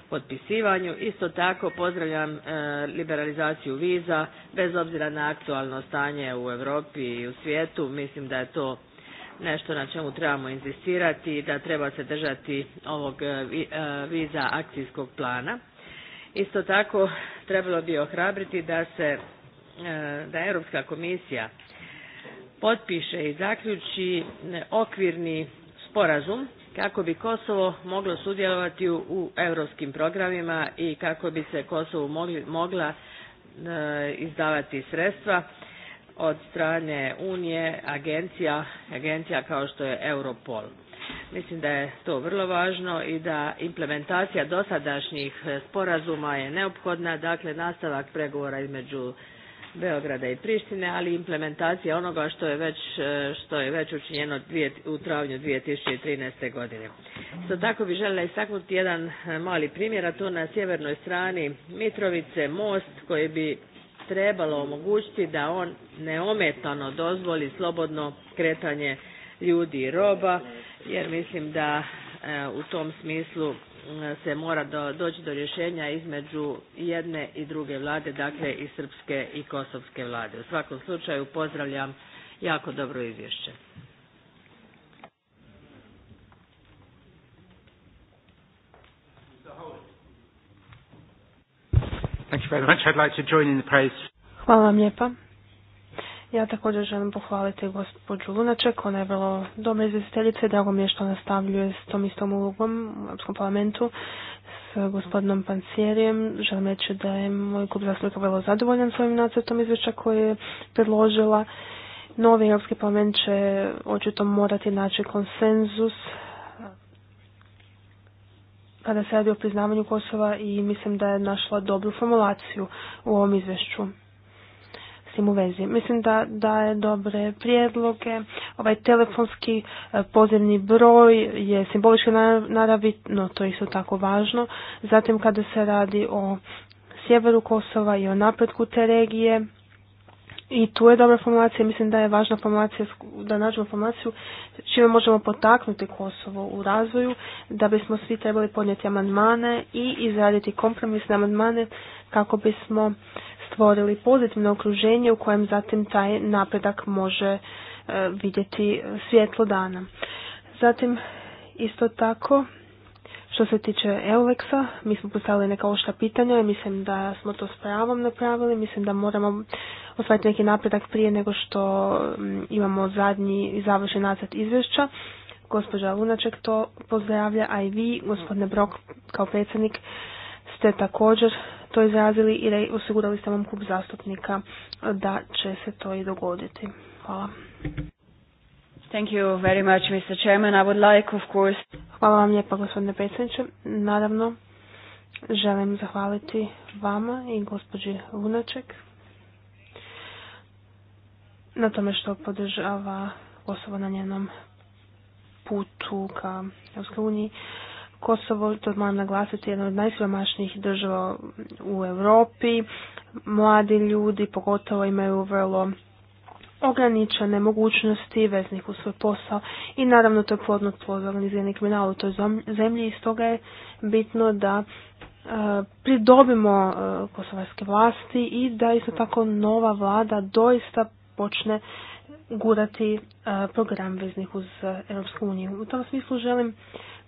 potpisivanju. Isto tako pozdravljam e, liberalizaciju viza, bez obzira na aktualno stanje u Europi i u svijetu, mislim da je to nešto na čemu trebamo inzistirati i da treba se držati ovog e, e, viza akcijskog plana. Isto tako trebalo bi ohrabriti da se da Europska komisija potpiše i zaključi okvirni sporazum kako bi Kosovo moglo sudjelovati u, europskim programima i kako bi se Kosovu mogla e, izdavati sredstva od strane Unije, agencija, agencija kao što je Europol. Mislim da je to vrlo važno i da implementacija dosadašnjih sporazuma je neophodna, dakle nastavak pregovora između Beograda i Prištine, ali implementacija onoga što je već, e, što je već učinjeno dvije, u travnju 2013. godine. Isto tako bi željela istaknuti jedan e, mali primjer, a to na sjevernoj strani Mitrovice most koji bi trebalo omogućiti da on neometano dozvoli slobodno kretanje ljudi i roba, jer mislim da e, u tom smislu se mora do, doći do rješenja između jedne i druge vlade, dakle i srpske i kosovske vlade. U svakom slučaju pozdravljam jako dobro izvješće. Hvala vam lijepa. Ja također želim pohvaliti gospođu Lunaček, ona je vrlo dobra izvjestiteljica i drago mi je što nastavljuje s tom istom ulogom u Europskom parlamentu s gospodinom Pancijerijem. Želim reći da je moj klub zastupnika vrlo zadovoljan svojim nacrtom izvješća koje je predložila. Novi Europski parlament će očito morati naći konsenzus kada se radi o priznavanju Kosova i mislim da je našla dobru formulaciju u ovom izvješću s tim u vezi. Mislim da daje dobre prijedloge. Ovaj telefonski e, pozivni broj je simbolično naravi, no to je isto tako važno. Zatim kada se radi o sjeveru Kosova i o napretku te regije, i tu je dobra formulacija, mislim da je važna formulacija, da nađemo formulaciju čime možemo potaknuti Kosovo u razvoju, da bismo svi trebali podnijeti amandmane i izraditi kompromisne amandmane kako bismo stvorili pozitivno okruženje u kojem zatim taj napredak može e, vidjeti svjetlo dana. Zatim, isto tako, što se tiče Eulexa, mi smo postavili neka ošta pitanja i mislim da smo to s pravom napravili. Mislim da moramo ostvariti neki napredak prije nego što mm, imamo zadnji i završen nacrt izvješća. Gospođa Lunaček to pozdravlja, a i vi, gospodine Brok, kao predsjednik, ste također to izrazili i osigurali ste vam klub zastupnika da će se to i dogoditi. Hvala. Thank you very much, Mr. Chairman. I would like, of course... Hvala vam lijepa, gospodine predsjedniče. Naravno, želim zahvaliti vama i gospođi Lunaček na tome što podržava osoba na njenom putu ka Evropskoj uniji. Kosovo, to moram naglasiti, jedna od najsiromašnijih država u Europi. Mladi ljudi pogotovo imaju vrlo ograničene mogućnosti veznih u svoj posao i naravno to je plodno tlo za organizirani kriminal u toj zemlji i stoga je bitno da e, pridobimo e, kosovarske vlasti i da isto tako nova vlada doista počne gurati e, program veznih uz Europsku uniju. U tom smislu želim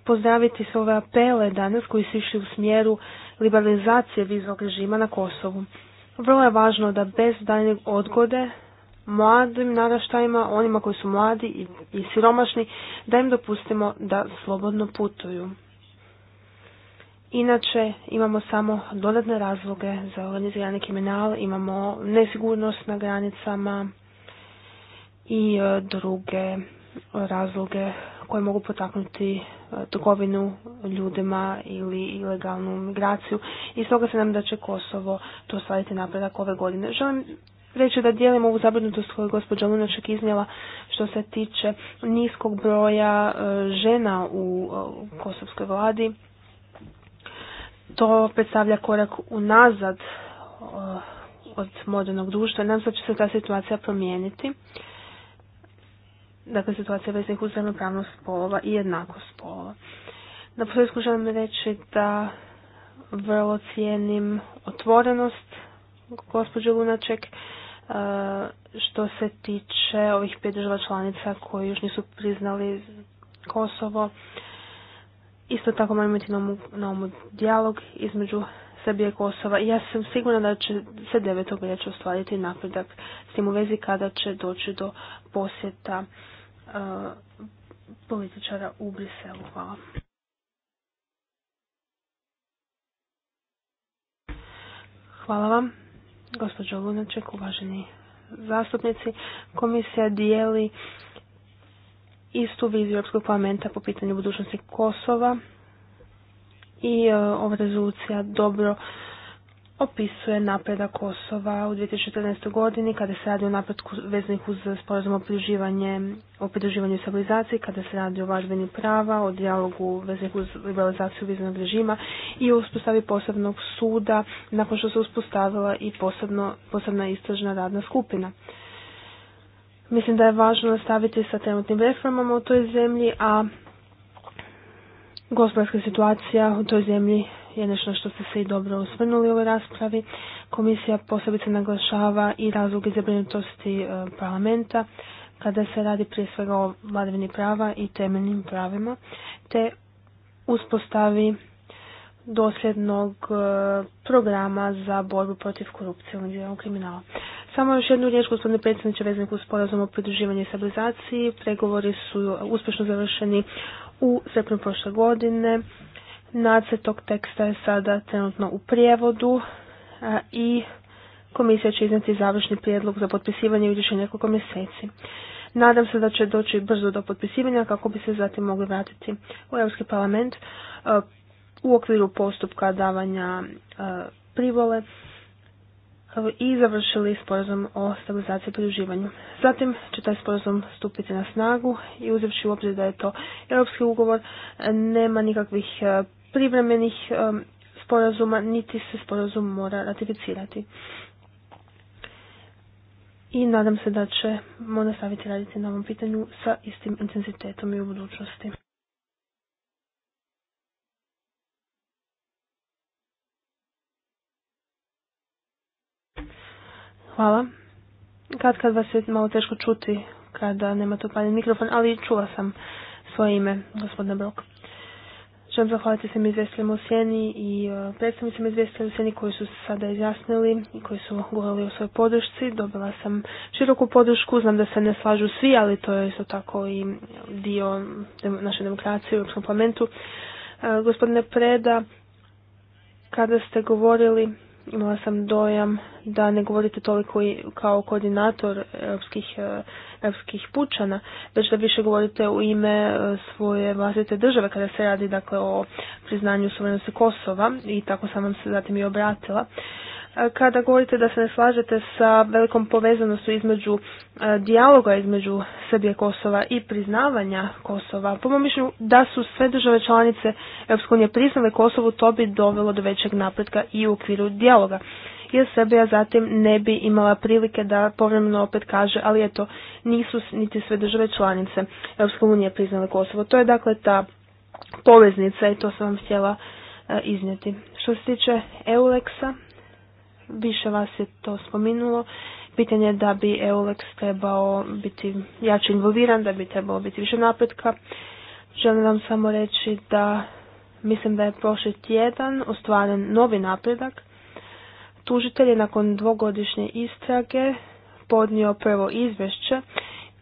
pozdraviti sve ove apele danas koji su išli u smjeru liberalizacije viznog režima na Kosovu. Vrlo je važno da bez daljnjeg odgode mladim naraštajima, onima koji su mladi i, i siromašni, da im dopustimo da slobodno putuju. Inače, imamo samo dodatne razloge za organizirani kriminal, imamo nesigurnost na granicama i e, druge razloge koje mogu potaknuti e, trgovinu ljudima ili ilegalnu migraciju i stoga se nam da će Kosovo to ostvariti napredak ove godine. Želim reći da dijelim ovu zabrinutost koju je gospođa Lunaček iznijela što se tiče niskog broja e, žena u e, kosovskoj vladi. To predstavlja korak unazad od modernog društva. Nadam se da će se ta situacija promijeniti dakle, situacija veznih uz ravnopravnost spolova i jednakost spolova. Na početku želim reći da vrlo cijenim otvorenost gospođe Lunaček e, što se tiče ovih pet država članica koji još nisu priznali Kosovo. Isto tako moram imati na umu dijalog između Srbije i Kosova. Ja sam sigurna da će se 9. veljače ostvariti napredak s tim u vezi kada će doći do posjeta Eh, političara u Briselu. Hvala. Hvala vam, gospođo Lunaček, uvaženi zastupnici. Komisija dijeli istu viziju Europskog parlamenta po pitanju budućnosti Kosova i eh, ova rezolucija dobro opisuje napredak Kosova u 2014. godini kada se radi o napretku veznih uz sporazum o pridruživanju o pridruživanju i stabilizaciji, kada se radi o važbeni prava, o dijalogu veznih uz liberalizaciju viznog režima i o uspostavi posebnog suda nakon što se uspostavila i posebno, posebna istražna radna skupina. Mislim da je važno nastaviti sa trenutnim reformama u toj zemlji, a gospodarska situacija u toj zemlji je nešto što ste se i dobro osvrnuli u ovoj raspravi. Komisija posebice naglašava i razlog zabrinutosti e, parlamenta kada se radi prije svega o vladavini prava i temeljnim pravima, te uspostavi dosljednog e, programa za borbu protiv korupcije i kriminala. Samo još jednu riječ, gospodine predsjedniče, veznik uz sporazum o pridruživanju i stabilizaciji. Pregovori su uspješno završeni u srpnju prošle godine Nacrt tog teksta je sada trenutno u prijevodu i komisija će iznijeti završni prijedlog za potpisivanje u više nekoliko mjeseci. Nadam se da će doći brzo do potpisivanja kako bi se zatim mogli vratiti u Europski parlament u okviru postupka davanja privole i završili sporazum o stabilizaciji i Zatim će taj sporazum stupiti na snagu i uzevši u obzir da je to europski ugovor, nema nikakvih privremenih sporazuma, niti se sporazum mora ratificirati. I nadam se da ćemo nastaviti raditi na ovom pitanju sa istim intenzitetom i u budućnosti. Hvala. Kad kad vas je malo teško čuti kada nemate paljen mikrofon, ali čula sam svoje ime, gospodine Brok. Želim zahvaliti se izvjestiteljima u Sjeni i e, predstavnicima izvjestitelja u Sjeni koji su se sada izjasnili i koji su govorili o svojoj podršci. Dobila sam široku podršku, znam da se ne slažu svi, ali to je isto tako i dio naše demokracije u Europskom parlamentu. E, gospodine Preda, kada ste govorili imala sam dojam da ne govorite toliko kao koordinator europskih, e, europskih pučana, već da više govorite u ime e, svoje vlastite države kada se radi dakle o priznanju suverenosti Kosova i tako sam vam se zatim i obratila kada govorite da se ne slažete sa velikom povezanostu između e, dijaloga između Srbije Kosova i priznavanja Kosova, po mom mišljenju da su sve države članice EU priznale Kosovu, to bi dovelo do većeg napretka i u okviru dijaloga. Jer Srbija zatim ne bi imala prilike da povremeno opet kaže, ali eto, nisu niti sve države članice EU priznale Kosovo. To je dakle ta poveznica i to sam vam htjela e, iznijeti. Što se tiče Euleksa, više vas je to spominulo. Pitanje je da bi EULEX trebao biti jače involviran, da bi trebao biti više napretka. Želim vam samo reći da mislim da je prošli tjedan ostvaren novi napredak. Tužitelj je nakon dvogodišnje istrage podnio prvo izvješće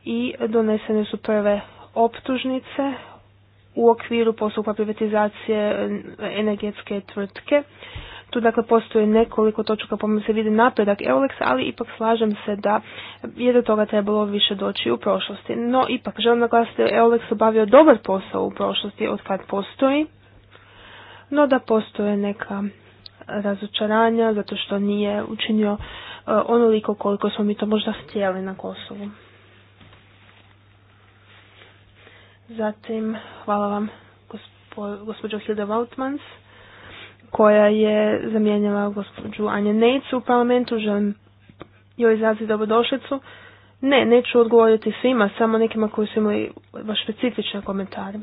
i donesene su prve optužnice u okviru postupka privatizacije energetske tvrtke tu dakle postoje nekoliko točaka po se vidi napredak Eulex, ali ipak slažem se da je do toga trebalo više doći u prošlosti. No ipak želim naglasiti da obavio dobar posao u prošlosti od kad postoji, no da postoje neka razočaranja zato što nije učinio e, onoliko koliko smo mi to možda htjeli na Kosovu. Zatim, hvala vam gospođo Hilda Woutmans koja je zamijenjala gospođu Anje Nejcu u parlamentu. Želim joj izraziti dobrodošlicu. Ne, neću odgovoriti svima, samo nekima koji su imali baš specifične komentare.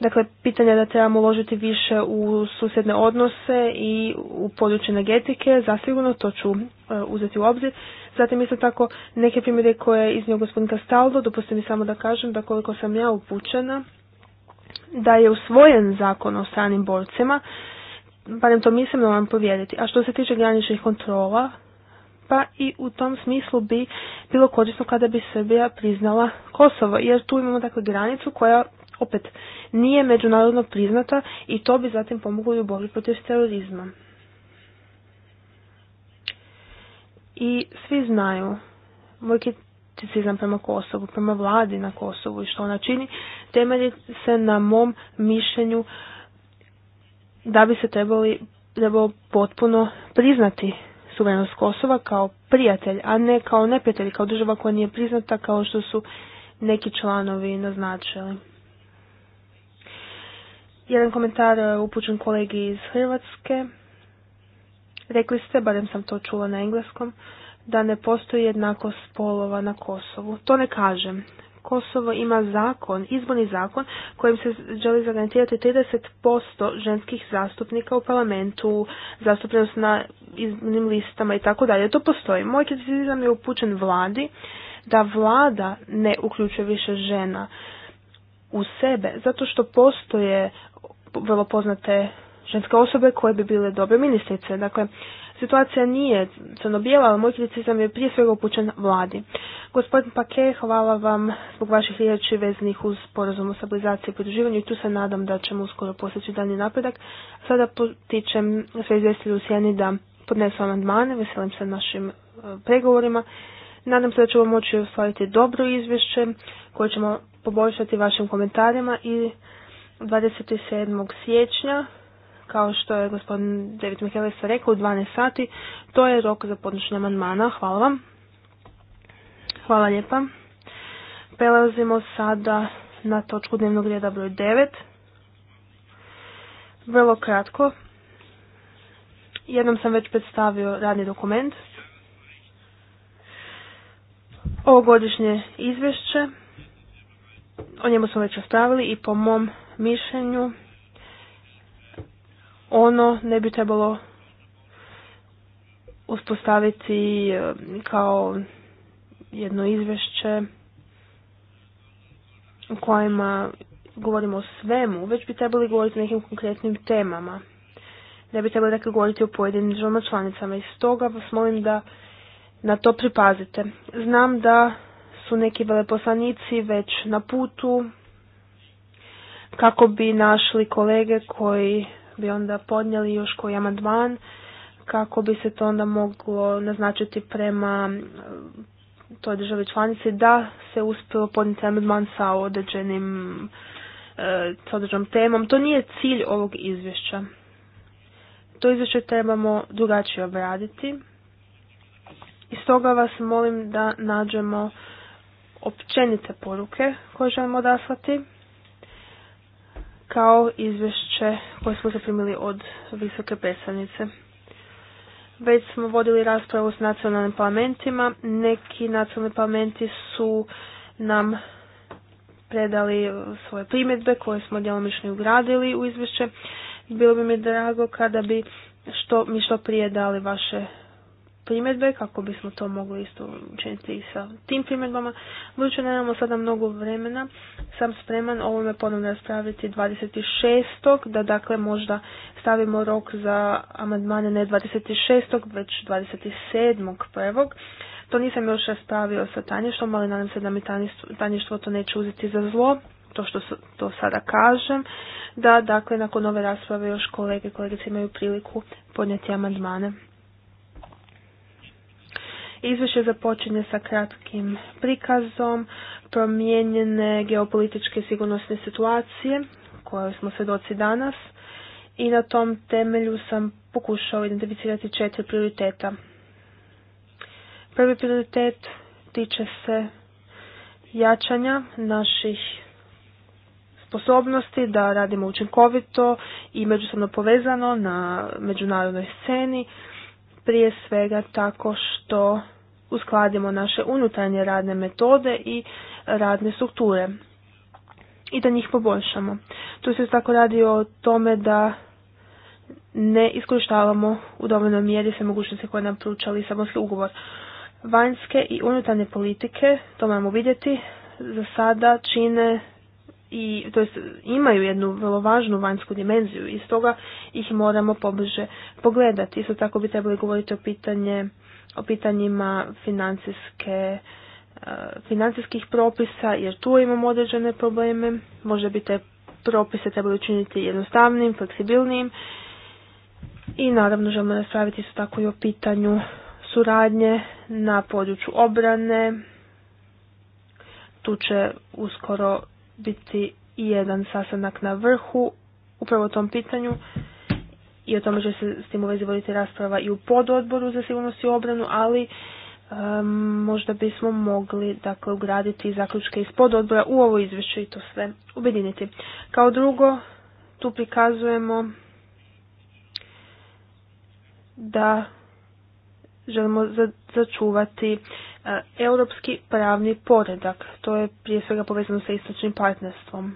Dakle, pitanje je da trebamo uložiti više u susjedne odnose i u područje energetike, zasigurno to ću e, uzeti u obzir. Zatim isto tako neke primjere koje je iznio gospodin Kastaldo, dopustite mi samo da kažem da koliko sam ja upućena, da je usvojen zakon o stranim borcima, barem to mislim da vam povjeriti. A što se tiče graničnih kontrola, pa i u tom smislu bi bilo korisno kada bi Srbija priznala Kosovo, jer tu imamo dakle granicu koja opet nije međunarodno priznata i to bi zatim pomoglo i u borbi protiv terorizma. I svi znaju, moj skepticizam prema Kosovu, prema vladi na Kosovu i što ona čini, temelji se na mom mišljenju da bi se trebali, trebalo potpuno priznati suverenost Kosova kao prijatelj, a ne kao neprijatelj, kao država koja nije priznata kao što su neki članovi naznačili. Jedan komentar je upućen kolegi iz Hrvatske. Rekli ste, barem sam to čula na engleskom, da ne postoji jednakost spolova na Kosovu. To ne kažem. Kosovo ima zakon, izborni zakon kojim se želi zagarantirati 30% ženskih zastupnika u parlamentu, zastupljenost na izbornim listama i tako dalje. To postoji. Moj kritizam je upućen vladi da vlada ne uključuje više žena u sebe, zato što postoje vrlo poznate ženske osobe koje bi bile dobre ministrice. Dakle, situacija nije crno-bijela, ali moj kriticizam je prije svega upućen vladi. Gospodin Pake, hvala vam zbog vaših riječi veznih uz sporazum o stabilizaciji i pridruživanju i tu se nadam da ćemo uskoro postići dalji napredak. Sada potičem sve izvestili u Sjeni da podnesu amandmane, veselim se našim e, pregovorima. Nadam se da ćemo moći ostvariti dobro izvješće koje ćemo poboljšati vašim komentarima i 27. siječnja kao što je gospodin David Mihelis rekao, u 12 sati, to je rok za podnošenje amandmana. Hvala vam. Hvala lijepa. Prelazimo sada na točku dnevnog reda broj 9. Vrlo kratko. Jednom sam već predstavio radni dokument. godišnje izvješće. O njemu smo već ostavili i po mom mišljenju ono ne bi trebalo uspostaviti eh, kao jedno izvješće u kojima govorimo o svemu, već bi trebali govoriti o nekim konkretnim temama. Ne bi trebali dakle govoriti o pojedinim državama članicama i stoga vas molim da na to pripazite. Znam da su neki veleposlanici već na putu kako bi našli kolege koji bi onda podnijeli još koji amandman kako bi se to onda moglo naznačiti prema e, toj državi članici da se uspio podnijeti amandman sa određenim e, sa određenom temom. To nije cilj ovog izvješća. To izvješće trebamo drugačije obraditi. I stoga vas molim da nađemo općenite poruke koje želimo odaslati kao izvješće koje smo zaprimili od visoke predstavnice. Već smo vodili raspravu s nacionalnim parlamentima. Neki nacionalni parlamenti su nam predali svoje primjedbe koje smo djelomično ugradili u izvješće. Bilo bi mi drago kada bi što, mi što prije dali vaše primjedbe kako bismo to mogli isto učiniti i sa tim primjedbama. Budući da nemamo sada mnogo vremena, sam spreman ovome ponovno raspraviti 26. da dakle možda stavimo rok za amandmane ne 26. već 27. prvog. To nisam još raspravio sa tajništvom, ali nadam se da mi tajništvo to neće uzeti za zlo to što to sada kažem, da dakle nakon ove rasprave još kolege i kolegice imaju priliku podnijeti amandmane. Izvješće započinje sa kratkim prikazom promijenjene geopolitičke sigurnosne situacije kojoj smo svjedoci danas i na tom temelju sam pokušao identificirati četiri prioriteta. Prvi prioritet tiče se jačanja naših sposobnosti da radimo učinkovito i međusobno povezano na međunarodnoj sceni prije svega tako što uskladimo naše unutarnje radne metode i radne strukture i da njih poboljšamo. Tu se tako radi o tome da ne iskorištavamo u dovoljnoj mjeri sve mogućnosti koje nam pruča Lisabonski ugovor. Vanjske i unutarnje politike, to moramo vidjeti, za sada čine i to jest, imaju jednu vrlo važnu vanjsku dimenziju i stoga ih moramo pobliže pogledati. Isto tako bi trebali govoriti o pitanje o pitanjima financijske eh, financijskih propisa, jer tu imamo određene probleme. Možda bi te propise trebali učiniti jednostavnim, fleksibilnim. I naravno želimo raspraviti isto tako i o pitanju suradnje na području obrane. Tu će uskoro biti jedan sastanak na vrhu upravo o tom pitanju i o tome će se s tim u voditi rasprava i u pododboru za sigurnost i obranu, ali možda bismo mogli dakle, ugraditi zaključke iz pododbora u ovo izvješće i to sve objediniti. Kao drugo, tu prikazujemo da želimo začuvati E, europski pravni poredak. To je prije svega povezano sa istočnim partnerstvom.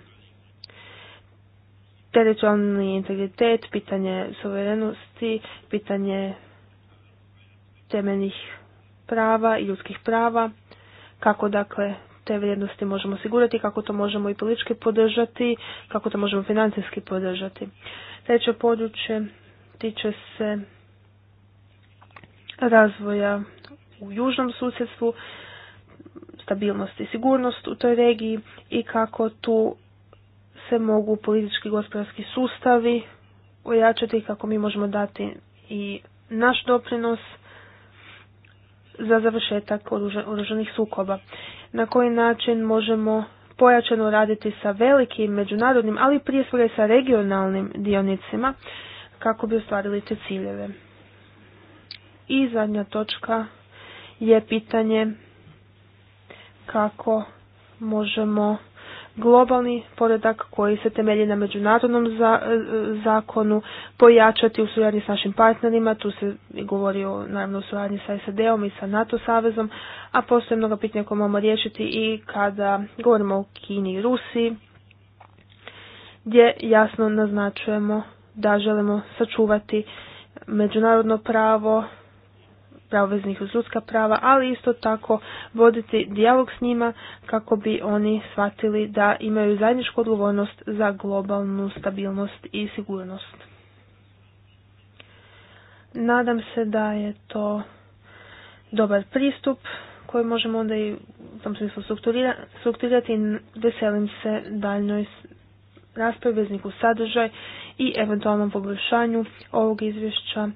Teritorijalni integritet, pitanje suverenosti, pitanje temeljnih prava i ljudskih prava, kako dakle te vrijednosti možemo osigurati, kako to možemo i politički podržati, kako to možemo financijski podržati. Treće područje tiče se razvoja u južnom susjedstvu, stabilnost i sigurnost u toj regiji i kako tu se mogu politički gospodarski sustavi ojačati i kako mi možemo dati i naš doprinos za završetak oruženih sukoba. Na koji način možemo pojačano raditi sa velikim međunarodnim, ali prije svega i sa regionalnim dionicima kako bi ostvarili te ciljeve. I zadnja točka je pitanje kako možemo globalni poredak koji se temelji na međunarodnom za, e, zakonu pojačati u suradnji s našim partnerima. Tu se govori o naravno o suradnji sa SAD-om i sa NATO savezom, a postoje mnogo pitanja koje moramo riješiti i kada govorimo o Kini i Rusiji, gdje jasno naznačujemo da želimo sačuvati međunarodno pravo, pravveznih uz ljudska prava, ali isto tako voditi dijalog s njima kako bi oni shvatili da imaju zajedničku odgovornost za globalnu stabilnost i sigurnost. Nadam se da je to dobar pristup koji možemo onda i u tom smislu strukturirati i veselim se daljnoj raspravi vezniku sadržaj i eventualnom poboljšanju ovog izvješća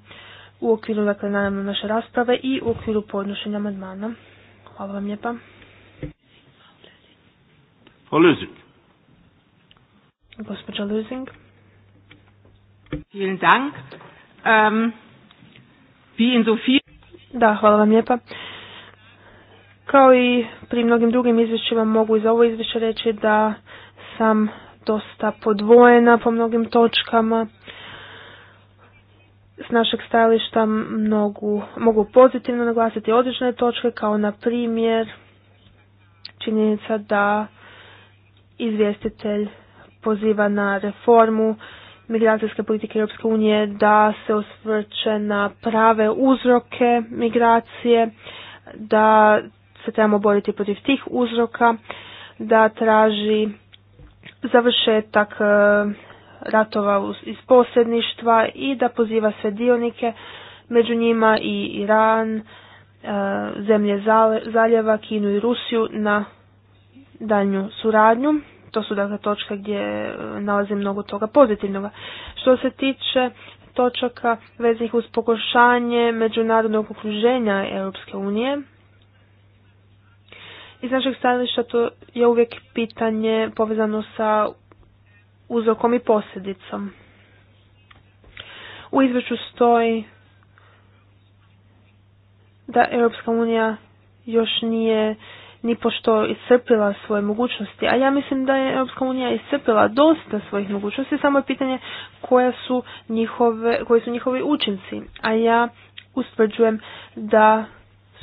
u okviru dakle, naravno naše rasprave i u okviru podnošenja amandmana. Hvala vam lijepa. Ähm, da, hvala vam lijepa. Kao i pri mnogim drugim izvješćima mogu iz ovo izvješće reći da sam dosta podvojena po mnogim točkama s našeg stajališta mnogu, mogu pozitivno naglasiti odlične točke kao na primjer činjenica da izvjestitelj poziva na reformu migracijske politike Europske unije da se osvrće na prave uzroke migracije, da se trebamo boriti protiv tih uzroka, da traži završetak eh, ratova iz posredništva i da poziva sve dionike, među njima i Iran, e, zemlje zaljeva, Kinu i Rusiju na daljnju suradnju. To su dakle točke gdje e, nalazi mnogo toga pozitivnoga. Što se tiče točaka veznih uz pokošanje međunarodnog okruženja Europske unije, iz našeg stajališta to je uvijek pitanje povezano sa uzrokom i posljedicom. U izvješću stoji da Europska unija još nije ni pošto iscrpila svoje mogućnosti, a ja mislim da je Europska unija iscrpila dosta svojih mogućnosti, samo je pitanje koja su njihove, koji su njihovi učinci, a ja ustvrđujem da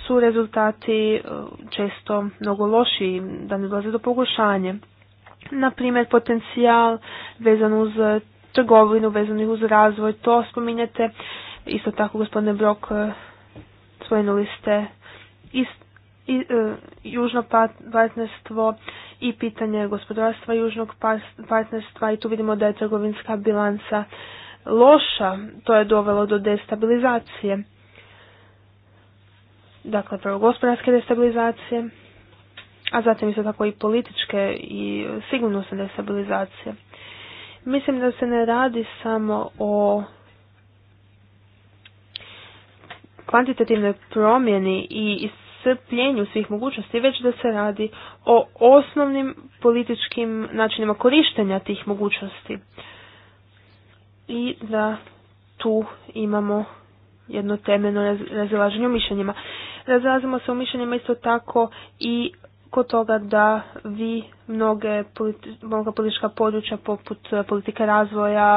su rezultati e, često mnogo lošiji, da ne dolaze do pogoršanja na primjer potencijal vezan uz eh, trgovinu, vezan uz razvoj, to spominjete. Isto tako, gospodine Brok, eh, spomenuli ste ist, i e, južno pa-, partnerstvo i pitanje gospodarstva južnog partnerstva i tu vidimo da je trgovinska bilanca loša, to je dovelo do destabilizacije. Dakle, prvo gospodarske destabilizacije, a zatim isto tako i političke i sigurnosne destabilizacije. Mislim da se ne radi samo o kvantitativnoj promjeni i iscrpljenju svih mogućnosti, već da se radi o osnovnim političkim načinima korištenja tih mogućnosti. I da tu imamo jedno temeljno razilaženje u mišljenjima. Razilazimo se u mišljenjima isto tako i kod toga da vi mnoge politi mnoga politička područja poput e, politike razvoja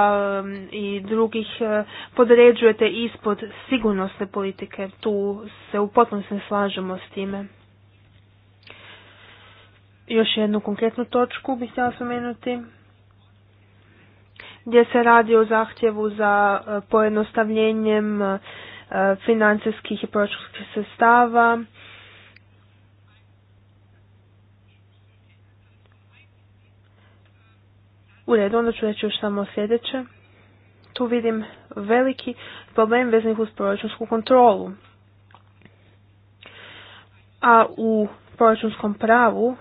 i drugih e, podređujete ispod sigurnosne politike. Tu se u potpunosti slažemo s time. Još jednu konkretnu točku bih htjela spomenuti gdje se radi o zahtjevu za e, pojednostavljenjem financijskih i proračunskih sredstava U redu, onda ću reći još samo sljedeće. Tu vidim veliki problem veznih uz proračunsku kontrolu. A u proračunskom pravu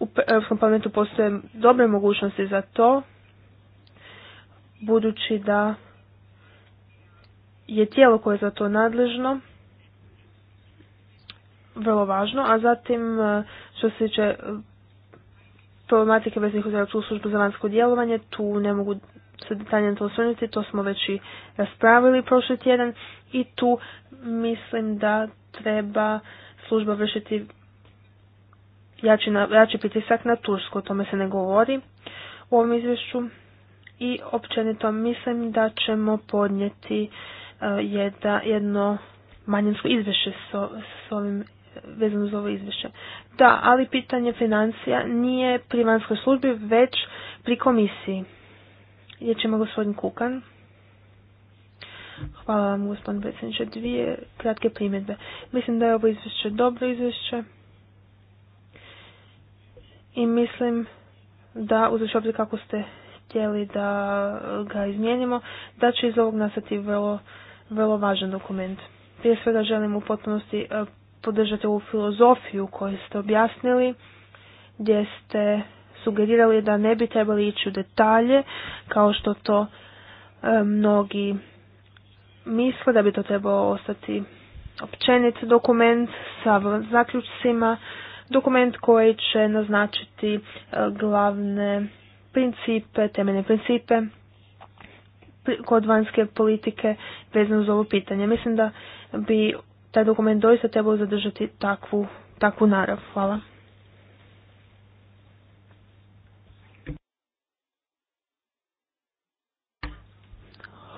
u Europskom parlamentu postoje dobre mogućnosti za to, budući da je tijelo koje je za to nadležno vrlo važno, a zatim eh, što se tiče eh, problematike bez za Europsku službu za vanjsko djelovanje, tu ne mogu se detaljno to osvrnuti, to smo već i raspravili prošli tjedan i tu mislim da treba služba vršiti jači, na, jači pritisak na Tursku, o tome se ne govori u ovom izvješću i općenito mislim da ćemo podnijeti e, jedno manjinsko izvješće s, s ovim vezano za ovo izvješće. Da, ali pitanje financija nije pri vanjskoj službi, već pri komisiji. Riječ ima gospodin Kukan. Hvala vam gospodin predsjedniče. Dvije kratke primjedbe. Mislim da je ovo izvješće dobro izvješće i mislim da uzviš obzir kako ste htjeli da ga izmijenimo, da će iz ovog nastati vrlo, vrlo važan dokument. Prije svega želim u potpunosti e, podržati ovu filozofiju koju ste objasnili, gdje ste sugerirali da ne bi trebali ići u detalje, kao što to e, mnogi misle, da bi to trebao ostati općenit dokument sa zaključcima, dokument koji će naznačiti e, glavne principe, temeljne principe kod vanjske politike vezano uz ovo pitanje. Mislim da bi taj dokument doista trebao zadržati takvu, takvu narav. Hvala.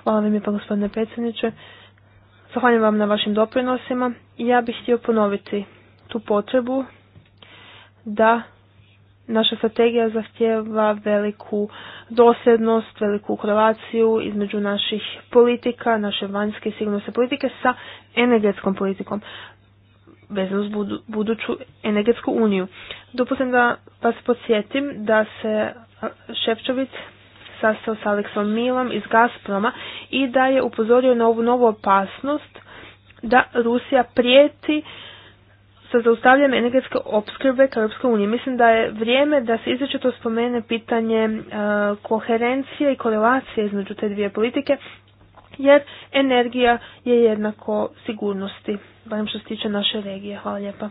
Hvala vam pa gospodine predsjedniče. Zahvaljujem vam na vašim doprinosima. Ja bih htio ponoviti tu potrebu da naša strategija zahtjeva veliku dosljednost, veliku korelaciju između naših politika, naše vanjske i sigurnosne politike sa energetskom politikom vezano uz buduću energetsku uniju. Dopustim da vas podsjetim da se Šepčović sastao sa Aleksom Milom iz Gazproma i da je upozorio na ovu novu opasnost da Rusija prijeti sa zaustavljanjem energetske opskrbe kao Europske Mislim da je vrijeme da se izrečito spomene pitanje e, koherencije i korelacije između te dvije politike, jer energija je jednako sigurnosti, barem što se tiče naše regije. Hvala lijepa.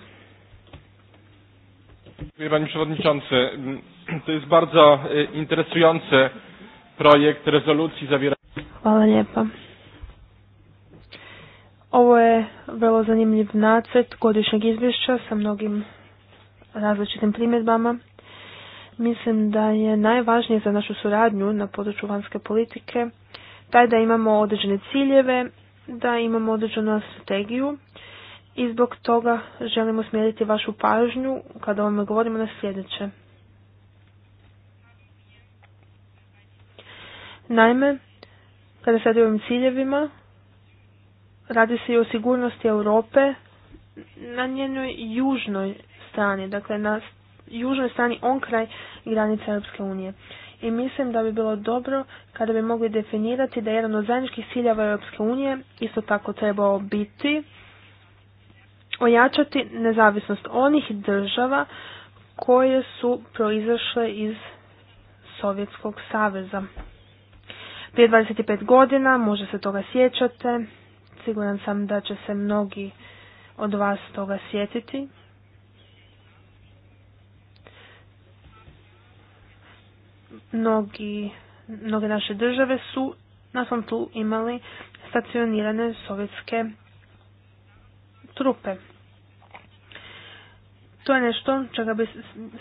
bardzo e, interesujący projekt rezolucji Hvala lijepa. Ovo je vrlo zanimljiv nacrt godišnjeg izvješća sa mnogim različitim primjedbama. Mislim da je najvažnije za našu suradnju na području vanjske politike taj da imamo određene ciljeve, da imamo određenu strategiju i zbog toga želimo smjeriti vašu pažnju kada vam govorimo na sljedeće. Naime, kada sad ovim ciljevima, radi se i o sigurnosti Europe na njenoj južnoj strani, dakle na južnoj strani on kraj granica Europske unije. I mislim da bi bilo dobro kada bi mogli definirati da jedan od zajedničkih ciljeva Europske unije isto tako trebao biti ojačati nezavisnost onih država koje su proizašle iz Sovjetskog saveza. Prije 25 godina, možda se toga sjećate, Siguran sam da će se mnogi od vas toga sjetiti. Mnogi, mnoge naše države su na svom tu imali stacionirane sovjetske trupe. To je nešto čega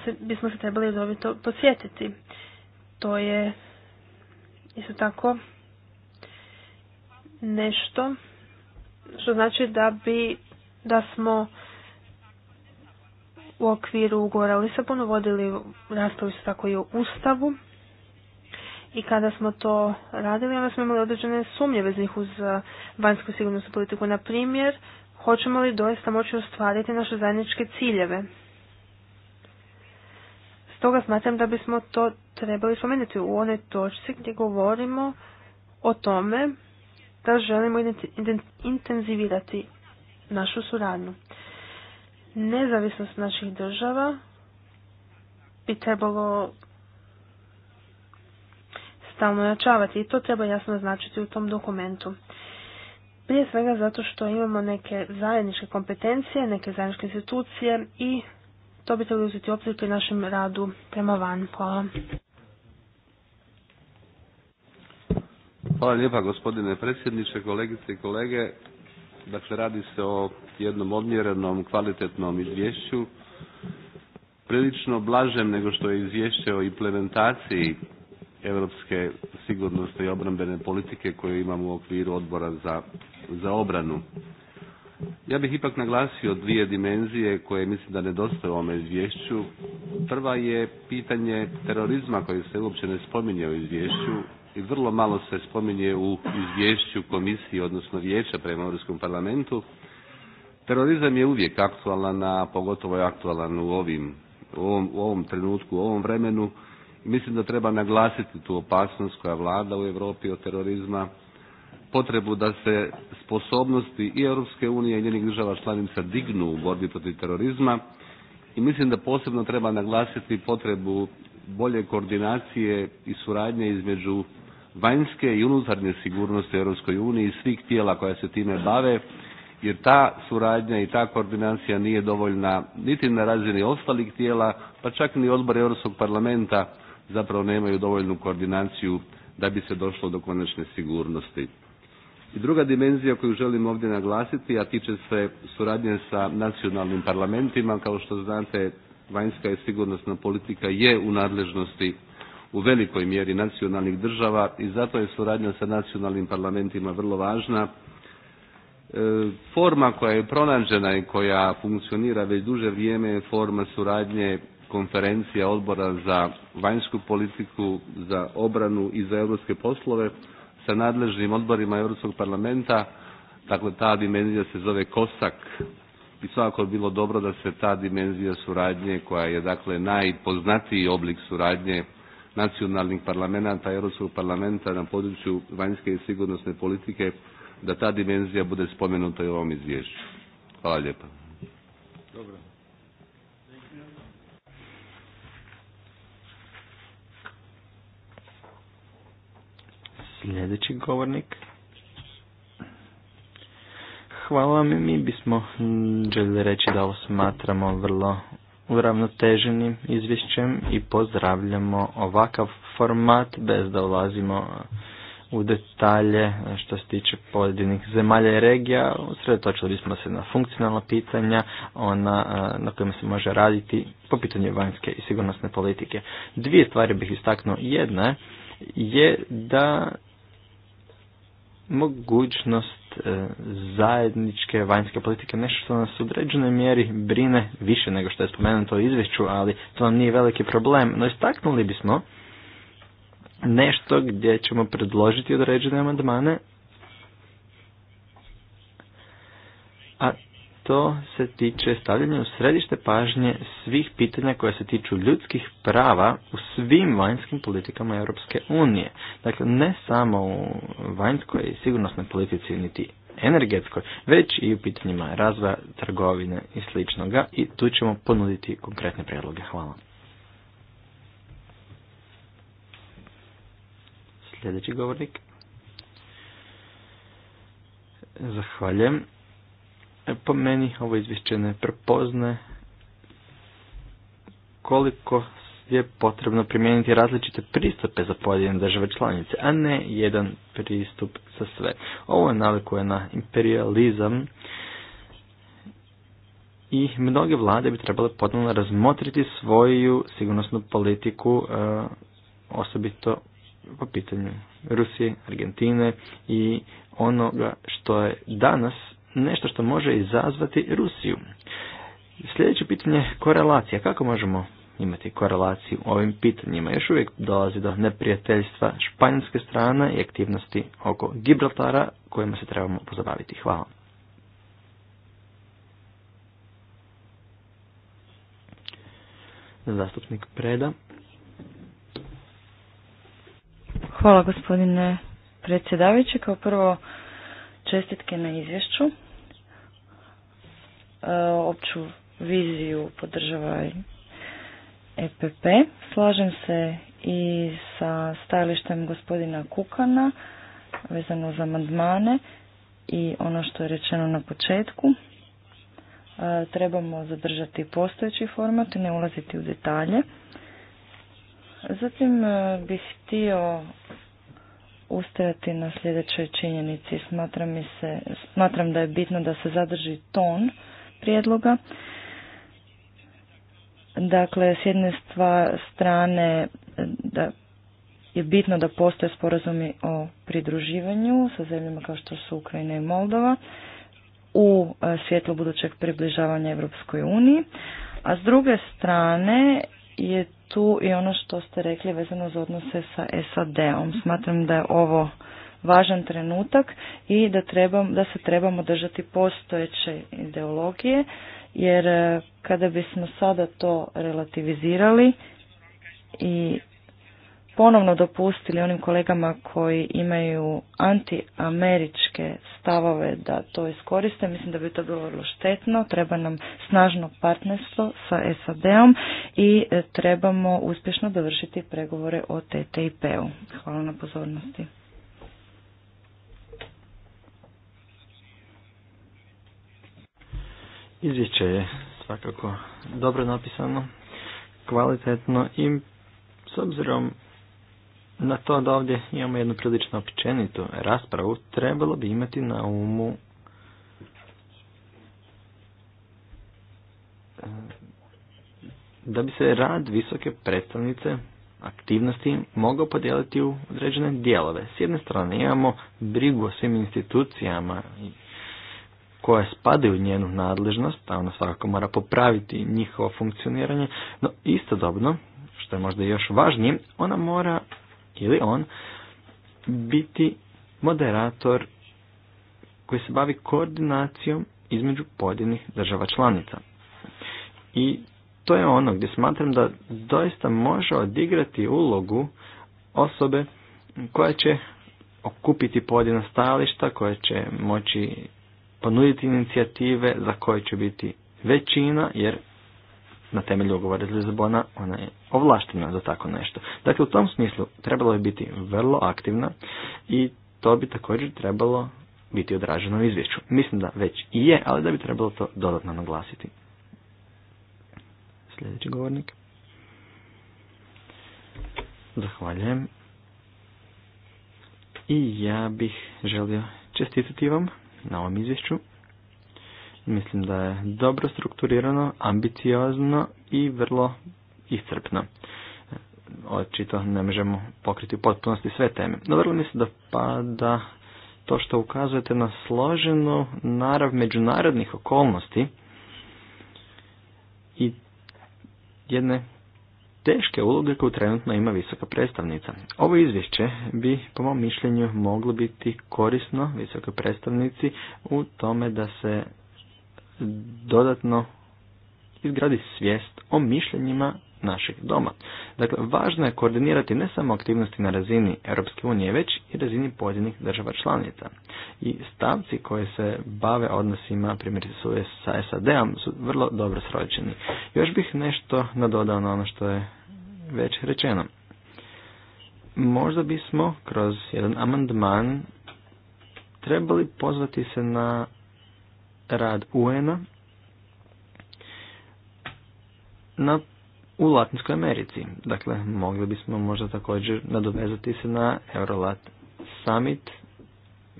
se, bismo se trebali redovito posjetiti. To je isto tako nešto što znači da bi da smo u okviru ugovora u Lisabonu vodili raspravu isto tako i o Ustavu i kada smo to radili, onda smo imali određene sumnje veznih uz uh, vanjsku sigurnosnu politiku. Na primjer, hoćemo li doista moći ostvariti naše zajedničke ciljeve? Stoga smatram da bismo to trebali spomenuti u onoj točci gdje govorimo o tome da želimo intenzivirati našu suradnju. Nezavisnost naših država bi trebalo stalno jačavati i to treba jasno značiti u tom dokumentu. Prije svega zato što imamo neke zajedničke kompetencije, neke zajedničke institucije i to bi trebalo uzeti u našem radu prema van. Hvala. Hvala lijepa gospodine predsjedniče, kolegice i kolege. Dakle, radi se o jednom odmjerenom, kvalitetnom izvješću, prilično blažem nego što je izvješće o implementaciji europske sigurnosne i obrambene politike koju imamo u okviru odbora za, za obranu. Ja bih ipak naglasio dvije dimenzije koje mislim da nedostaju u ovome izvješću. Prva je pitanje terorizma koje se uopće ne spominje u izvješću, i vrlo malo se spominje u izvješću komisije, odnosno vijeća prema Europskom parlamentu. Terorizam je uvijek aktualan, a pogotovo je aktualan u, ovim, u, ovom, u ovom trenutku, u ovom vremenu. Mislim da treba naglasiti tu opasnost koja vlada u Europi od terorizma, potrebu da se sposobnosti i Europske unije i njenih država članica dignu u borbi protiv terorizma i mislim da posebno treba naglasiti potrebu bolje koordinacije i suradnje između vanjske i unutarnje sigurnosti u Europskoj uniji i svih tijela koja se time bave, jer ta suradnja i ta koordinacija nije dovoljna niti na razini ostalih tijela, pa čak ni odbor Europskog parlamenta zapravo nemaju dovoljnu koordinaciju da bi se došlo do konačne sigurnosti. I druga dimenzija koju želim ovdje naglasiti, a tiče se suradnje sa nacionalnim parlamentima, kao što znate vanjska i sigurnosna politika je u nadležnosti u velikoj mjeri nacionalnih država i zato je suradnja sa nacionalnim parlamentima vrlo važna. E, forma koja je pronađena i koja funkcionira već duže vrijeme je forma suradnje konferencija odbora za vanjsku politiku, za obranu i za europske poslove sa nadležnim odborima Europskog parlamenta. Dakle, ta dimenzija se zove KOSAK i svakako bilo dobro da se ta dimenzija suradnje koja je dakle najpoznatiji oblik suradnje nacionalnih parlamenta, Europskog parlamenta na području vanjske i sigurnosne politike, da ta dimenzija bude spomenuta i u ovom izvješću. Hvala lijepa. Sljedeći govornik. Hvala vam. Mi bismo željeli reći da ovo smatramo vrlo uravnoteženim izvješćem i pozdravljamo ovakav format bez da ulazimo u detalje što se tiče pojedinih zemalja i regija. Usredotočili bismo se na funkcionalna pitanja, ona na kojima se može raditi po pitanju vanjske i sigurnosne politike. Dvije stvari bih istaknuo. Jedna je da mogućnost E, zajedničke vanjske politike nešto što nas u određenoj mjeri brine više nego što je spomenuto u izvješću, ali to nam nije veliki problem. No istaknuli bismo nešto gdje ćemo predložiti određene amandmane to se tiče stavljanja u središte pažnje svih pitanja koja se tiču ljudskih prava u svim vanjskim politikama Europske unije. Dakle, ne samo u vanjskoj i sigurnosnoj politici, niti energetskoj, već i u pitanjima razvoja, trgovine i sličnoga i tu ćemo ponuditi konkretne prijedloge. Hvala. Sljedeći govornik. Zahvaljujem. Po meni ovo izvješće ne prepoznaje koliko je potrebno primijeniti različite pristupe za pojedine države članice, a ne jedan pristup za sve. Ovo je nalikuje na imperializam i mnoge vlade bi trebale potpuno razmotriti svoju sigurnosnu politiku, e, osobito po pitanju Rusije, Argentine i onoga što je danas nešto što može izazvati Rusiju. Sljedeće pitanje korelacija. Kako možemo imati korelaciju u ovim pitanjima? Još uvijek dolazi do neprijateljstva španjolske strane i aktivnosti oko Gibraltara kojima se trebamo pozabaviti. Hvala. Zastupnik Preda. Hvala gospodine predsjedavajući. Kao prvo čestitke na izvješću. E, opću viziju podržava EPP. Slažem se i sa stajalištem gospodina Kukana vezano za amandmane i ono što je rečeno na početku. E, trebamo zadržati postojeći format i ne ulaziti u detalje. Zatim e, bih htio ustajati na sljedećoj činjenici. Smatram, se, smatram da je bitno da se zadrži ton prijedloga. Dakle, s jedne strane da je bitno da postoje sporazumi o pridruživanju sa zemljama kao što su Ukrajina i Moldova u e, svjetlu budućeg približavanja Europskoj uniji. A s druge strane je tu i ono što ste rekli vezano za odnose sa SAD-om. Smatram da je ovo važan trenutak i da, trebam, da se trebamo držati postojeće ideologije, jer e, kada bismo sada to relativizirali i ponovno dopustili onim kolegama koji imaju antiameričke stavove da to iskoriste. Mislim da bi to bilo vrlo štetno. Treba nam snažno partnerstvo sa SAD-om i e, trebamo uspješno dovršiti pregovore o TTIP-u. Hvala na pozornosti. Izvješće je svakako dobro napisano, kvalitetno i s obzirom na to da ovdje imamo jednu prilično općenitu raspravu, trebalo bi imati na umu eh, da bi se rad visoke predstavnice aktivnosti mogao podijeliti u određene dijelove. S jedne strane imamo brigu o svim institucijama i koje spadaju u njenu nadležnost, a ona svakako mora popraviti njihovo funkcioniranje, no istodobno, što je možda još važnije, ona mora ili on biti moderator koji se bavi koordinacijom između pojedinih država članica. I to je ono gdje smatram da doista može odigrati ulogu osobe koja će okupiti pojedina stajališta, koja će moći ponuditi inicijative za koje će biti većina, jer na temelju ugovora iz Lizabona ona je ovlaštena za tako nešto. Dakle, u tom smislu trebalo je biti vrlo aktivna i to bi također trebalo biti odraženo u izvješću. Mislim da već i je, ali da bi trebalo to dodatno naglasiti. Sljedeći govornik. Zahvaljujem. I ja bih želio čestititi vam na ovom izvješću. Mislim da je dobro strukturirano, ambiciozno i vrlo iscrpno. Očito ne možemo pokriti u potpunosti sve teme. No vrlo mislim da pada to što ukazujete na složenu narav međunarodnih okolnosti i jedne teške uloge koju trenutno ima visoka predstavnica. Ovo izvješće bi, po mom mišljenju, moglo biti korisno visokoj predstavnici u tome da se dodatno izgradi svijest o mišljenjima našeg doma. Dakle, važno je koordinirati ne samo aktivnosti na razini Europske unije, već i razini pojedinih država članica. I stavci koje se bave odnosima, primjerice sa SAD-om, su vrlo dobro sročeni. Još bih nešto nadodao na ono što je već rečeno. Možda bismo kroz jedan amandman trebali pozvati se na rad UN-a na u Latinskoj Americi. Dakle, mogli bismo možda također nadovezati se na Eurolat Summit.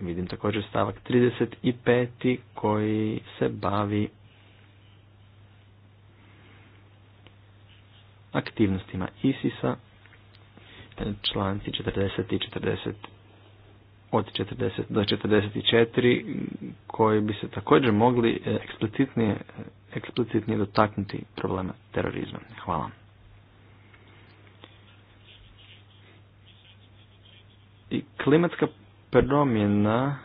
Vidim također stavak 35. koji se bavi aktivnostima ISIS-a, članci 40 i 40 od 40 do 44 koji bi se također mogli e, eksplicitnije eksplicitnije dotaknuti problema terorizma. Hvala. I klimatska promjena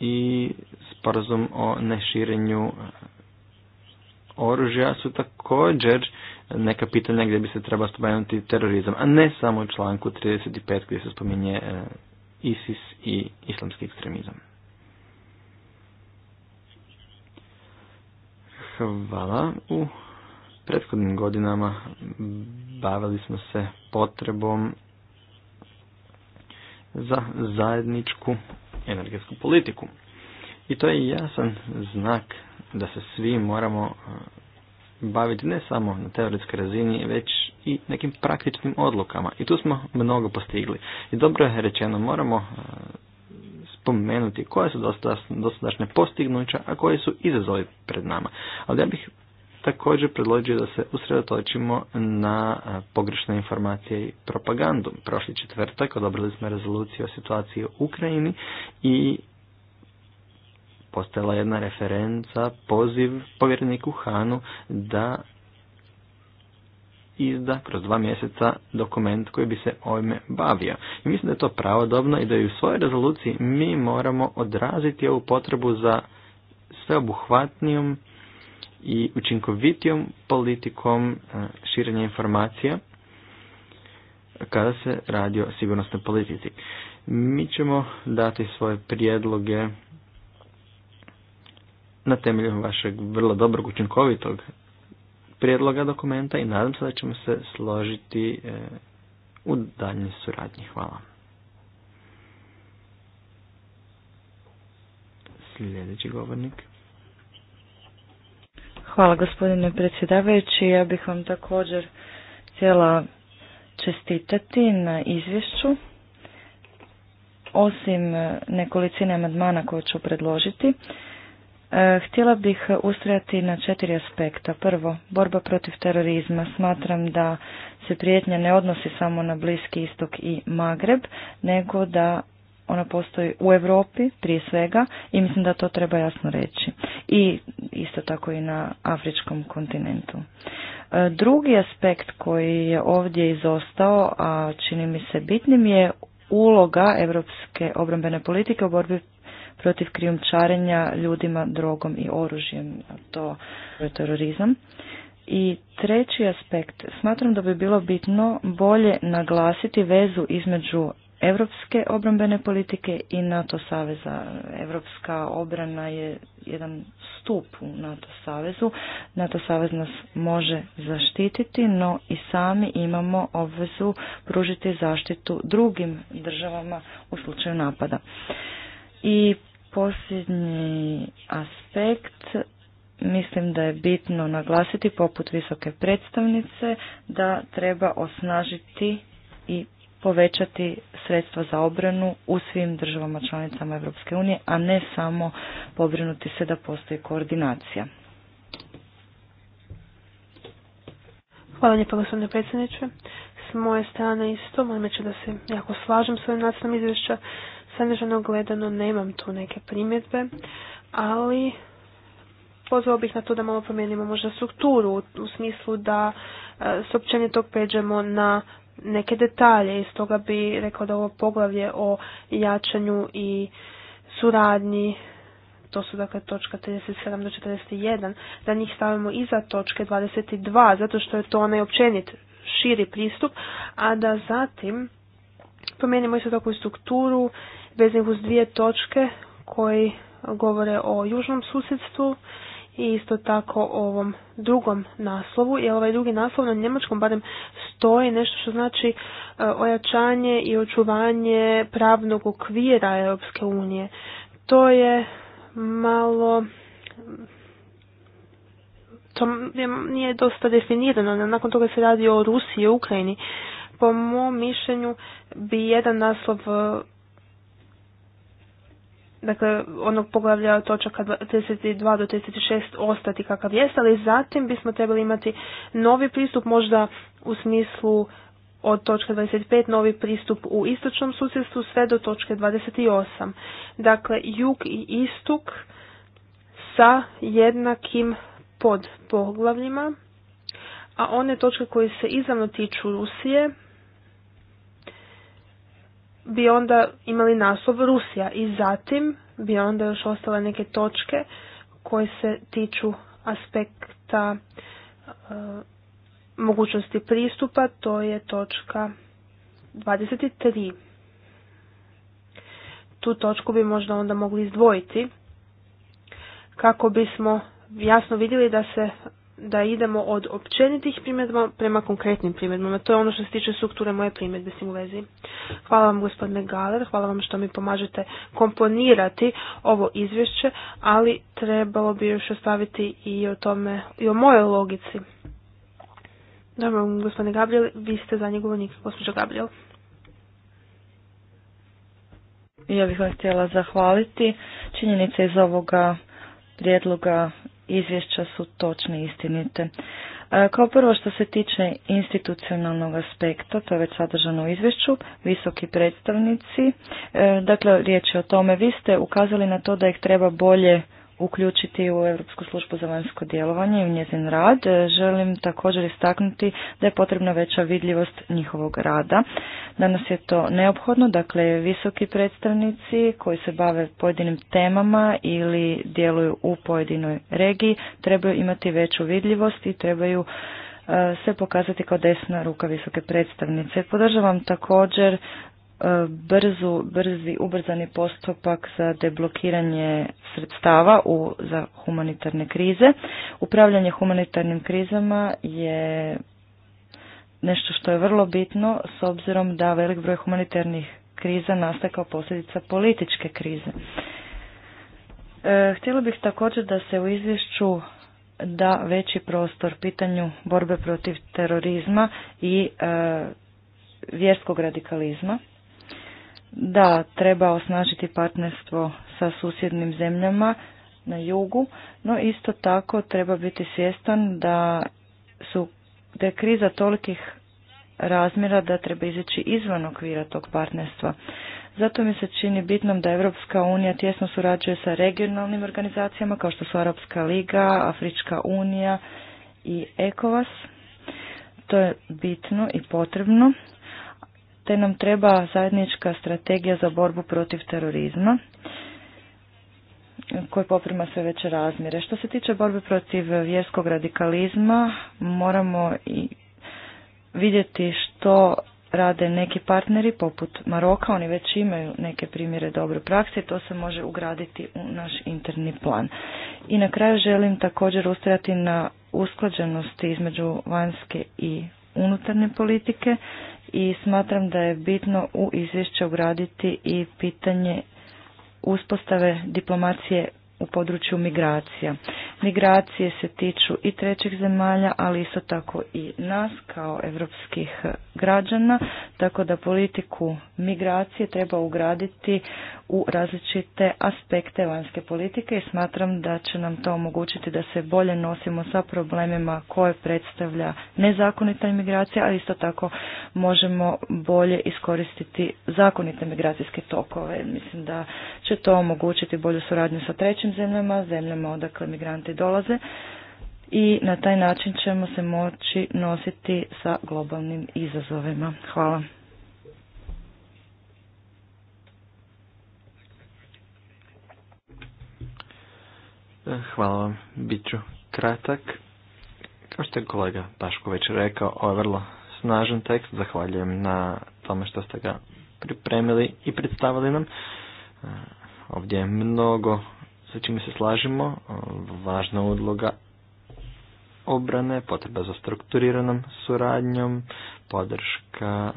i sporazum o neširenju e, oružja su također neka pitanja gdje bi se treba spomenuti terorizam, a ne samo u članku 35 gdje se spominje e, ISIS i islamski ekstremizam. Hvala. U prethodnim godinama bavili smo se potrebom za zajedničku energetsku politiku. I to je jasan znak da se svi moramo e, baviti ne samo na teoretskoj razini, već i nekim praktičnim odlukama. I tu smo mnogo postigli. I dobro je rečeno, moramo e, spomenuti koje su dosadašnje postignuća, a koje su izazovi pred nama. Ali ja bih također predložio da se usredotočimo na pogrešne informacije i propagandu. Prošli četvrtak odobrili smo rezoluciju o situaciji u Ukrajini i postojala jedna referenca, poziv povjereniku Hanu da izda kroz dva mjeseca dokument koji bi se ovime bavio. mislim da je to pravodobno i da i u svojoj rezoluciji mi moramo odraziti ovu potrebu za sveobuhvatnijom i učinkovitijom politikom e, širenja informacija kada se radi o sigurnosnoj politici. Mi ćemo dati svoje prijedloge na temelju vašeg vrlo dobrog učinkovitog prijedloga dokumenta i nadam se da ćemo se složiti e, u daljnjoj suradnji. Hvala. Sljedeći govornik. Hvala gospodine predsjedavajući. Ja bih vam također htjela čestitati na izvješću. Osim nekolicine amandmana koje ću predložiti, E, htjela bih ustrojati na četiri aspekta. Prvo, borba protiv terorizma. Smatram da se prijetnja ne odnosi samo na Bliski istok i Magreb, nego da ona postoji u Europi prije svega i mislim da to treba jasno reći. I isto tako i na afričkom kontinentu. E, drugi aspekt koji je ovdje izostao, a čini mi se bitnim, je uloga europske obrambene politike u borbi protiv krijumčarenja ljudima, drogom i oružjem, to je terorizam. I treći aspekt, smatram da bi bilo bitno bolje naglasiti vezu između Europske obrambene politike i NATO saveza. Europska obrana je jedan stup u NATO savezu. NATO savez nas može zaštititi, no i sami imamo obvezu pružiti zaštitu drugim državama u slučaju napada. I posljednji aspekt mislim da je bitno naglasiti poput visoke predstavnice da treba osnažiti i povećati sredstva za obranu u svim državama članicama Europske unije, a ne samo pobrinuti se da postoji koordinacija. Hvala lijepo gospodine predsjedniče. S moje strane isto, moram reći da se jako slažem s ovim nacionalnim izvješća. Sadržano gledano nemam tu neke primjedbe, ali pozvao bih na to da malo promijenimo možda strukturu u smislu da e, s tog peđemo na neke detalje i stoga bi rekao da ovo poglavlje o jačanju i suradnji to su dakle točka 37 do 41, da njih stavimo iza točke 22, zato što je to onaj općenit širi pristup, a da zatim promijenimo isto takvu strukturu veznih uz dvije točke koji govore o južnom susjedstvu i isto tako o ovom drugom naslovu, I ovaj drugi naslov na njemačkom barem stoji nešto što znači e, ojačanje i očuvanje pravnog okvira Europske unije. To je malo to nije dosta definirano, nakon toga se radi o Rusiji i Ukrajini. Po mom mišljenju bi jedan naslov e, dakle, onog poglavlja točaka 32 do 36 ostati kakav jest, ali zatim bismo trebali imati novi pristup možda u smislu od točke 25 novi pristup u istočnom susjedstvu sve do točke 28. Dakle, jug i istuk sa jednakim pod poglavljima, a one točke koje se izravno tiču Rusije bi onda imali naslov Rusija i zatim bi onda još ostale neke točke koje se tiču aspekta e, mogućnosti pristupa, to je točka 23. Tu točku bi možda onda mogli izdvojiti kako bismo jasno vidjeli da se da idemo od općenitih primjedba prema konkretnim primjedbama. To je ono što se tiče strukture moje primjedbe s tim u vezi. Hvala vam gospodine Galer, hvala vam što mi pomažete komponirati ovo izvješće, ali trebalo bi još ostaviti i o tome, i o mojoj logici. Dobro, gospodine Gabriel, vi ste za govornik, gospođo Gabriel. Ja bih vas htjela zahvaliti. Činjenica iz ovoga prijedloga izvješća su točne istinite. E, kao prvo što se tiče institucionalnog aspekta, to je već sadržano u izvješću, visoki predstavnici, e, dakle riječ je o tome, vi ste ukazali na to da ih treba bolje uključiti u Europsku službu za vanjsko djelovanje i u njezin rad. E, Želim također istaknuti da je potrebna veća vidljivost njihovog rada. Danas je to neophodno, dakle visoki predstavnici koji se bave pojedinim temama ili djeluju u pojedinoj regiji trebaju imati veću vidljivost i trebaju se pokazati kao desna ruka visoke predstavnice. Podržavam također E, brzu, brzi, ubrzani postupak za deblokiranje sredstava u, za humanitarne krize. Upravljanje humanitarnim krizama je nešto što je vrlo bitno s obzirom da velik broj humanitarnih kriza nastaje kao posljedica političke krize. E, htjela bih također da se u izvješću da veći prostor pitanju borbe protiv terorizma i e, vjerskog radikalizma. Da, treba osnažiti partnerstvo sa susjednim zemljama na jugu, no isto tako treba biti svjestan da su da je kriza tolikih razmjera da treba izaći izvan okvira tog partnerstva. Zato mi se čini bitnom da Europska unija tjesno surađuje sa regionalnim organizacijama kao što su Arapska liga, Afrička unija i ECOWAS. To je bitno i potrebno te nam treba zajednička strategija za borbu protiv terorizma koji poprima sve veće razmjere. Što se tiče borbe protiv vjerskog radikalizma, moramo i vidjeti što rade neki partneri poput Maroka, oni već imaju neke primjere dobre prakse i to se može ugraditi u naš interni plan. I na kraju želim također ustrajati na usklađenosti između vanjske i unutarnje politike i smatram da je bitno u izvješće ugraditi i pitanje uspostave diplomacije u području migracija. Migracije se tiču i trećih zemalja, ali isto tako i nas kao evropskih građana, tako da politiku migracije treba ugraditi u različite aspekte vanjske politike i smatram da će nam to omogućiti da se bolje nosimo sa problemima koje predstavlja nezakonita imigracija, ali isto tako možemo bolje iskoristiti zakonite migracijske tokove. Mislim da će to omogućiti bolju suradnju sa trećim zemljama, zemljama odakle migranti dolaze i na taj način ćemo se moći nositi sa globalnim izazovima. Hvala. Hvala vam, bit ću kratak. Kao što je kolega Paško već rekao, ovo je vrlo snažan tekst, zahvaljujem na tome što ste ga pripremili i predstavili nam. Ovdje je mnogo sa čime se slažemo, važna odloga obrane, potreba za strukturiranom suradnjom, podrška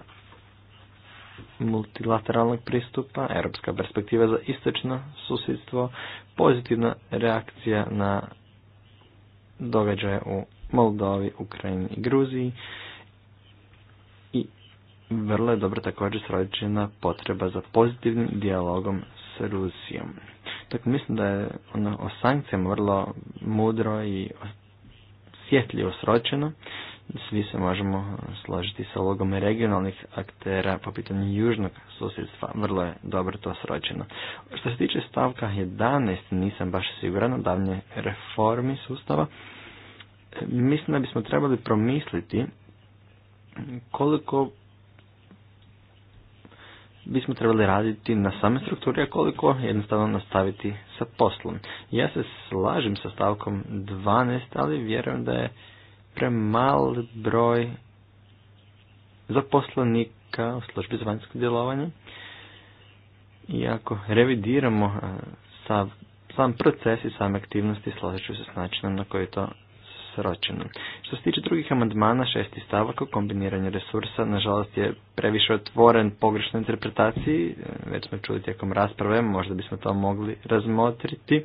multilateralnog pristupa, europska perspektiva za istočno susjedstvo, pozitivna reakcija na događaje u Moldovi, Ukrajini i Gruziji i vrlo je dobro također sređena potreba za pozitivnim dijalogom s Rusijom. Dakle, mislim da je ono, o sankcijama vrlo mudro i sjetljivo sročeno. Svi se možemo složiti sa ulogom regionalnih aktera po pitanju južnog susjedstva. Vrlo je dobro to sročeno. Što se tiče stavka 11, nisam baš siguran davnje reformi sustava. Mislim da bismo trebali promisliti koliko bismo trebali raditi na same strukturi, a koliko jednostavno nastaviti sa poslom. Ja se slažem sa stavkom 12, ali vjerujem da je premal broj zaposlenika u službi za vanjsko djelovanje. I ako revidiramo sam proces i same aktivnosti, složit ću se s načinom na koji to sročeno. Što se tiče drugih amandmana, šesti stavak o kombiniranju resursa, nažalost je previše otvoren pogrešnoj interpretaciji, e, već smo čuli tijekom rasprave, možda bismo to mogli razmotriti.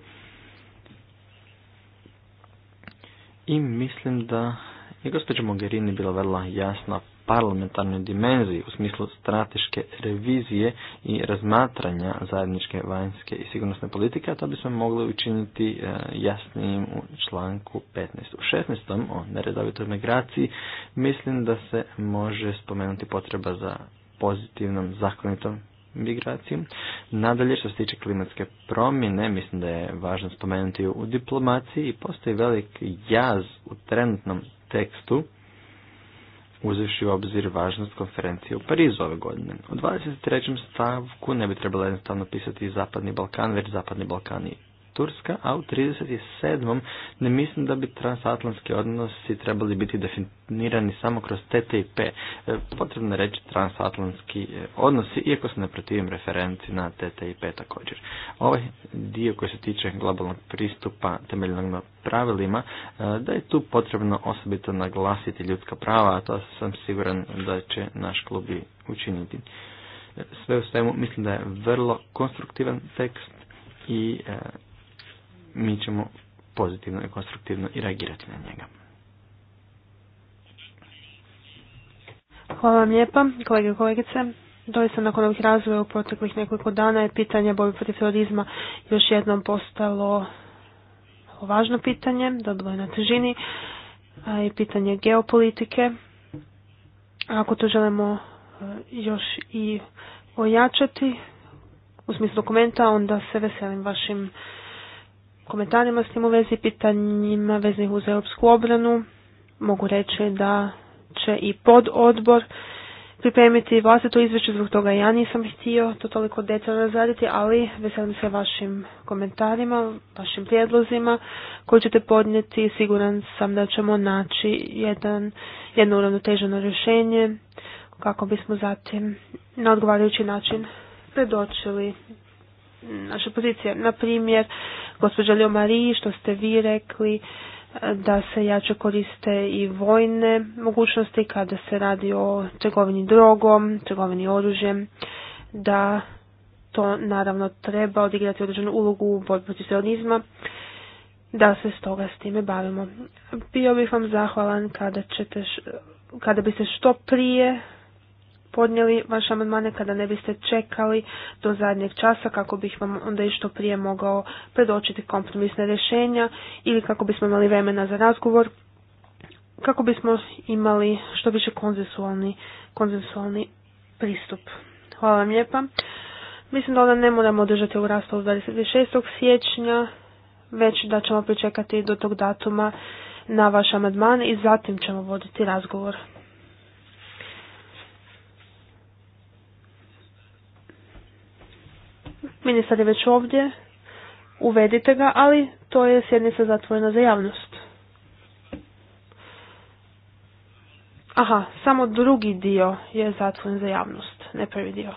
I mislim da je gospođa Mogherini bila vrlo jasna parlamentarnoj dimenziji u smislu strateške revizije i razmatranja zajedničke vanjske i sigurnosne politike, a to bismo mogli učiniti e, jasnijim u članku 15. U 16. o neredovitoj migraciji mislim da se može spomenuti potreba za pozitivnom zakonitom migracijom. Nadalje, što se tiče klimatske promjene, mislim da je važno spomenuti u diplomaciji i postoji velik jaz u trenutnom tekstu uzevši u obzir važnost konferencije u Parizu ove godine. U 23. stavku ne bi trebalo jednostavno pisati Zapadni Balkan, već Zapadni Balkan Turska, a u 37. ne mislim da bi transatlantski odnosi trebali biti definirani samo kroz TTIP. E, potrebno je reći transatlantski e, odnosi, iako se ne protivim referenci na TTIP također. Ovaj dio koji se tiče globalnog pristupa temeljnog na pravilima, e, da je tu potrebno osobito naglasiti ljudska prava, a to sam siguran da će naš klub i učiniti. Sve u svemu mislim da je vrlo konstruktivan tekst i mi ćemo pozitivno i konstruktivno i reagirati na njega. Hvala vam lijepa, kolege i kolegice. Doista nakon ovih razvoja u proteklih nekoliko dana je pitanje borbe protiv terorizma još jednom postalo važno pitanje, dobilo je na težini, a i pitanje geopolitike. Ako to želimo e, još i ojačati u smislu dokumenta, onda se veselim vašim komentarima s tim u vezi pitanjima veznih uz europsku obranu. Mogu reći da će i pod odbor pripremiti vlastito izvješće, zbog toga ja nisam htio to toliko detaljno razraditi, ali veselim se vašim komentarima, vašim prijedlozima koji ćete podnijeti. Siguran sam da ćemo naći jedan, jedno uravnoteženo rješenje kako bismo zatim na odgovarajući način predočili naše pozicije. Na primjer, gospođa Leo što ste vi rekli, da se jače koriste i vojne mogućnosti kada se radi o trgovini drogom, trgovini oružjem, da to naravno treba odigrati određenu ulogu u borbi protiv terorizma, da se stoga s time bavimo. Bio bih vam zahvalan kada, ćete, kada biste što prije podnijeli vaše amandmane kada ne biste čekali do zadnjeg časa kako bih vam onda i što prije mogao predočiti kompromisne rješenja ili kako bismo imali vremena za razgovor, kako bismo imali što više konzensualni, konzensualni pristup. Hvala vam lijepa. Mislim da onda ne moramo održati u raspravu 26. siječnja, već da ćemo pričekati do tog datuma na vaš amandman i zatim ćemo voditi razgovor. Ministar je već ovdje, uvedite ga, ali to je sjednica zatvorena za javnost. Aha, samo drugi dio je zatvoren za javnost, ne prvi dio.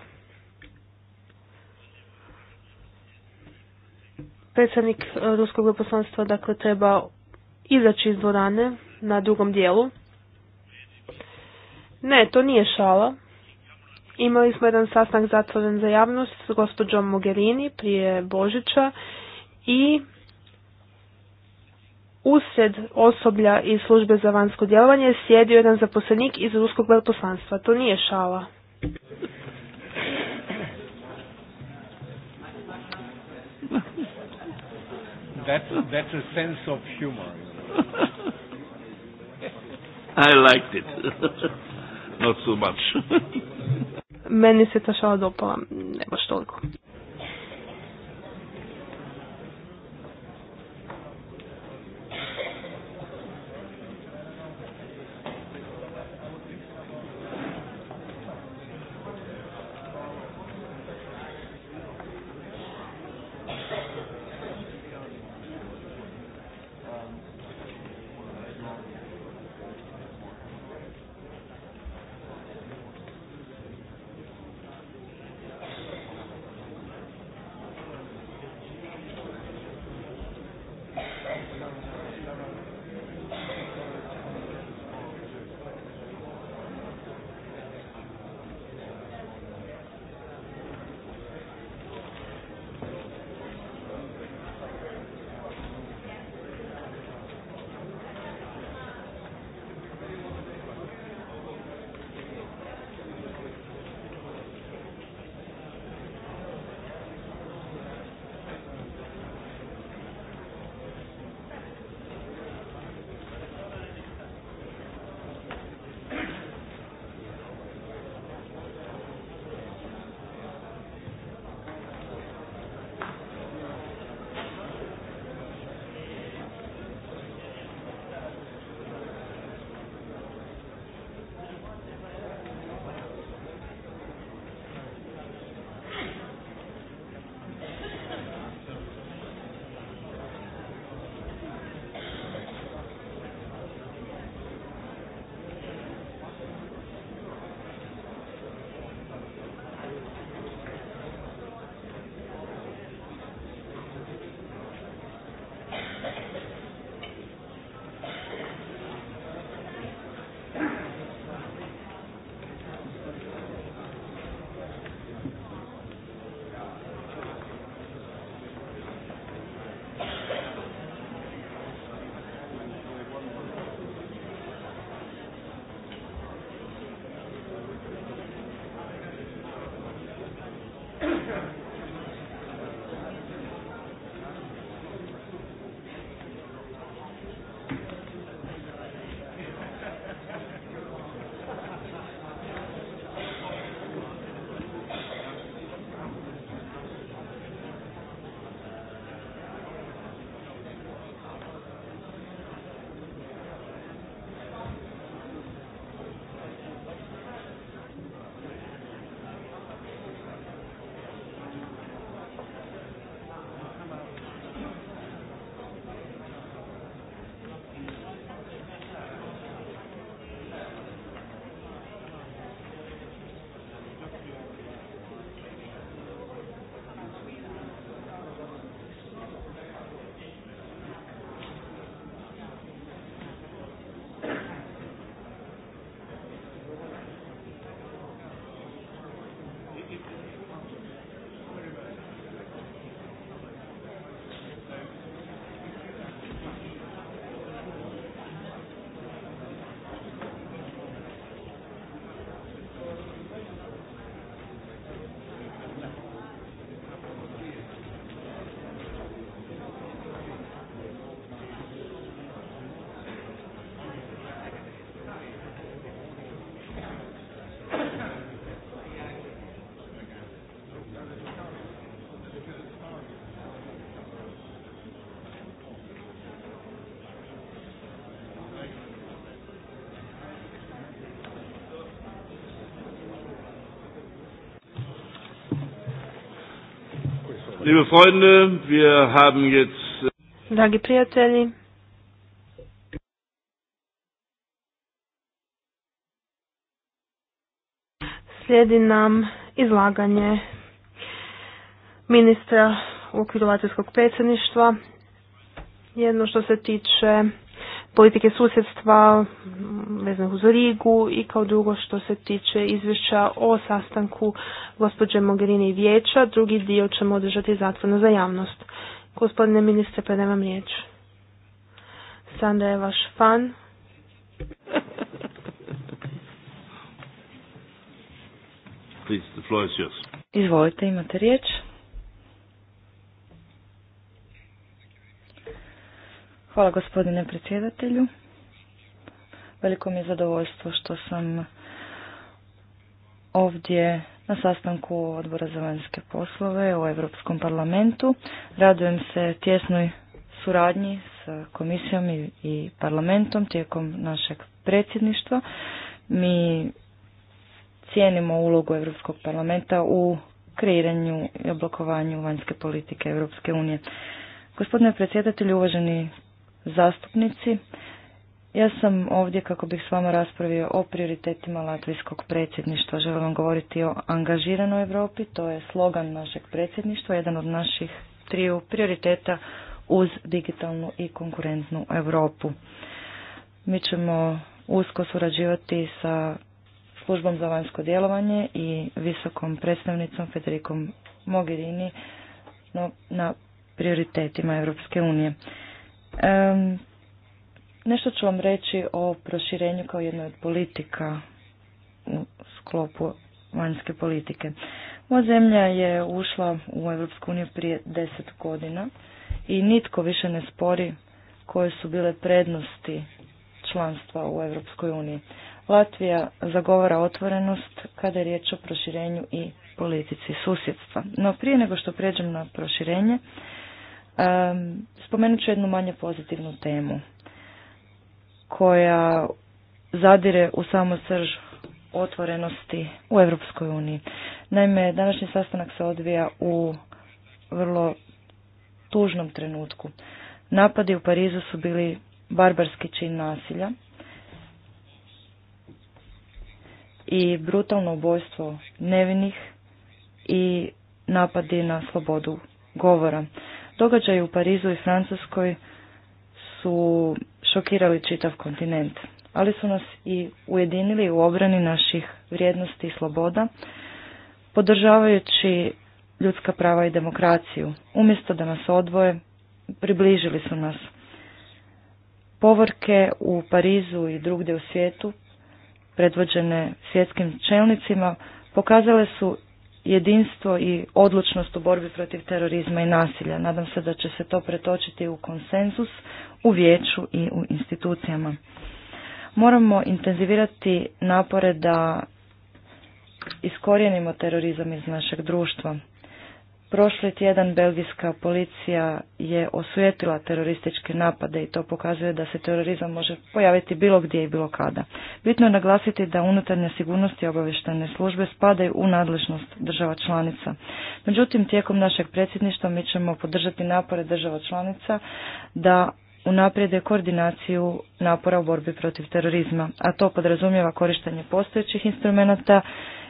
Predsjednik e, Ruskog poslanstva, dakle treba izaći iz dvorane na drugom dijelu. Ne, to nije šala. Imali smo jedan sastanak zatvoren za javnost s gospođom Mogherini prije Božića i usred osoblja iz službe za vanjsko djelovanje sjedio jedan zaposlenik iz ruskog veleposlanstva. To nije šala. I liked it. Not so much. Meni se ta šala dopala, ne baš toliko. Liebe Dragi prijatelji, slijedi nam izlaganje ministra u okviru predsjedništva. Jedno što se tiče politike susjedstva vezanih uz Rigu i kao drugo što se tiče izvješća o sastanku gospođe Mogherini i vijeća, drugi dio ćemo održati zatvorno za javnost. Gospodine ministre, pa nemam riječ. Sandra je vaš fan. Izvolite, imate riječ. Hvala gospodine predsjedatelju. Veliko mi je zadovoljstvo što sam ovdje na sastanku odbora za vanjske poslove u Europskom parlamentu. Radujem se tjesnoj suradnji s komisijom i parlamentom tijekom našeg predsjedništva. Mi cijenimo ulogu Europskog parlamenta u kreiranju i oblokovanju vanjske politike Europske unije. Gospodine predsjedatelju, uvaženi zastupnici, ja sam ovdje kako bih s vama raspravio o prioritetima latvijskog predsjedništva. Želim vam govoriti o angažiranoj Europi, to je slogan našeg predsjedništva, jedan od naših triju prioriteta uz digitalnu i konkurentnu Europu. Mi ćemo usko surađivati sa službom za vanjsko djelovanje i visokom predstavnicom Federikom Mogherini na prioritetima Europske unije. Nešto ću vam reći o proširenju kao jednoj od politika u sklopu vanjske politike. Moja zemlja je ušla u Europsku prije deset godina i nitko više ne spori koje su bile prednosti članstva u Europskoj uniji. Latvija zagovara otvorenost kada je riječ o proširenju i politici susjedstva. No prije nego što pređem na proširenje, spomenut ću jednu manje pozitivnu temu koja zadire u samo srž otvorenosti u Europskoj uniji. Naime, današnji sastanak se odvija u vrlo tužnom trenutku. Napadi u Parizu su bili barbarski čin nasilja i brutalno ubojstvo nevinih i napadi na slobodu govora. Događaji u Parizu i Francuskoj su šokirali čitav kontinent, ali su nas i ujedinili u obrani naših vrijednosti i sloboda, podržavajući ljudska prava i demokraciju. Umjesto da nas odvoje, približili su nas. Povorke u Parizu i drugdje u svijetu, predvođene svjetskim čelnicima, pokazale su jedinstvo i odlučnost u borbi protiv terorizma i nasilja. Nadam se da će se to pretočiti u konsenzus u vijeću i u institucijama. Moramo intenzivirati napore da iskorijenimo terorizam iz našeg društva. Prošli tjedan belgijska policija je osujetila terorističke napade i to pokazuje da se terorizam može pojaviti bilo gdje i bilo kada. Bitno je naglasiti da unutarnje sigurnosti i obavještajne službe spadaju u nadležnost država članica. Međutim, tijekom našeg predsjedništva mi ćemo podržati napore država članica da unaprijede koordinaciju napora u borbi protiv terorizma, a to podrazumijeva korištenje postojećih instrumenata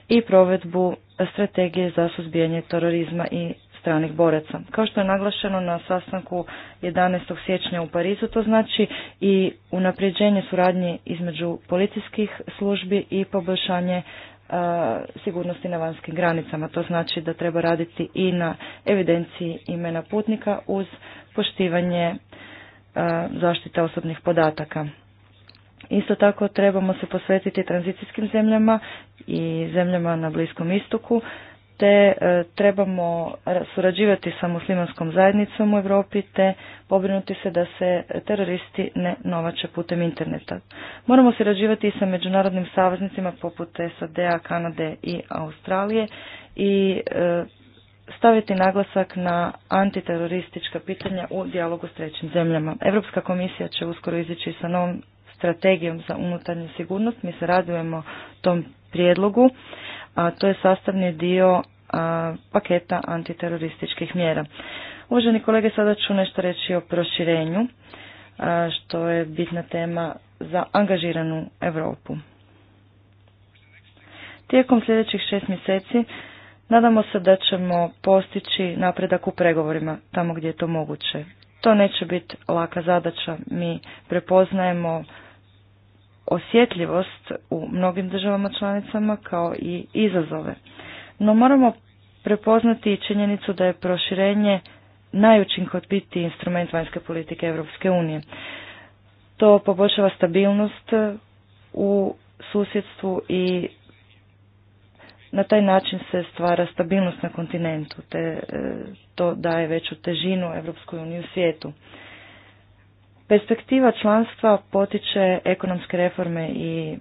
i provedbu strategije za suzbijanje terorizma i stranih boraca. Kao što je naglašeno na sastanku 11. siječnja u Parizu, to znači i unapređenje suradnje između policijskih službi i poboljšanje sigurnosti na vanjskim granicama. To znači da treba raditi i na evidenciji imena putnika uz poštivanje zaštite osobnih podataka. Isto tako trebamo se posvetiti tranzicijskim zemljama i zemljama na Bliskom istoku, te e, trebamo surađivati sa muslimanskom zajednicom u Europi te pobrinuti se da se teroristi ne novače putem interneta. Moramo surađivati i sa međunarodnim saveznicima poput SAD-a, Kanade i Australije i e, staviti naglasak na antiteroristička pitanja u dijalogu s trećim zemljama. Europska komisija će uskoro izići sa novom strategijom za unutarnju sigurnost. Mi se radujemo tom prijedlogu, a to je sastavni dio paketa antiterorističkih mjera. Uvaženi kolege, sada ću nešto reći o proširenju, što je bitna tema za angažiranu Europu. Tijekom sljedećih šest mjeseci nadamo se da ćemo postići napredak u pregovorima tamo gdje je to moguće. To neće biti laka zadaća, mi prepoznajemo osjetljivost u mnogim državama članicama kao i izazove. No moramo prepoznati i činjenicu da je proširenje najučinkovitiji instrument vanjske politike Europske unije. To poboljšava stabilnost eh, u susjedstvu i na taj način se stvara stabilnost na kontinentu, te eh, to daje veću težinu Europskoj uniji u svijetu. Perspektiva članstva potiče ekonomske reforme i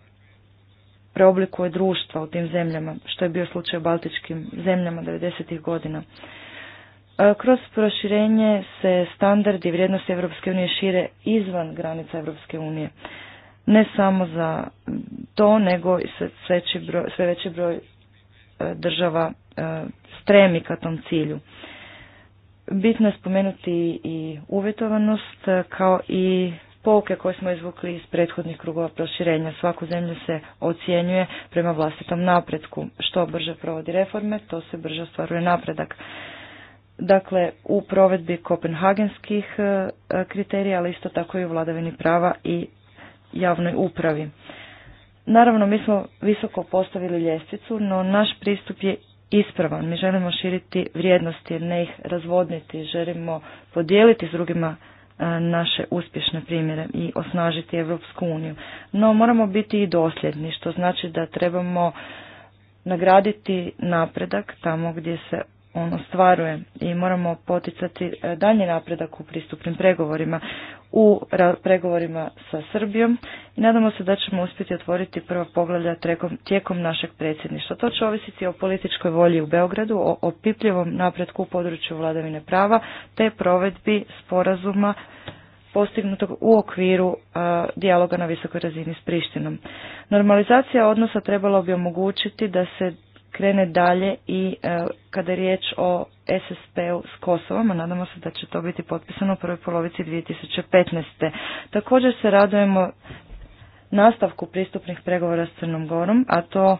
preoblikuje društva u tim zemljama, što je bio slučaj u baltičkim zemljama 90. godina. E, kroz proširenje se standardi i vrijednosti Europske unije šire izvan granica Europske unije. Ne samo za to, nego i sve, sve veći broj e, država e, stremi ka tom cilju. Bitno je spomenuti i uvjetovanost e, kao i pouke koje smo izvukli iz prethodnih krugova proširenja. Svaku zemlju se ocjenjuje prema vlastitom napretku. Što brže provodi reforme, to se brže ostvaruje napredak. Dakle, u provedbi kopenhagenskih e, kriterija, ali isto tako i u vladavini prava i javnoj upravi. Naravno, mi smo visoko postavili ljestvicu, no naš pristup je ispravan. Mi želimo širiti vrijednosti, ne ih razvodniti, želimo podijeliti s drugima e, naše uspješne primjere i osnažiti Europsku uniju. No moramo biti i dosljedni, što znači da trebamo nagraditi napredak tamo gdje se on ostvaruje i moramo poticati e, daljnji napredak u pristupnim pregovorima, u pregovorima sa Srbijom i nadamo se da ćemo uspjeti otvoriti prva poglavlja tijekom našeg predsjedništva. To će ovisiti o političkoj volji u Beogradu, o opipljivom napretku u području vladavine prava te provedbi sporazuma postignutog u okviru e, dijaloga na visokoj razini s Prištinom. Normalizacija odnosa trebala bi omogućiti da se krene dalje i e, kada je riječ o SSP-u s Kosovom, a nadamo se da će to biti potpisano u prvoj polovici 2015. Također se radujemo nastavku pristupnih pregovora s Crnom Gorom, a to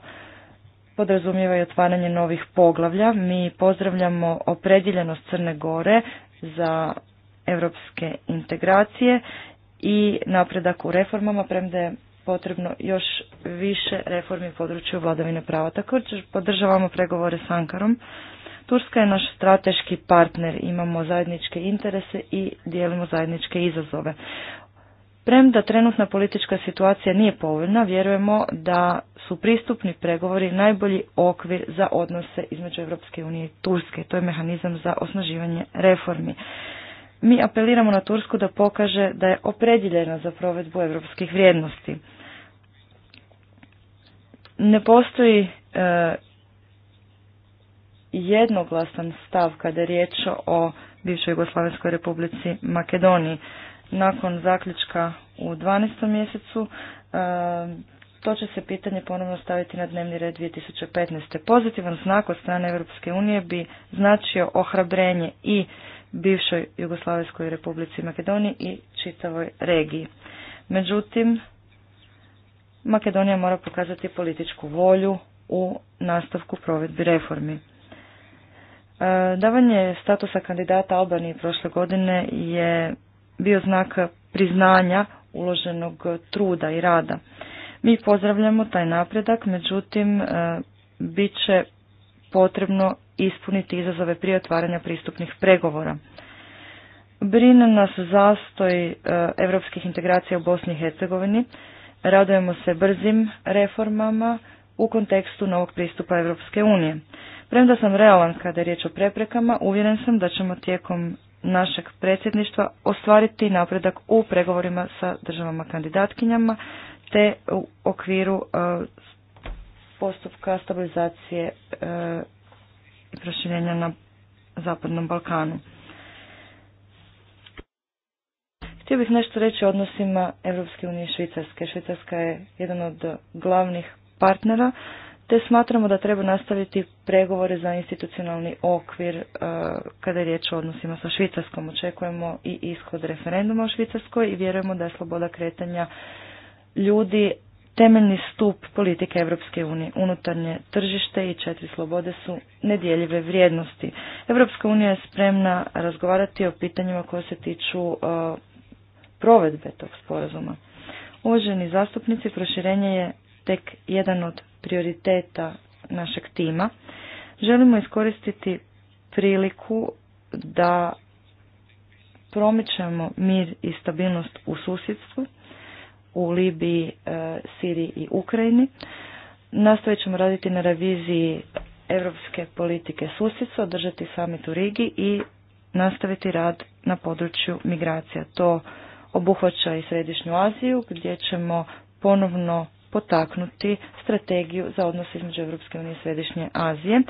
podrazumijeva i otvaranje novih poglavlja. Mi pozdravljamo opredjeljenost Crne Gore za europske integracije i napredak u reformama, premda je potrebno još više reformi u području vladavine prava. Također podržavamo pregovore s Ankarom. Turska je naš strateški partner, imamo zajedničke interese i dijelimo zajedničke izazove. Premda trenutna politička situacija nije povoljna, vjerujemo da su pristupni pregovori najbolji okvir za odnose između Europske unije i Turske. To je mehanizam za osnaživanje reformi. Mi apeliramo na Tursku da pokaže da je opredjeljena za provedbu europskih vrijednosti ne postoji e, jednoglasan stav kada je riječ o bivšoj Jugoslavenskoj republici Makedoniji. Nakon zaključka u 12. mjesecu e, to će se pitanje ponovno staviti na dnevni red 2015. Pozitivan znak od strane Europske unije bi značio ohrabrenje i bivšoj Jugoslavenskoj republici Makedoniji i čitavoj regiji. Međutim, Makedonija mora pokazati političku volju u nastavku provedbi reformi. E, davanje statusa kandidata Albaniji prošle godine je bio znak priznanja uloženog truda i rada. Mi pozdravljamo taj napredak, međutim, e, bit će potrebno ispuniti izazove prije otvaranja pristupnih pregovora. Brine nas zastoj europskih integracija u Bosni i Hercegovini, Radujemo se brzim reformama u kontekstu novog pristupa Europske unije. Premda sam realan kada je riječ o preprekama, uvjeren sam da ćemo tijekom našeg predsjedništva ostvariti napredak u pregovorima sa državama kandidatkinjama te u okviru e, postupka stabilizacije e, i proširenja na Zapadnom Balkanu. Htio bih nešto reći o odnosima Europske unije i Švicarske. Švicarska je jedan od glavnih partnera, te smatramo da treba nastaviti pregovore za institucionalni okvir e, kada je riječ o odnosima sa Švicarskom. Očekujemo i ishod referenduma u Švicarskoj i vjerujemo da je sloboda kretanja ljudi temeljni stup politike Europske unije. Unutarnje tržište i četiri slobode su nedjeljive vrijednosti. Europska unija je spremna razgovarati o pitanjima koje se tiču e, provedbe tog sporazuma. Uvaženi zastupnici, proširenje je tek jedan od prioriteta našeg tima. Želimo iskoristiti priliku da promičemo mir i stabilnost u susjedstvu, u Libiji, e, Siriji i Ukrajini. Nastavit ćemo raditi na reviziji europske politike susjedstva, održati samit u Rigi i nastaviti rad na području migracija. To obuhvaća i Središnju Aziju gdje ćemo ponovno potaknuti strategiju za odnose između Europske unije i Središnje Azije.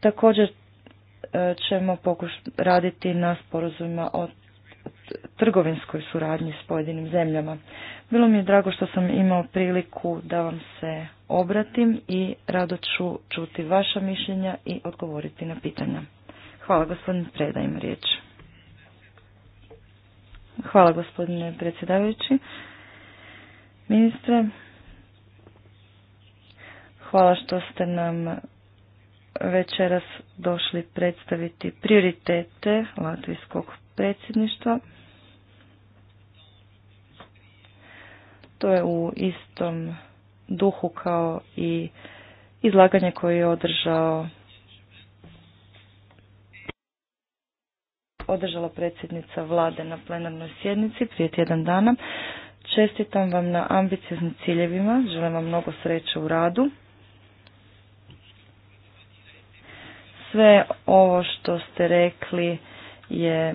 Također e, ćemo pokušati raditi na sporazumima o trgovinskoj suradnji s pojedinim zemljama. Bilo mi je drago što sam imao priliku da vam se obratim i rado ću čuti vaša mišljenja i odgovoriti na pitanja. Hvala gospodin Preda, riječ. Hvala gospodine predsjedavajući. Ministre, hvala što ste nam večeras došli predstaviti prioritete Latvijskog predsjedništva. To je u istom duhu kao i izlaganje koje je održao održala predsjednica vlade na plenarnoj sjednici prije tjedan dana. Čestitam vam na ambicioznim ciljevima, želim vam mnogo sreće u radu. Sve ovo što ste rekli je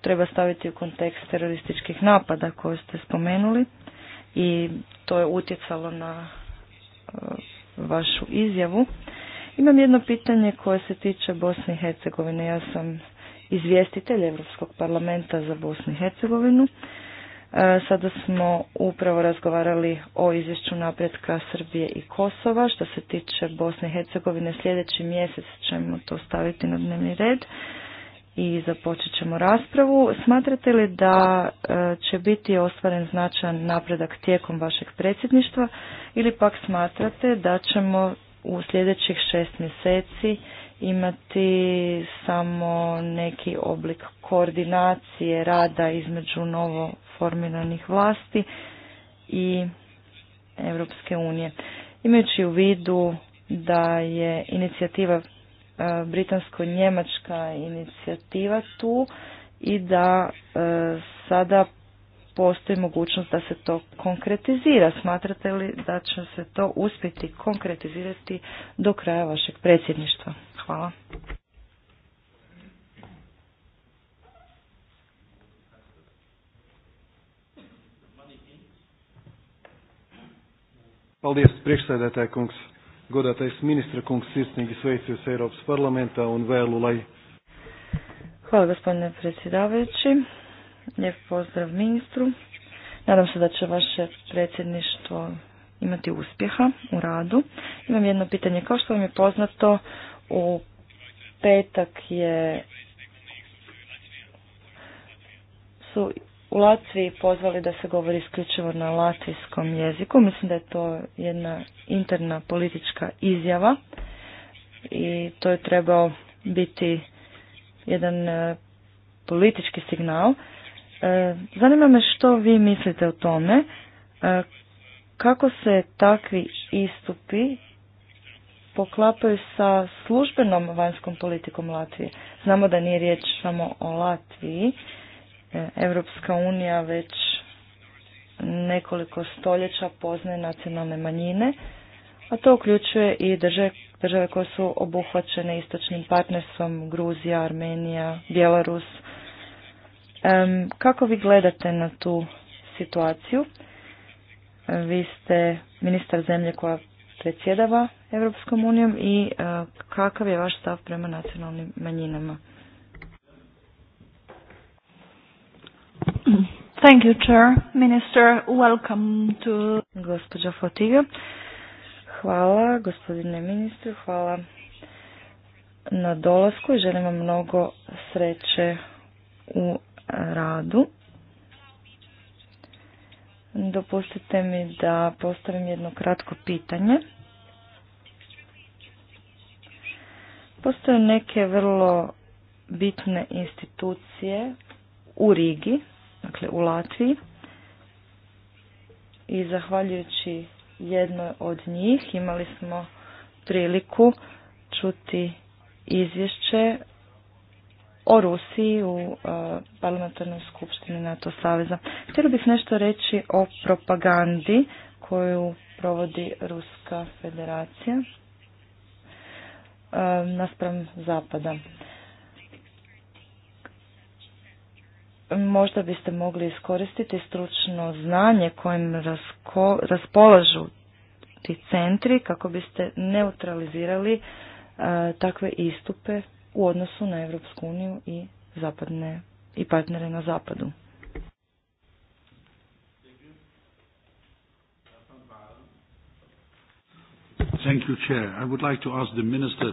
treba staviti u kontekst terorističkih napada koje ste spomenuli i to je utjecalo na e, vašu izjavu. Imam jedno pitanje koje se tiče Bosne i Hercegovine. Ja sam izvjestitelj Europskog parlamenta za Bosnu i Hercegovinu. E, sada smo upravo razgovarali o izvješću napretka Srbije i Kosova. Što se tiče Bosne i Hercegovine, sljedeći mjesec ćemo to staviti na dnevni red i započet ćemo raspravu. Smatrate li da e, će biti ostvaren značajan napredak tijekom vašeg predsjedništva ili pak smatrate da ćemo u sljedećih šest mjeseci imati samo neki oblik koordinacije rada između novo formiranih vlasti i Europske unije. Imajući u vidu da je inicijativa e, britansko-njemačka inicijativa tu i da e, sada postoji mogućnost da se to konkretizira. Smatrate li da će se to uspjeti konkretizirati do kraja vašeg predsjedništva? Hvala. Paldies, priekšsēdētāji kungs, godātais ministra kungs, sirsnīgi sveicu jūs Eiropas parlamentā un vēlu, lai... Hvala gospodine predsjedavajući, lijep pozdrav ministru. Nadam se da će vaše predsjedništvo imati uspjeha u radu. Imam jedno pitanje. Kao što vam je poznato, u petak je su u Latviji pozvali da se govori isključivo na latvijskom jeziku. Mislim da je to jedna interna politička izjava i to je trebao biti jedan e, politički signal. E, zanima me što vi mislite o tome, e, kako se takvi istupi poklapaju sa službenom vanjskom politikom Latvije. Znamo da nije riječ samo o Latviji. E, Europska unija već nekoliko stoljeća poznaje nacionalne manjine, a to uključuje i države, koje su obuhvaćene istočnim partnerstvom, Gruzija, Armenija, Bjelarus. Kako vi gledate na tu situaciju? E, vi ste ministar zemlje koja predsjedava Europskom unijom i e, kakav je vaš stav prema nacionalnim manjinama? Thank you, Chair. Minister, welcome to... Fotiga, hvala gospodine ministru, hvala na dolasku i želim vam mnogo sreće u radu. Dopustite mi da postavim jedno kratko pitanje. Postoje neke vrlo bitne institucije u Rigi, dakle u Latviji, i zahvaljujući jednoj od njih imali smo priliku čuti izvješće o Rusiji u e, parlamentarnoj skupštini NATO Saveza. Htjela bih nešto reći o propagandi koju provodi Ruska federacija e, naspram zapada. Možda biste mogli iskoristiti stručno znanje kojim raspolažu ti centri kako biste neutralizirali e, takve istupe u odnosu na Europsku uniju i zapadne i partnere na zapadu. Thank you, Chair. I would like to ask the minister...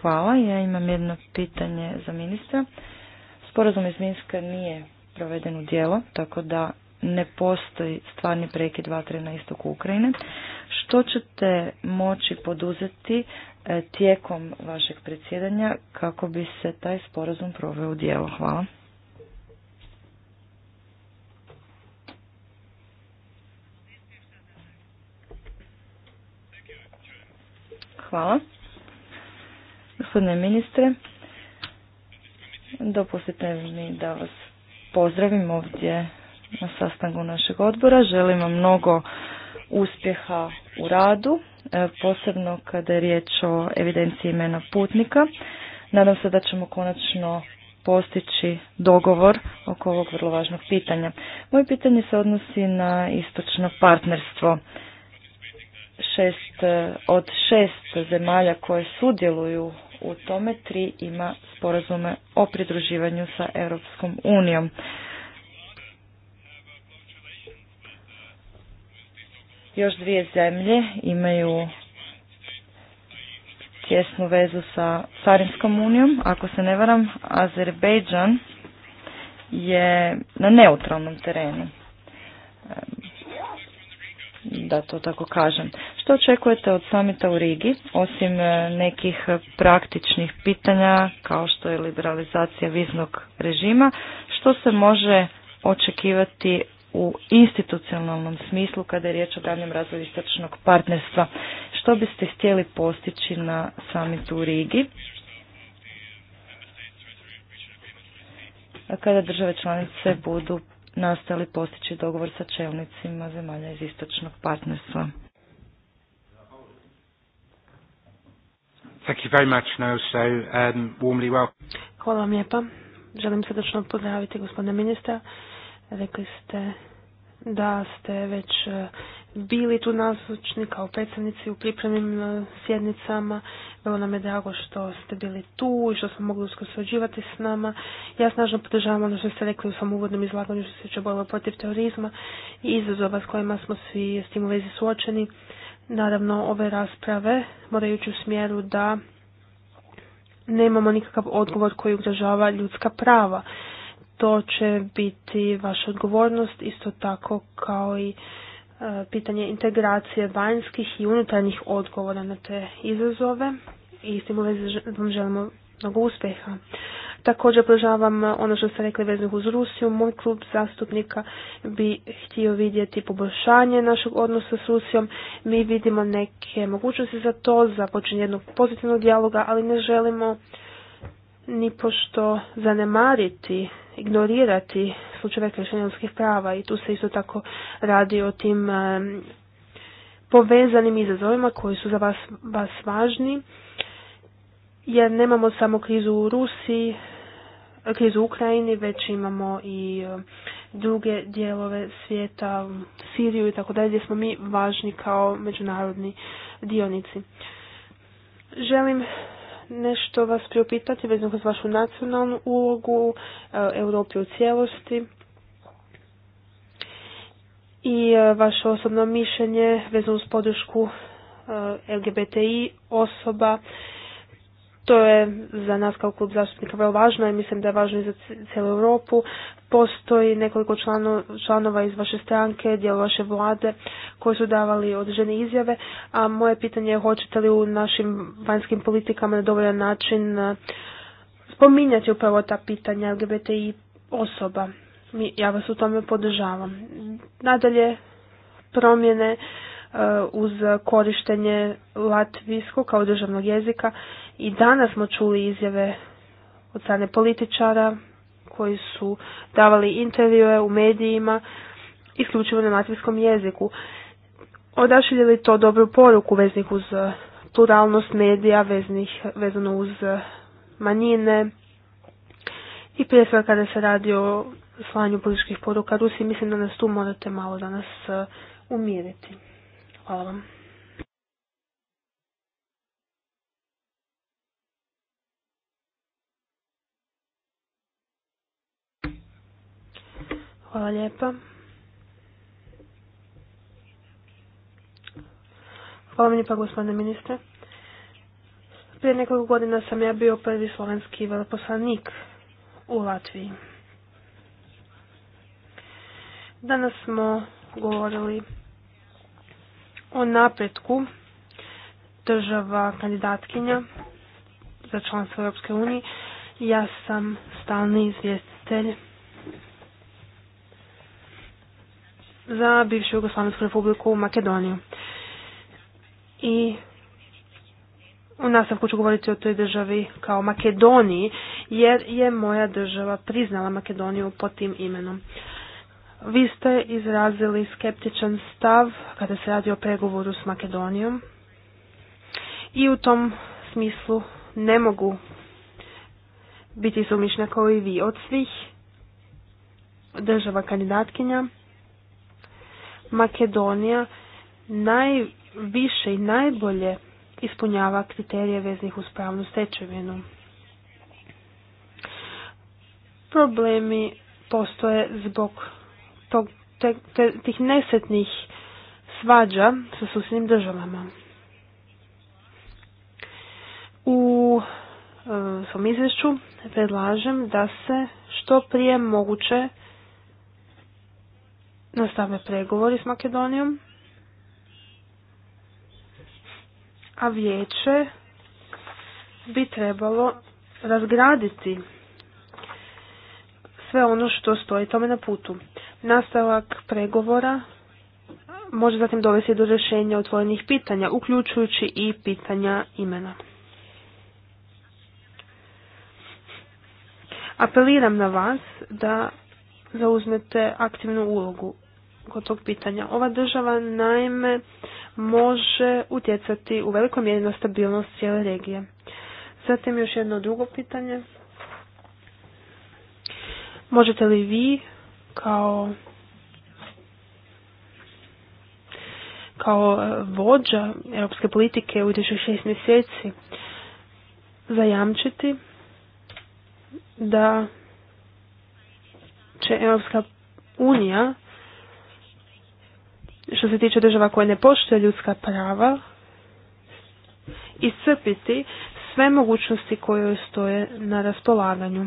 Hvala. Ja imam jedno pitanje za ministra. Sporazum iz Minska nije proveden u dijelo, tako da ne postoji stvarni prekid vatre na istoku Ukrajine. Što ćete moći poduzeti E, tijekom vašeg predsjedanja kako bi se taj sporazum proveo u dijelo. Hvala. Hvala. Gospodine ministre, dopustite mi da vas pozdravim ovdje na sastanku našeg odbora. Želim vam mnogo uspjeha u radu E, posebno kada je riječ o evidenciji imena putnika. Nadam se da ćemo konačno postići dogovor oko ovog vrlo važnog pitanja. Moje pitanje se odnosi na istočno partnerstvo. Šest, e, od šest zemalja koje sudjeluju u tome, tri ima sporazume o pridruživanju sa Europskom unijom. Još dvije zemlje imaju tjesnu vezu sa Carinskom unijom. Ako se ne varam, Azerbejdžan je na neutralnom terenu. Da to tako kažem. Što očekujete od samita u Rigi, osim e, nekih praktičnih pitanja kao što je liberalizacija viznog režima, što se može očekivati u institucionalnom smislu kada je riječ o daljem razvoju istočnog partnerstva. Što biste htjeli postići na samitu u Rigi? A kada države članice budu nastali postići dogovor sa čelnicima zemalja iz istočnog partnerstva. Thank you very much um, warmly Hvala vam lijepa. Želim srdečno pozdraviti gospodine ministra. Rekli ste da ste već e, bili tu nazočni kao predstavnici u pripremnim e, sjednicama. Bilo nam je drago što ste bili tu i što smo mogli usko s nama. Ja snažno podržavam ono što ste rekli u svom uvodnom izlaganju što se će protiv terorizma i izazova s kojima smo svi s tim u vezi suočeni. Naravno, ove rasprave moraju ići u smjeru da nemamo nikakav odgovor koji ugrožava ljudska prava to će biti vaša odgovornost isto tako kao i e, pitanje integracije vanjskih i unutarnjih odgovora na te izazove i s tim u vezi vam želimo mnogo uspjeha. Također podržavam ono što ste rekli veznih uz Rusiju. Moj klub zastupnika bi htio vidjeti poboljšanje našeg odnosa s Rusijom. Mi vidimo neke mogućnosti za to, za počinje jednog pozitivnog dijaloga, ali ne želimo nipošto zanemariti, ignorirati slučajeve kršenja ljudskih prava i tu se isto tako radi o tim eh, povezanim izazovima koji su za vas, vas važni jer nemamo samo krizu u Rusiji, krizu u Ukrajini, već imamo i eh, druge dijelove svijeta, Siriju i tako dalje, gdje smo mi važni kao međunarodni dionici. Želim nešto vas priopitati vezano uz vašu nacionalnu ulogu, e, Europi u cijelosti i e, vaše osobno mišljenje vezano uz podršku e, LGBTI osoba to je za nas kao klub zastupnika vrlo važno i mislim da je važno i za cijelu Europu. Postoji nekoliko člano, članova iz vaše stranke, dijela vaše vlade koji su davali određene izjave, a moje pitanje je hoćete li u našim vanjskim politikama na dovoljan način eh, spominjati upravo ta pitanja LGBTI osoba. Ja vas u tome podržavam. Nadalje, promjene eh, uz korištenje latvijskog kao državnog jezika i danas smo čuli izjave od strane političara koji su davali intervjue u medijima isključivo na latinskom jeziku. Odašilje li to dobru poruku veznih uz eh, pluralnost medija, veznih, vezano uz eh, manjine i prije svega kada se radi o slanju političkih poruka Rusi, mislim da nas tu morate malo danas eh, umiriti. Hvala vam. Hvala lijepa. Hvala lijepa gospodine ministre. Prije nekoliko godina sam ja bio prvi slovenski veleposlanik u Latviji. Danas smo govorili o napretku država kandidatkinja za članstvo Europske unije. Ja sam stalni izvjestitelj za bivšu Jugoslavijsku republiku Makedoniju. I u nastavku ću govoriti o toj državi kao Makedoniji, jer je moja država priznala Makedoniju pod tim imenom. Vi ste izrazili skeptičan stav kada se radi o pregovoru s Makedonijom i u tom smislu ne mogu biti sumišna kao i vi od svih država kandidatkinja Makedonija najviše i najbolje ispunjava kriterije veznih uz pravnu stečevinu. Problemi postoje zbog tog, tih nesetnih svađa sa susjednim državama. U e, svom izvješću predlažem da se što prije moguće nastave pregovori s Makedonijom, a vijeće bi trebalo razgraditi sve ono što stoji tome na putu. Nastavak pregovora može zatim dovesti do rješenja otvorenih pitanja, uključujući i pitanja imena. Apeliram na vas da zauzmete aktivnu ulogu tog pitanja. Ova država naime može utjecati u velikom mjeri na stabilnost cijele regije. Zatim još jedno drugo pitanje. Možete li vi kao kao e, vođa europske politike u idućih šest mjeseci zajamčiti da će Europska unija što se tiče država koje ne poštuje ljudska prava, iscrpiti sve mogućnosti koje stoje na raspolaganju.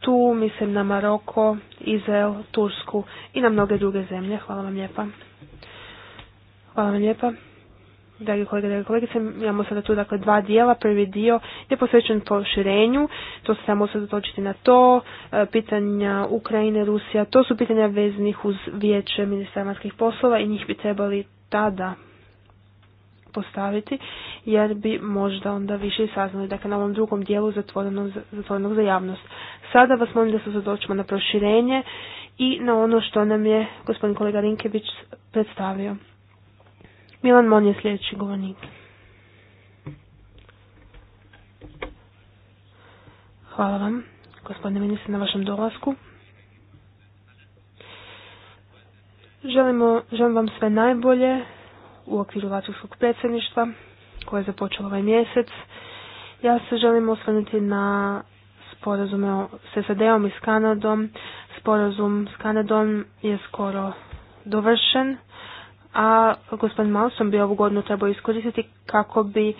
Tu mislim na Maroko, Izrael, Tursku i na mnoge druge zemlje. Hvala vam lijepa. Hvala vam lijepa. Dragi kolege, dragi kolegice, imamo sada tu dakle dva dijela. Prvi dio je posvećen proširenju, to se samo zatočiti na to, e, pitanja Ukrajine, Rusija, to su pitanja veznih uz vijeće ministra vanjskih poslova i njih bi trebali tada postaviti, jer bi možda onda više saznali, dakle na ovom drugom dijelu zatvorenog, zatvorenog za javnost. Sada vas molim da se zadočimo na proširenje i na ono što nam je gospodin kolega Rinkević predstavio. Milan Mon je sljedeći govornik. Hvala vam, gospodine ministre, na vašem dolasku. Želimo, želim vam sve najbolje u okviru Latvijskog predsjedništva koje je započelo ovaj mjesec. Ja se želim osvrnuti na sporazume s SAD-om i s Kanadom. Sporazum s Kanadom je skoro dovršen a gospodin Malson bi ovu godinu trebao iskoristiti kako bi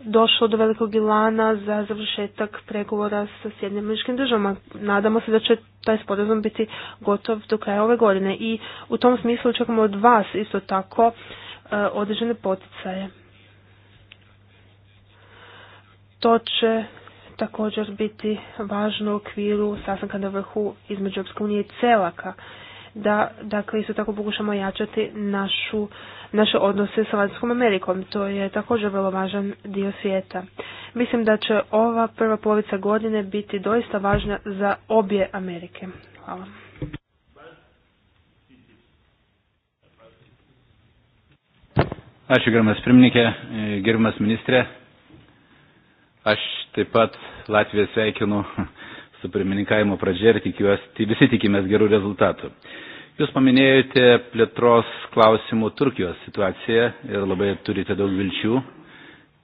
došlo do velikog ilana za završetak pregovora sa sjednjim američkim državama. Nadamo se da će taj sporazum biti gotov do kraja ove godine i u tom smislu očekujemo od vas isto tako e, određene poticaje. To će također biti važno u okviru sasnaka na vrhu između Europske unije i celaka da dakle isto tako pokušamo jačati našu, naše odnose sa Latinskom Amerikom. To je također vrlo važan dio svijeta. Mislim da će ova prva polovica godine biti doista važna za obje Amerike. Hvala. gerbiamas pirmininkė, gerbiamas ministrė. Aš taip pat su pirmininkavimo pradžia ir tikiuosi, visi tikimės gerų rezultatų. Jūs paminėjote plėtros klausimų Turkijos situaciją ir labai turite daug vilčių,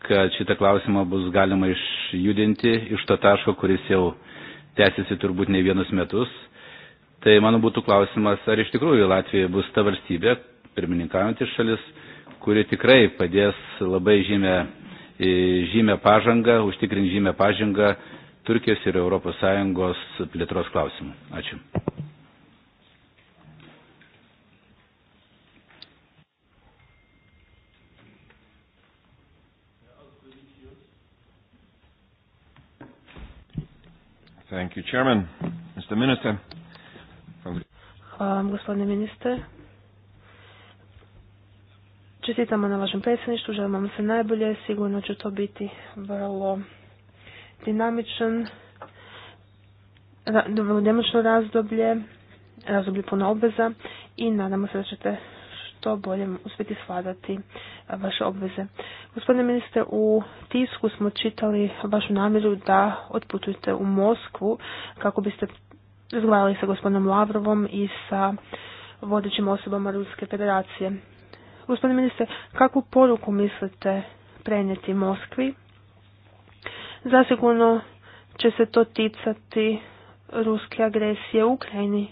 kad šitą klausimą bus galima išjudinti iš to taško, kuris jau tęsiasi turbūt ne vienus metus. Tai mano būtų klausimas, ar iš tikrųjų Latvija bus ta valstybė, pirmininkaujantis šalis, kuri tikrai padės labai žymę, žymę pažangą, užtikrinti žymę pažangą Turkijos ir Sąjungos plėtros klausimų. Ačiū. Thank you, Chairman. Mr. Minister. Hvala gospodine ministre. Čestitamo na vašem predsjedništvu, želim vam se najbolje, sigurno će to biti vrlo dinamičan, dinamično razdoblje, razdoblje puno obveza i nadamo se da ćete što bolje uspjeti sladati vaše obveze. Gospodine ministre, u tisku smo čitali vašu namjeru da otputujete u Moskvu kako biste razgovarali sa gospodinom Lavrovom i sa vodećim osobama Ruske federacije. Gospodine ministre, kakvu poruku mislite prenijeti Moskvi Zasigurno će se to ticati ruske agresije u Ukrajini.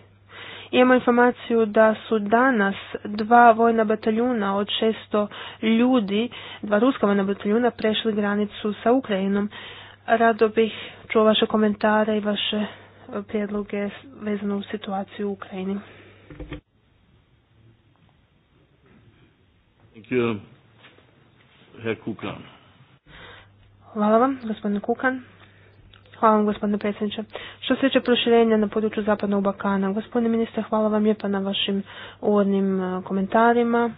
Imamo informaciju da su danas dva vojna bataljuna od šesto ljudi, dva ruska vojna bataljuna prešli granicu sa Ukrajinom. Rado bih čuo vaše komentare i vaše e, prijedloge vezano u situaciju u Ukrajini. Thank Kukan. Hvala vam, gospodine Kukan. Hvala vam, gospodine predsjedniče. Što se tiče proširenja na području Zapadnog Balkana, gospodine ministre, hvala vam lijepa na vašim uvodnim e, komentarima.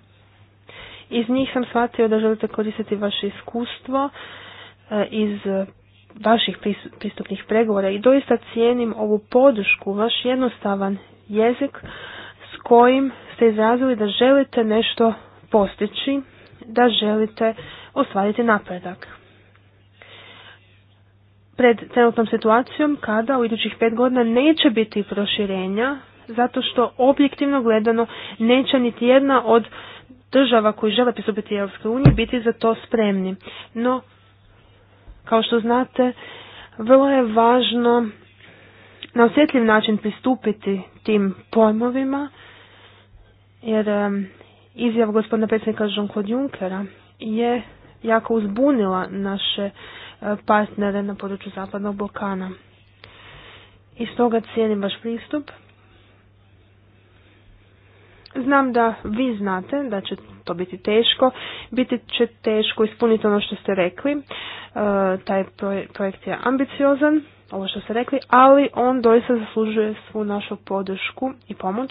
Iz njih sam shvatio da želite koristiti vaše iskustvo e, iz vaših pristupnih pregovora i doista cijenim ovu podršku, vaš jednostavan jezik s kojim ste izrazili da želite nešto postići, da želite ostvariti napredak pred trenutnom situacijom kada u idućih pet godina neće biti proširenja zato što objektivno gledano neće niti jedna od država koji žele pristupiti EU biti za to spremni. No, kao što znate, vrlo je važno na osjetljiv način pristupiti tim pojmovima, jer izjava gospodina predsjednika Jean-Claude Junckera je jako uzbunila naše partnere na području Zapadnog Balkana. I stoga cijenim vaš pristup. Znam da vi znate da će to biti teško, biti će teško ispuniti ono što ste rekli, e, taj projekt je ambiciozan, ovo što ste rekli, ali on doista zaslužuje svu našu podršku i pomoć.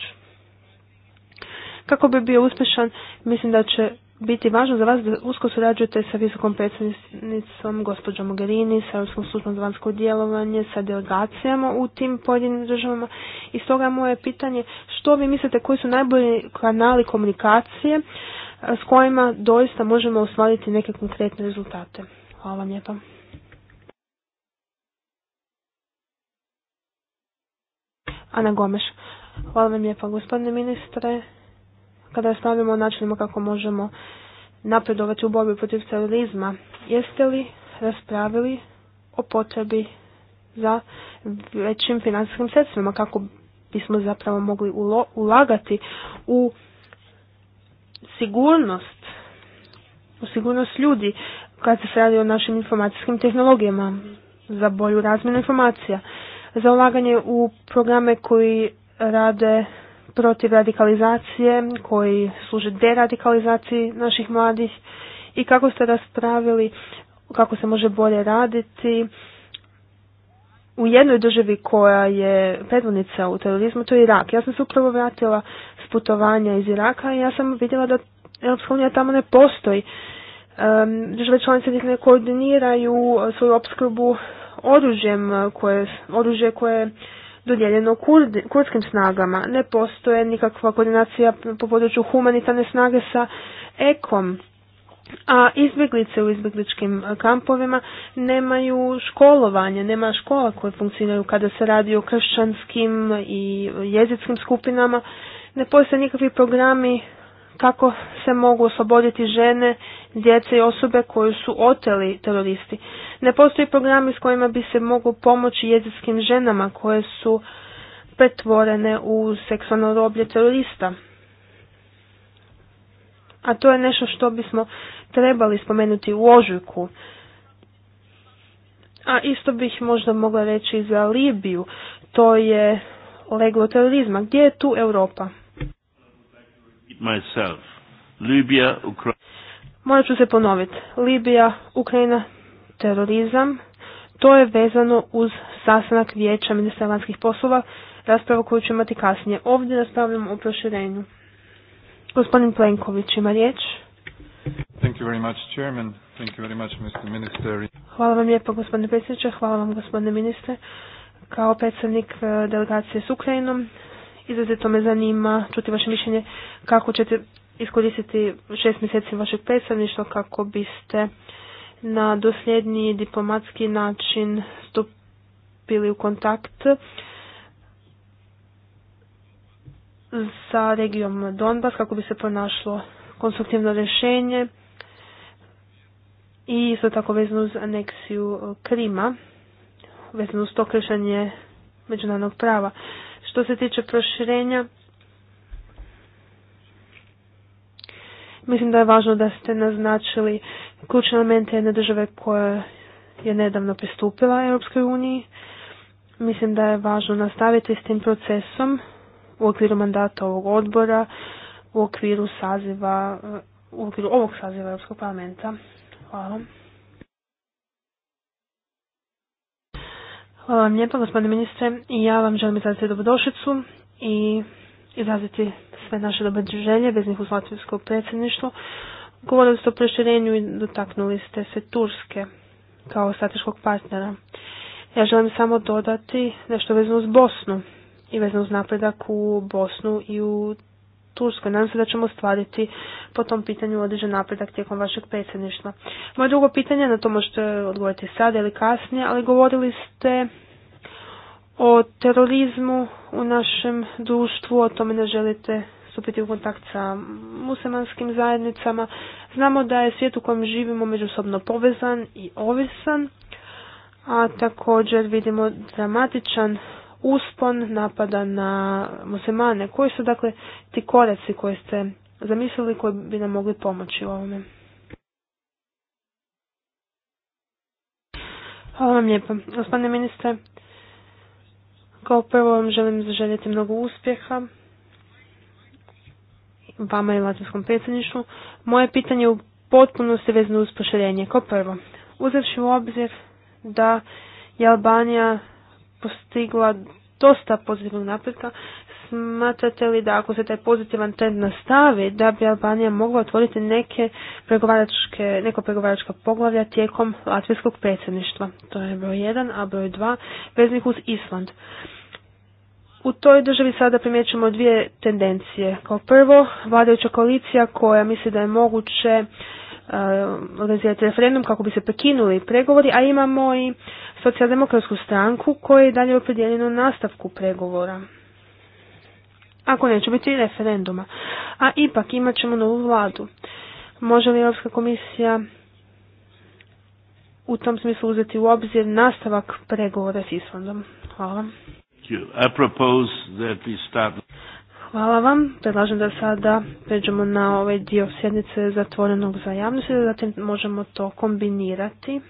Kako bi bio uspješan, mislim da će biti važno za vas da usko surađujete sa visokom predsjednicom, gospođom Mogherini, sa Europskom službom za vanjsko djelovanje, sa delegacijama u tim pojedinim državama. I stoga moje pitanje, što vi mislite koji su najbolji kanali komunikacije e, s kojima doista možemo ostvariti neke konkretne rezultate? Hvala vam lijepa. Ana Gomeš. Hvala vam lijepa gospodine ministre kada raspravljamo o načinima kako možemo napredovati u borbi protiv terorizma. Jeste li raspravili o potrebi za većim financijskim sredstvima kako bismo zapravo mogli ulagati u sigurnost, u sigurnost ljudi kad se radi o našim informacijskim tehnologijama za bolju razmjenu informacija, za ulaganje u programe koji rade protiv radikalizacije koji služe deradikalizaciji naših mladih i kako ste raspravili kako se može bolje raditi u jednoj državi koja je predvodnica u terorizmu, to je Irak. Ja sam se upravo vratila s putovanja iz Iraka i ja sam vidjela da Europska unija tamo ne postoji. države članice ne koordiniraju svoju opskrbu oružjem koje, oružje koje dodijeljeno kurdskim snagama. Ne postoje nikakva koordinacija po području humanitarne snage sa ekom. A izbjeglice u izbjegličkim kampovima nemaju školovanje, nema škola koje funkcioniraju kada se radi o kršćanskim i jezickim skupinama. Ne postoje nikakvi programi kako se mogu osloboditi žene, djece i osobe koju su oteli teroristi. Ne postoji programi s kojima bi se moglo pomoći jezijskim ženama koje su pretvorene u seksualno roblje terorista. A to je nešto što bismo trebali spomenuti u ožujku. A isto bih možda mogla reći za Libiju. To je leglo terorizma. Gdje je tu Europa? Morat ću se ponoviti. Libija, Ukrajina, terorizam, to je vezano uz sastanak vijeća ministra vanjskih poslova, raspravu koju ćemo imati kasnije. Ovdje raspravljamo o proširenju. Gospodin Plenković ima riječ. Thank you very much, Chairman. Thank you very much, Mr. Minister. Hvala vam lijepo, gospodine predsjedniče. Hvala vam, gospodine ministre. Kao predstavnik e, delegacije s Ukrajinom, izrazito me zanima čuti vaše mišljenje kako ćete iskoristiti šest mjeseci vašeg predstavništva kako biste na dosljedniji diplomatski način stupili u kontakt sa regijom Donbas kako bi se ponašlo konstruktivno rješenje i isto tako vezano uz aneksiju Krima, vezano uz to kršenje međunarodnog prava. Što se tiče proširenja, mislim da je važno da ste naznačili ključne elemente jedne države koja je nedavno pristupila Europskoj uniji. Mislim da je važno nastaviti s tim procesom u okviru mandata ovog odbora, u okviru saziva, u okviru ovog saziva Europskog parlamenta. Hvala vam. Hvala vam lijepa, gospodine ministre. I ja vam želim izraziti dobrodošlicu i izraziti sve naše dobre želje veznih uz predsjedništvo Govorili ste o proširenju i dotaknuli ste se Turske kao strateškog partnera. Ja želim samo dodati nešto vezano uz Bosnu i vezano uz napredak u Bosnu i u Turskoj. Nadam se da ćemo stvariti po tom pitanju određen napredak tijekom vašeg predsjedništva. Moje drugo pitanje, na to možete odgovoriti sada ili kasnije, ali govorili ste o terorizmu u našem društvu, o tome ne želite stupiti u kontakt sa muslimanskim zajednicama. Znamo da je svijet u kojem živimo međusobno povezan i ovisan, a također vidimo dramatičan uspon napada na muslimane. Koji su dakle ti koreci koje ste zamislili koji bi nam mogli pomoći u ovome? Hvala vam lijepa. Gospodine ministre, kao prvo vam želim zaželjeti mnogo uspjeha vama i Latvijskom predsjedništvu. Moje pitanje u potpunosti vezano uz proširenje. Kao prvo, uzavši u obzir da je Albanija postigla dosta pozitivnog napretka, smatrate li da ako se taj pozitivan trend nastavi, da bi Albanija mogla otvoriti neke pregovaračke, neko pregovaračka poglavlja tijekom latvijskog predsjedništva? To je broj 1, a broj 2 veznik uz Island. U toj državi sada primjećujemo dvije tendencije. Kao prvo, vladajuća koalicija koja misli da je moguće uh, organizirati referendum kako bi se prekinuli pregovori, a imamo i socijaldemokratsku stranku koja je dalje opredjeljena nastavku pregovora. Ako neće biti referenduma. A ipak imat ćemo novu vladu. Može li Europska komisija u tom smislu uzeti u obzir nastavak pregovora s Islandom? Hvala. Hvala vam. Predlažem da sada pređemo na ovaj dio sjednice zatvorenog za javnost da zatim možemo to kombinirati.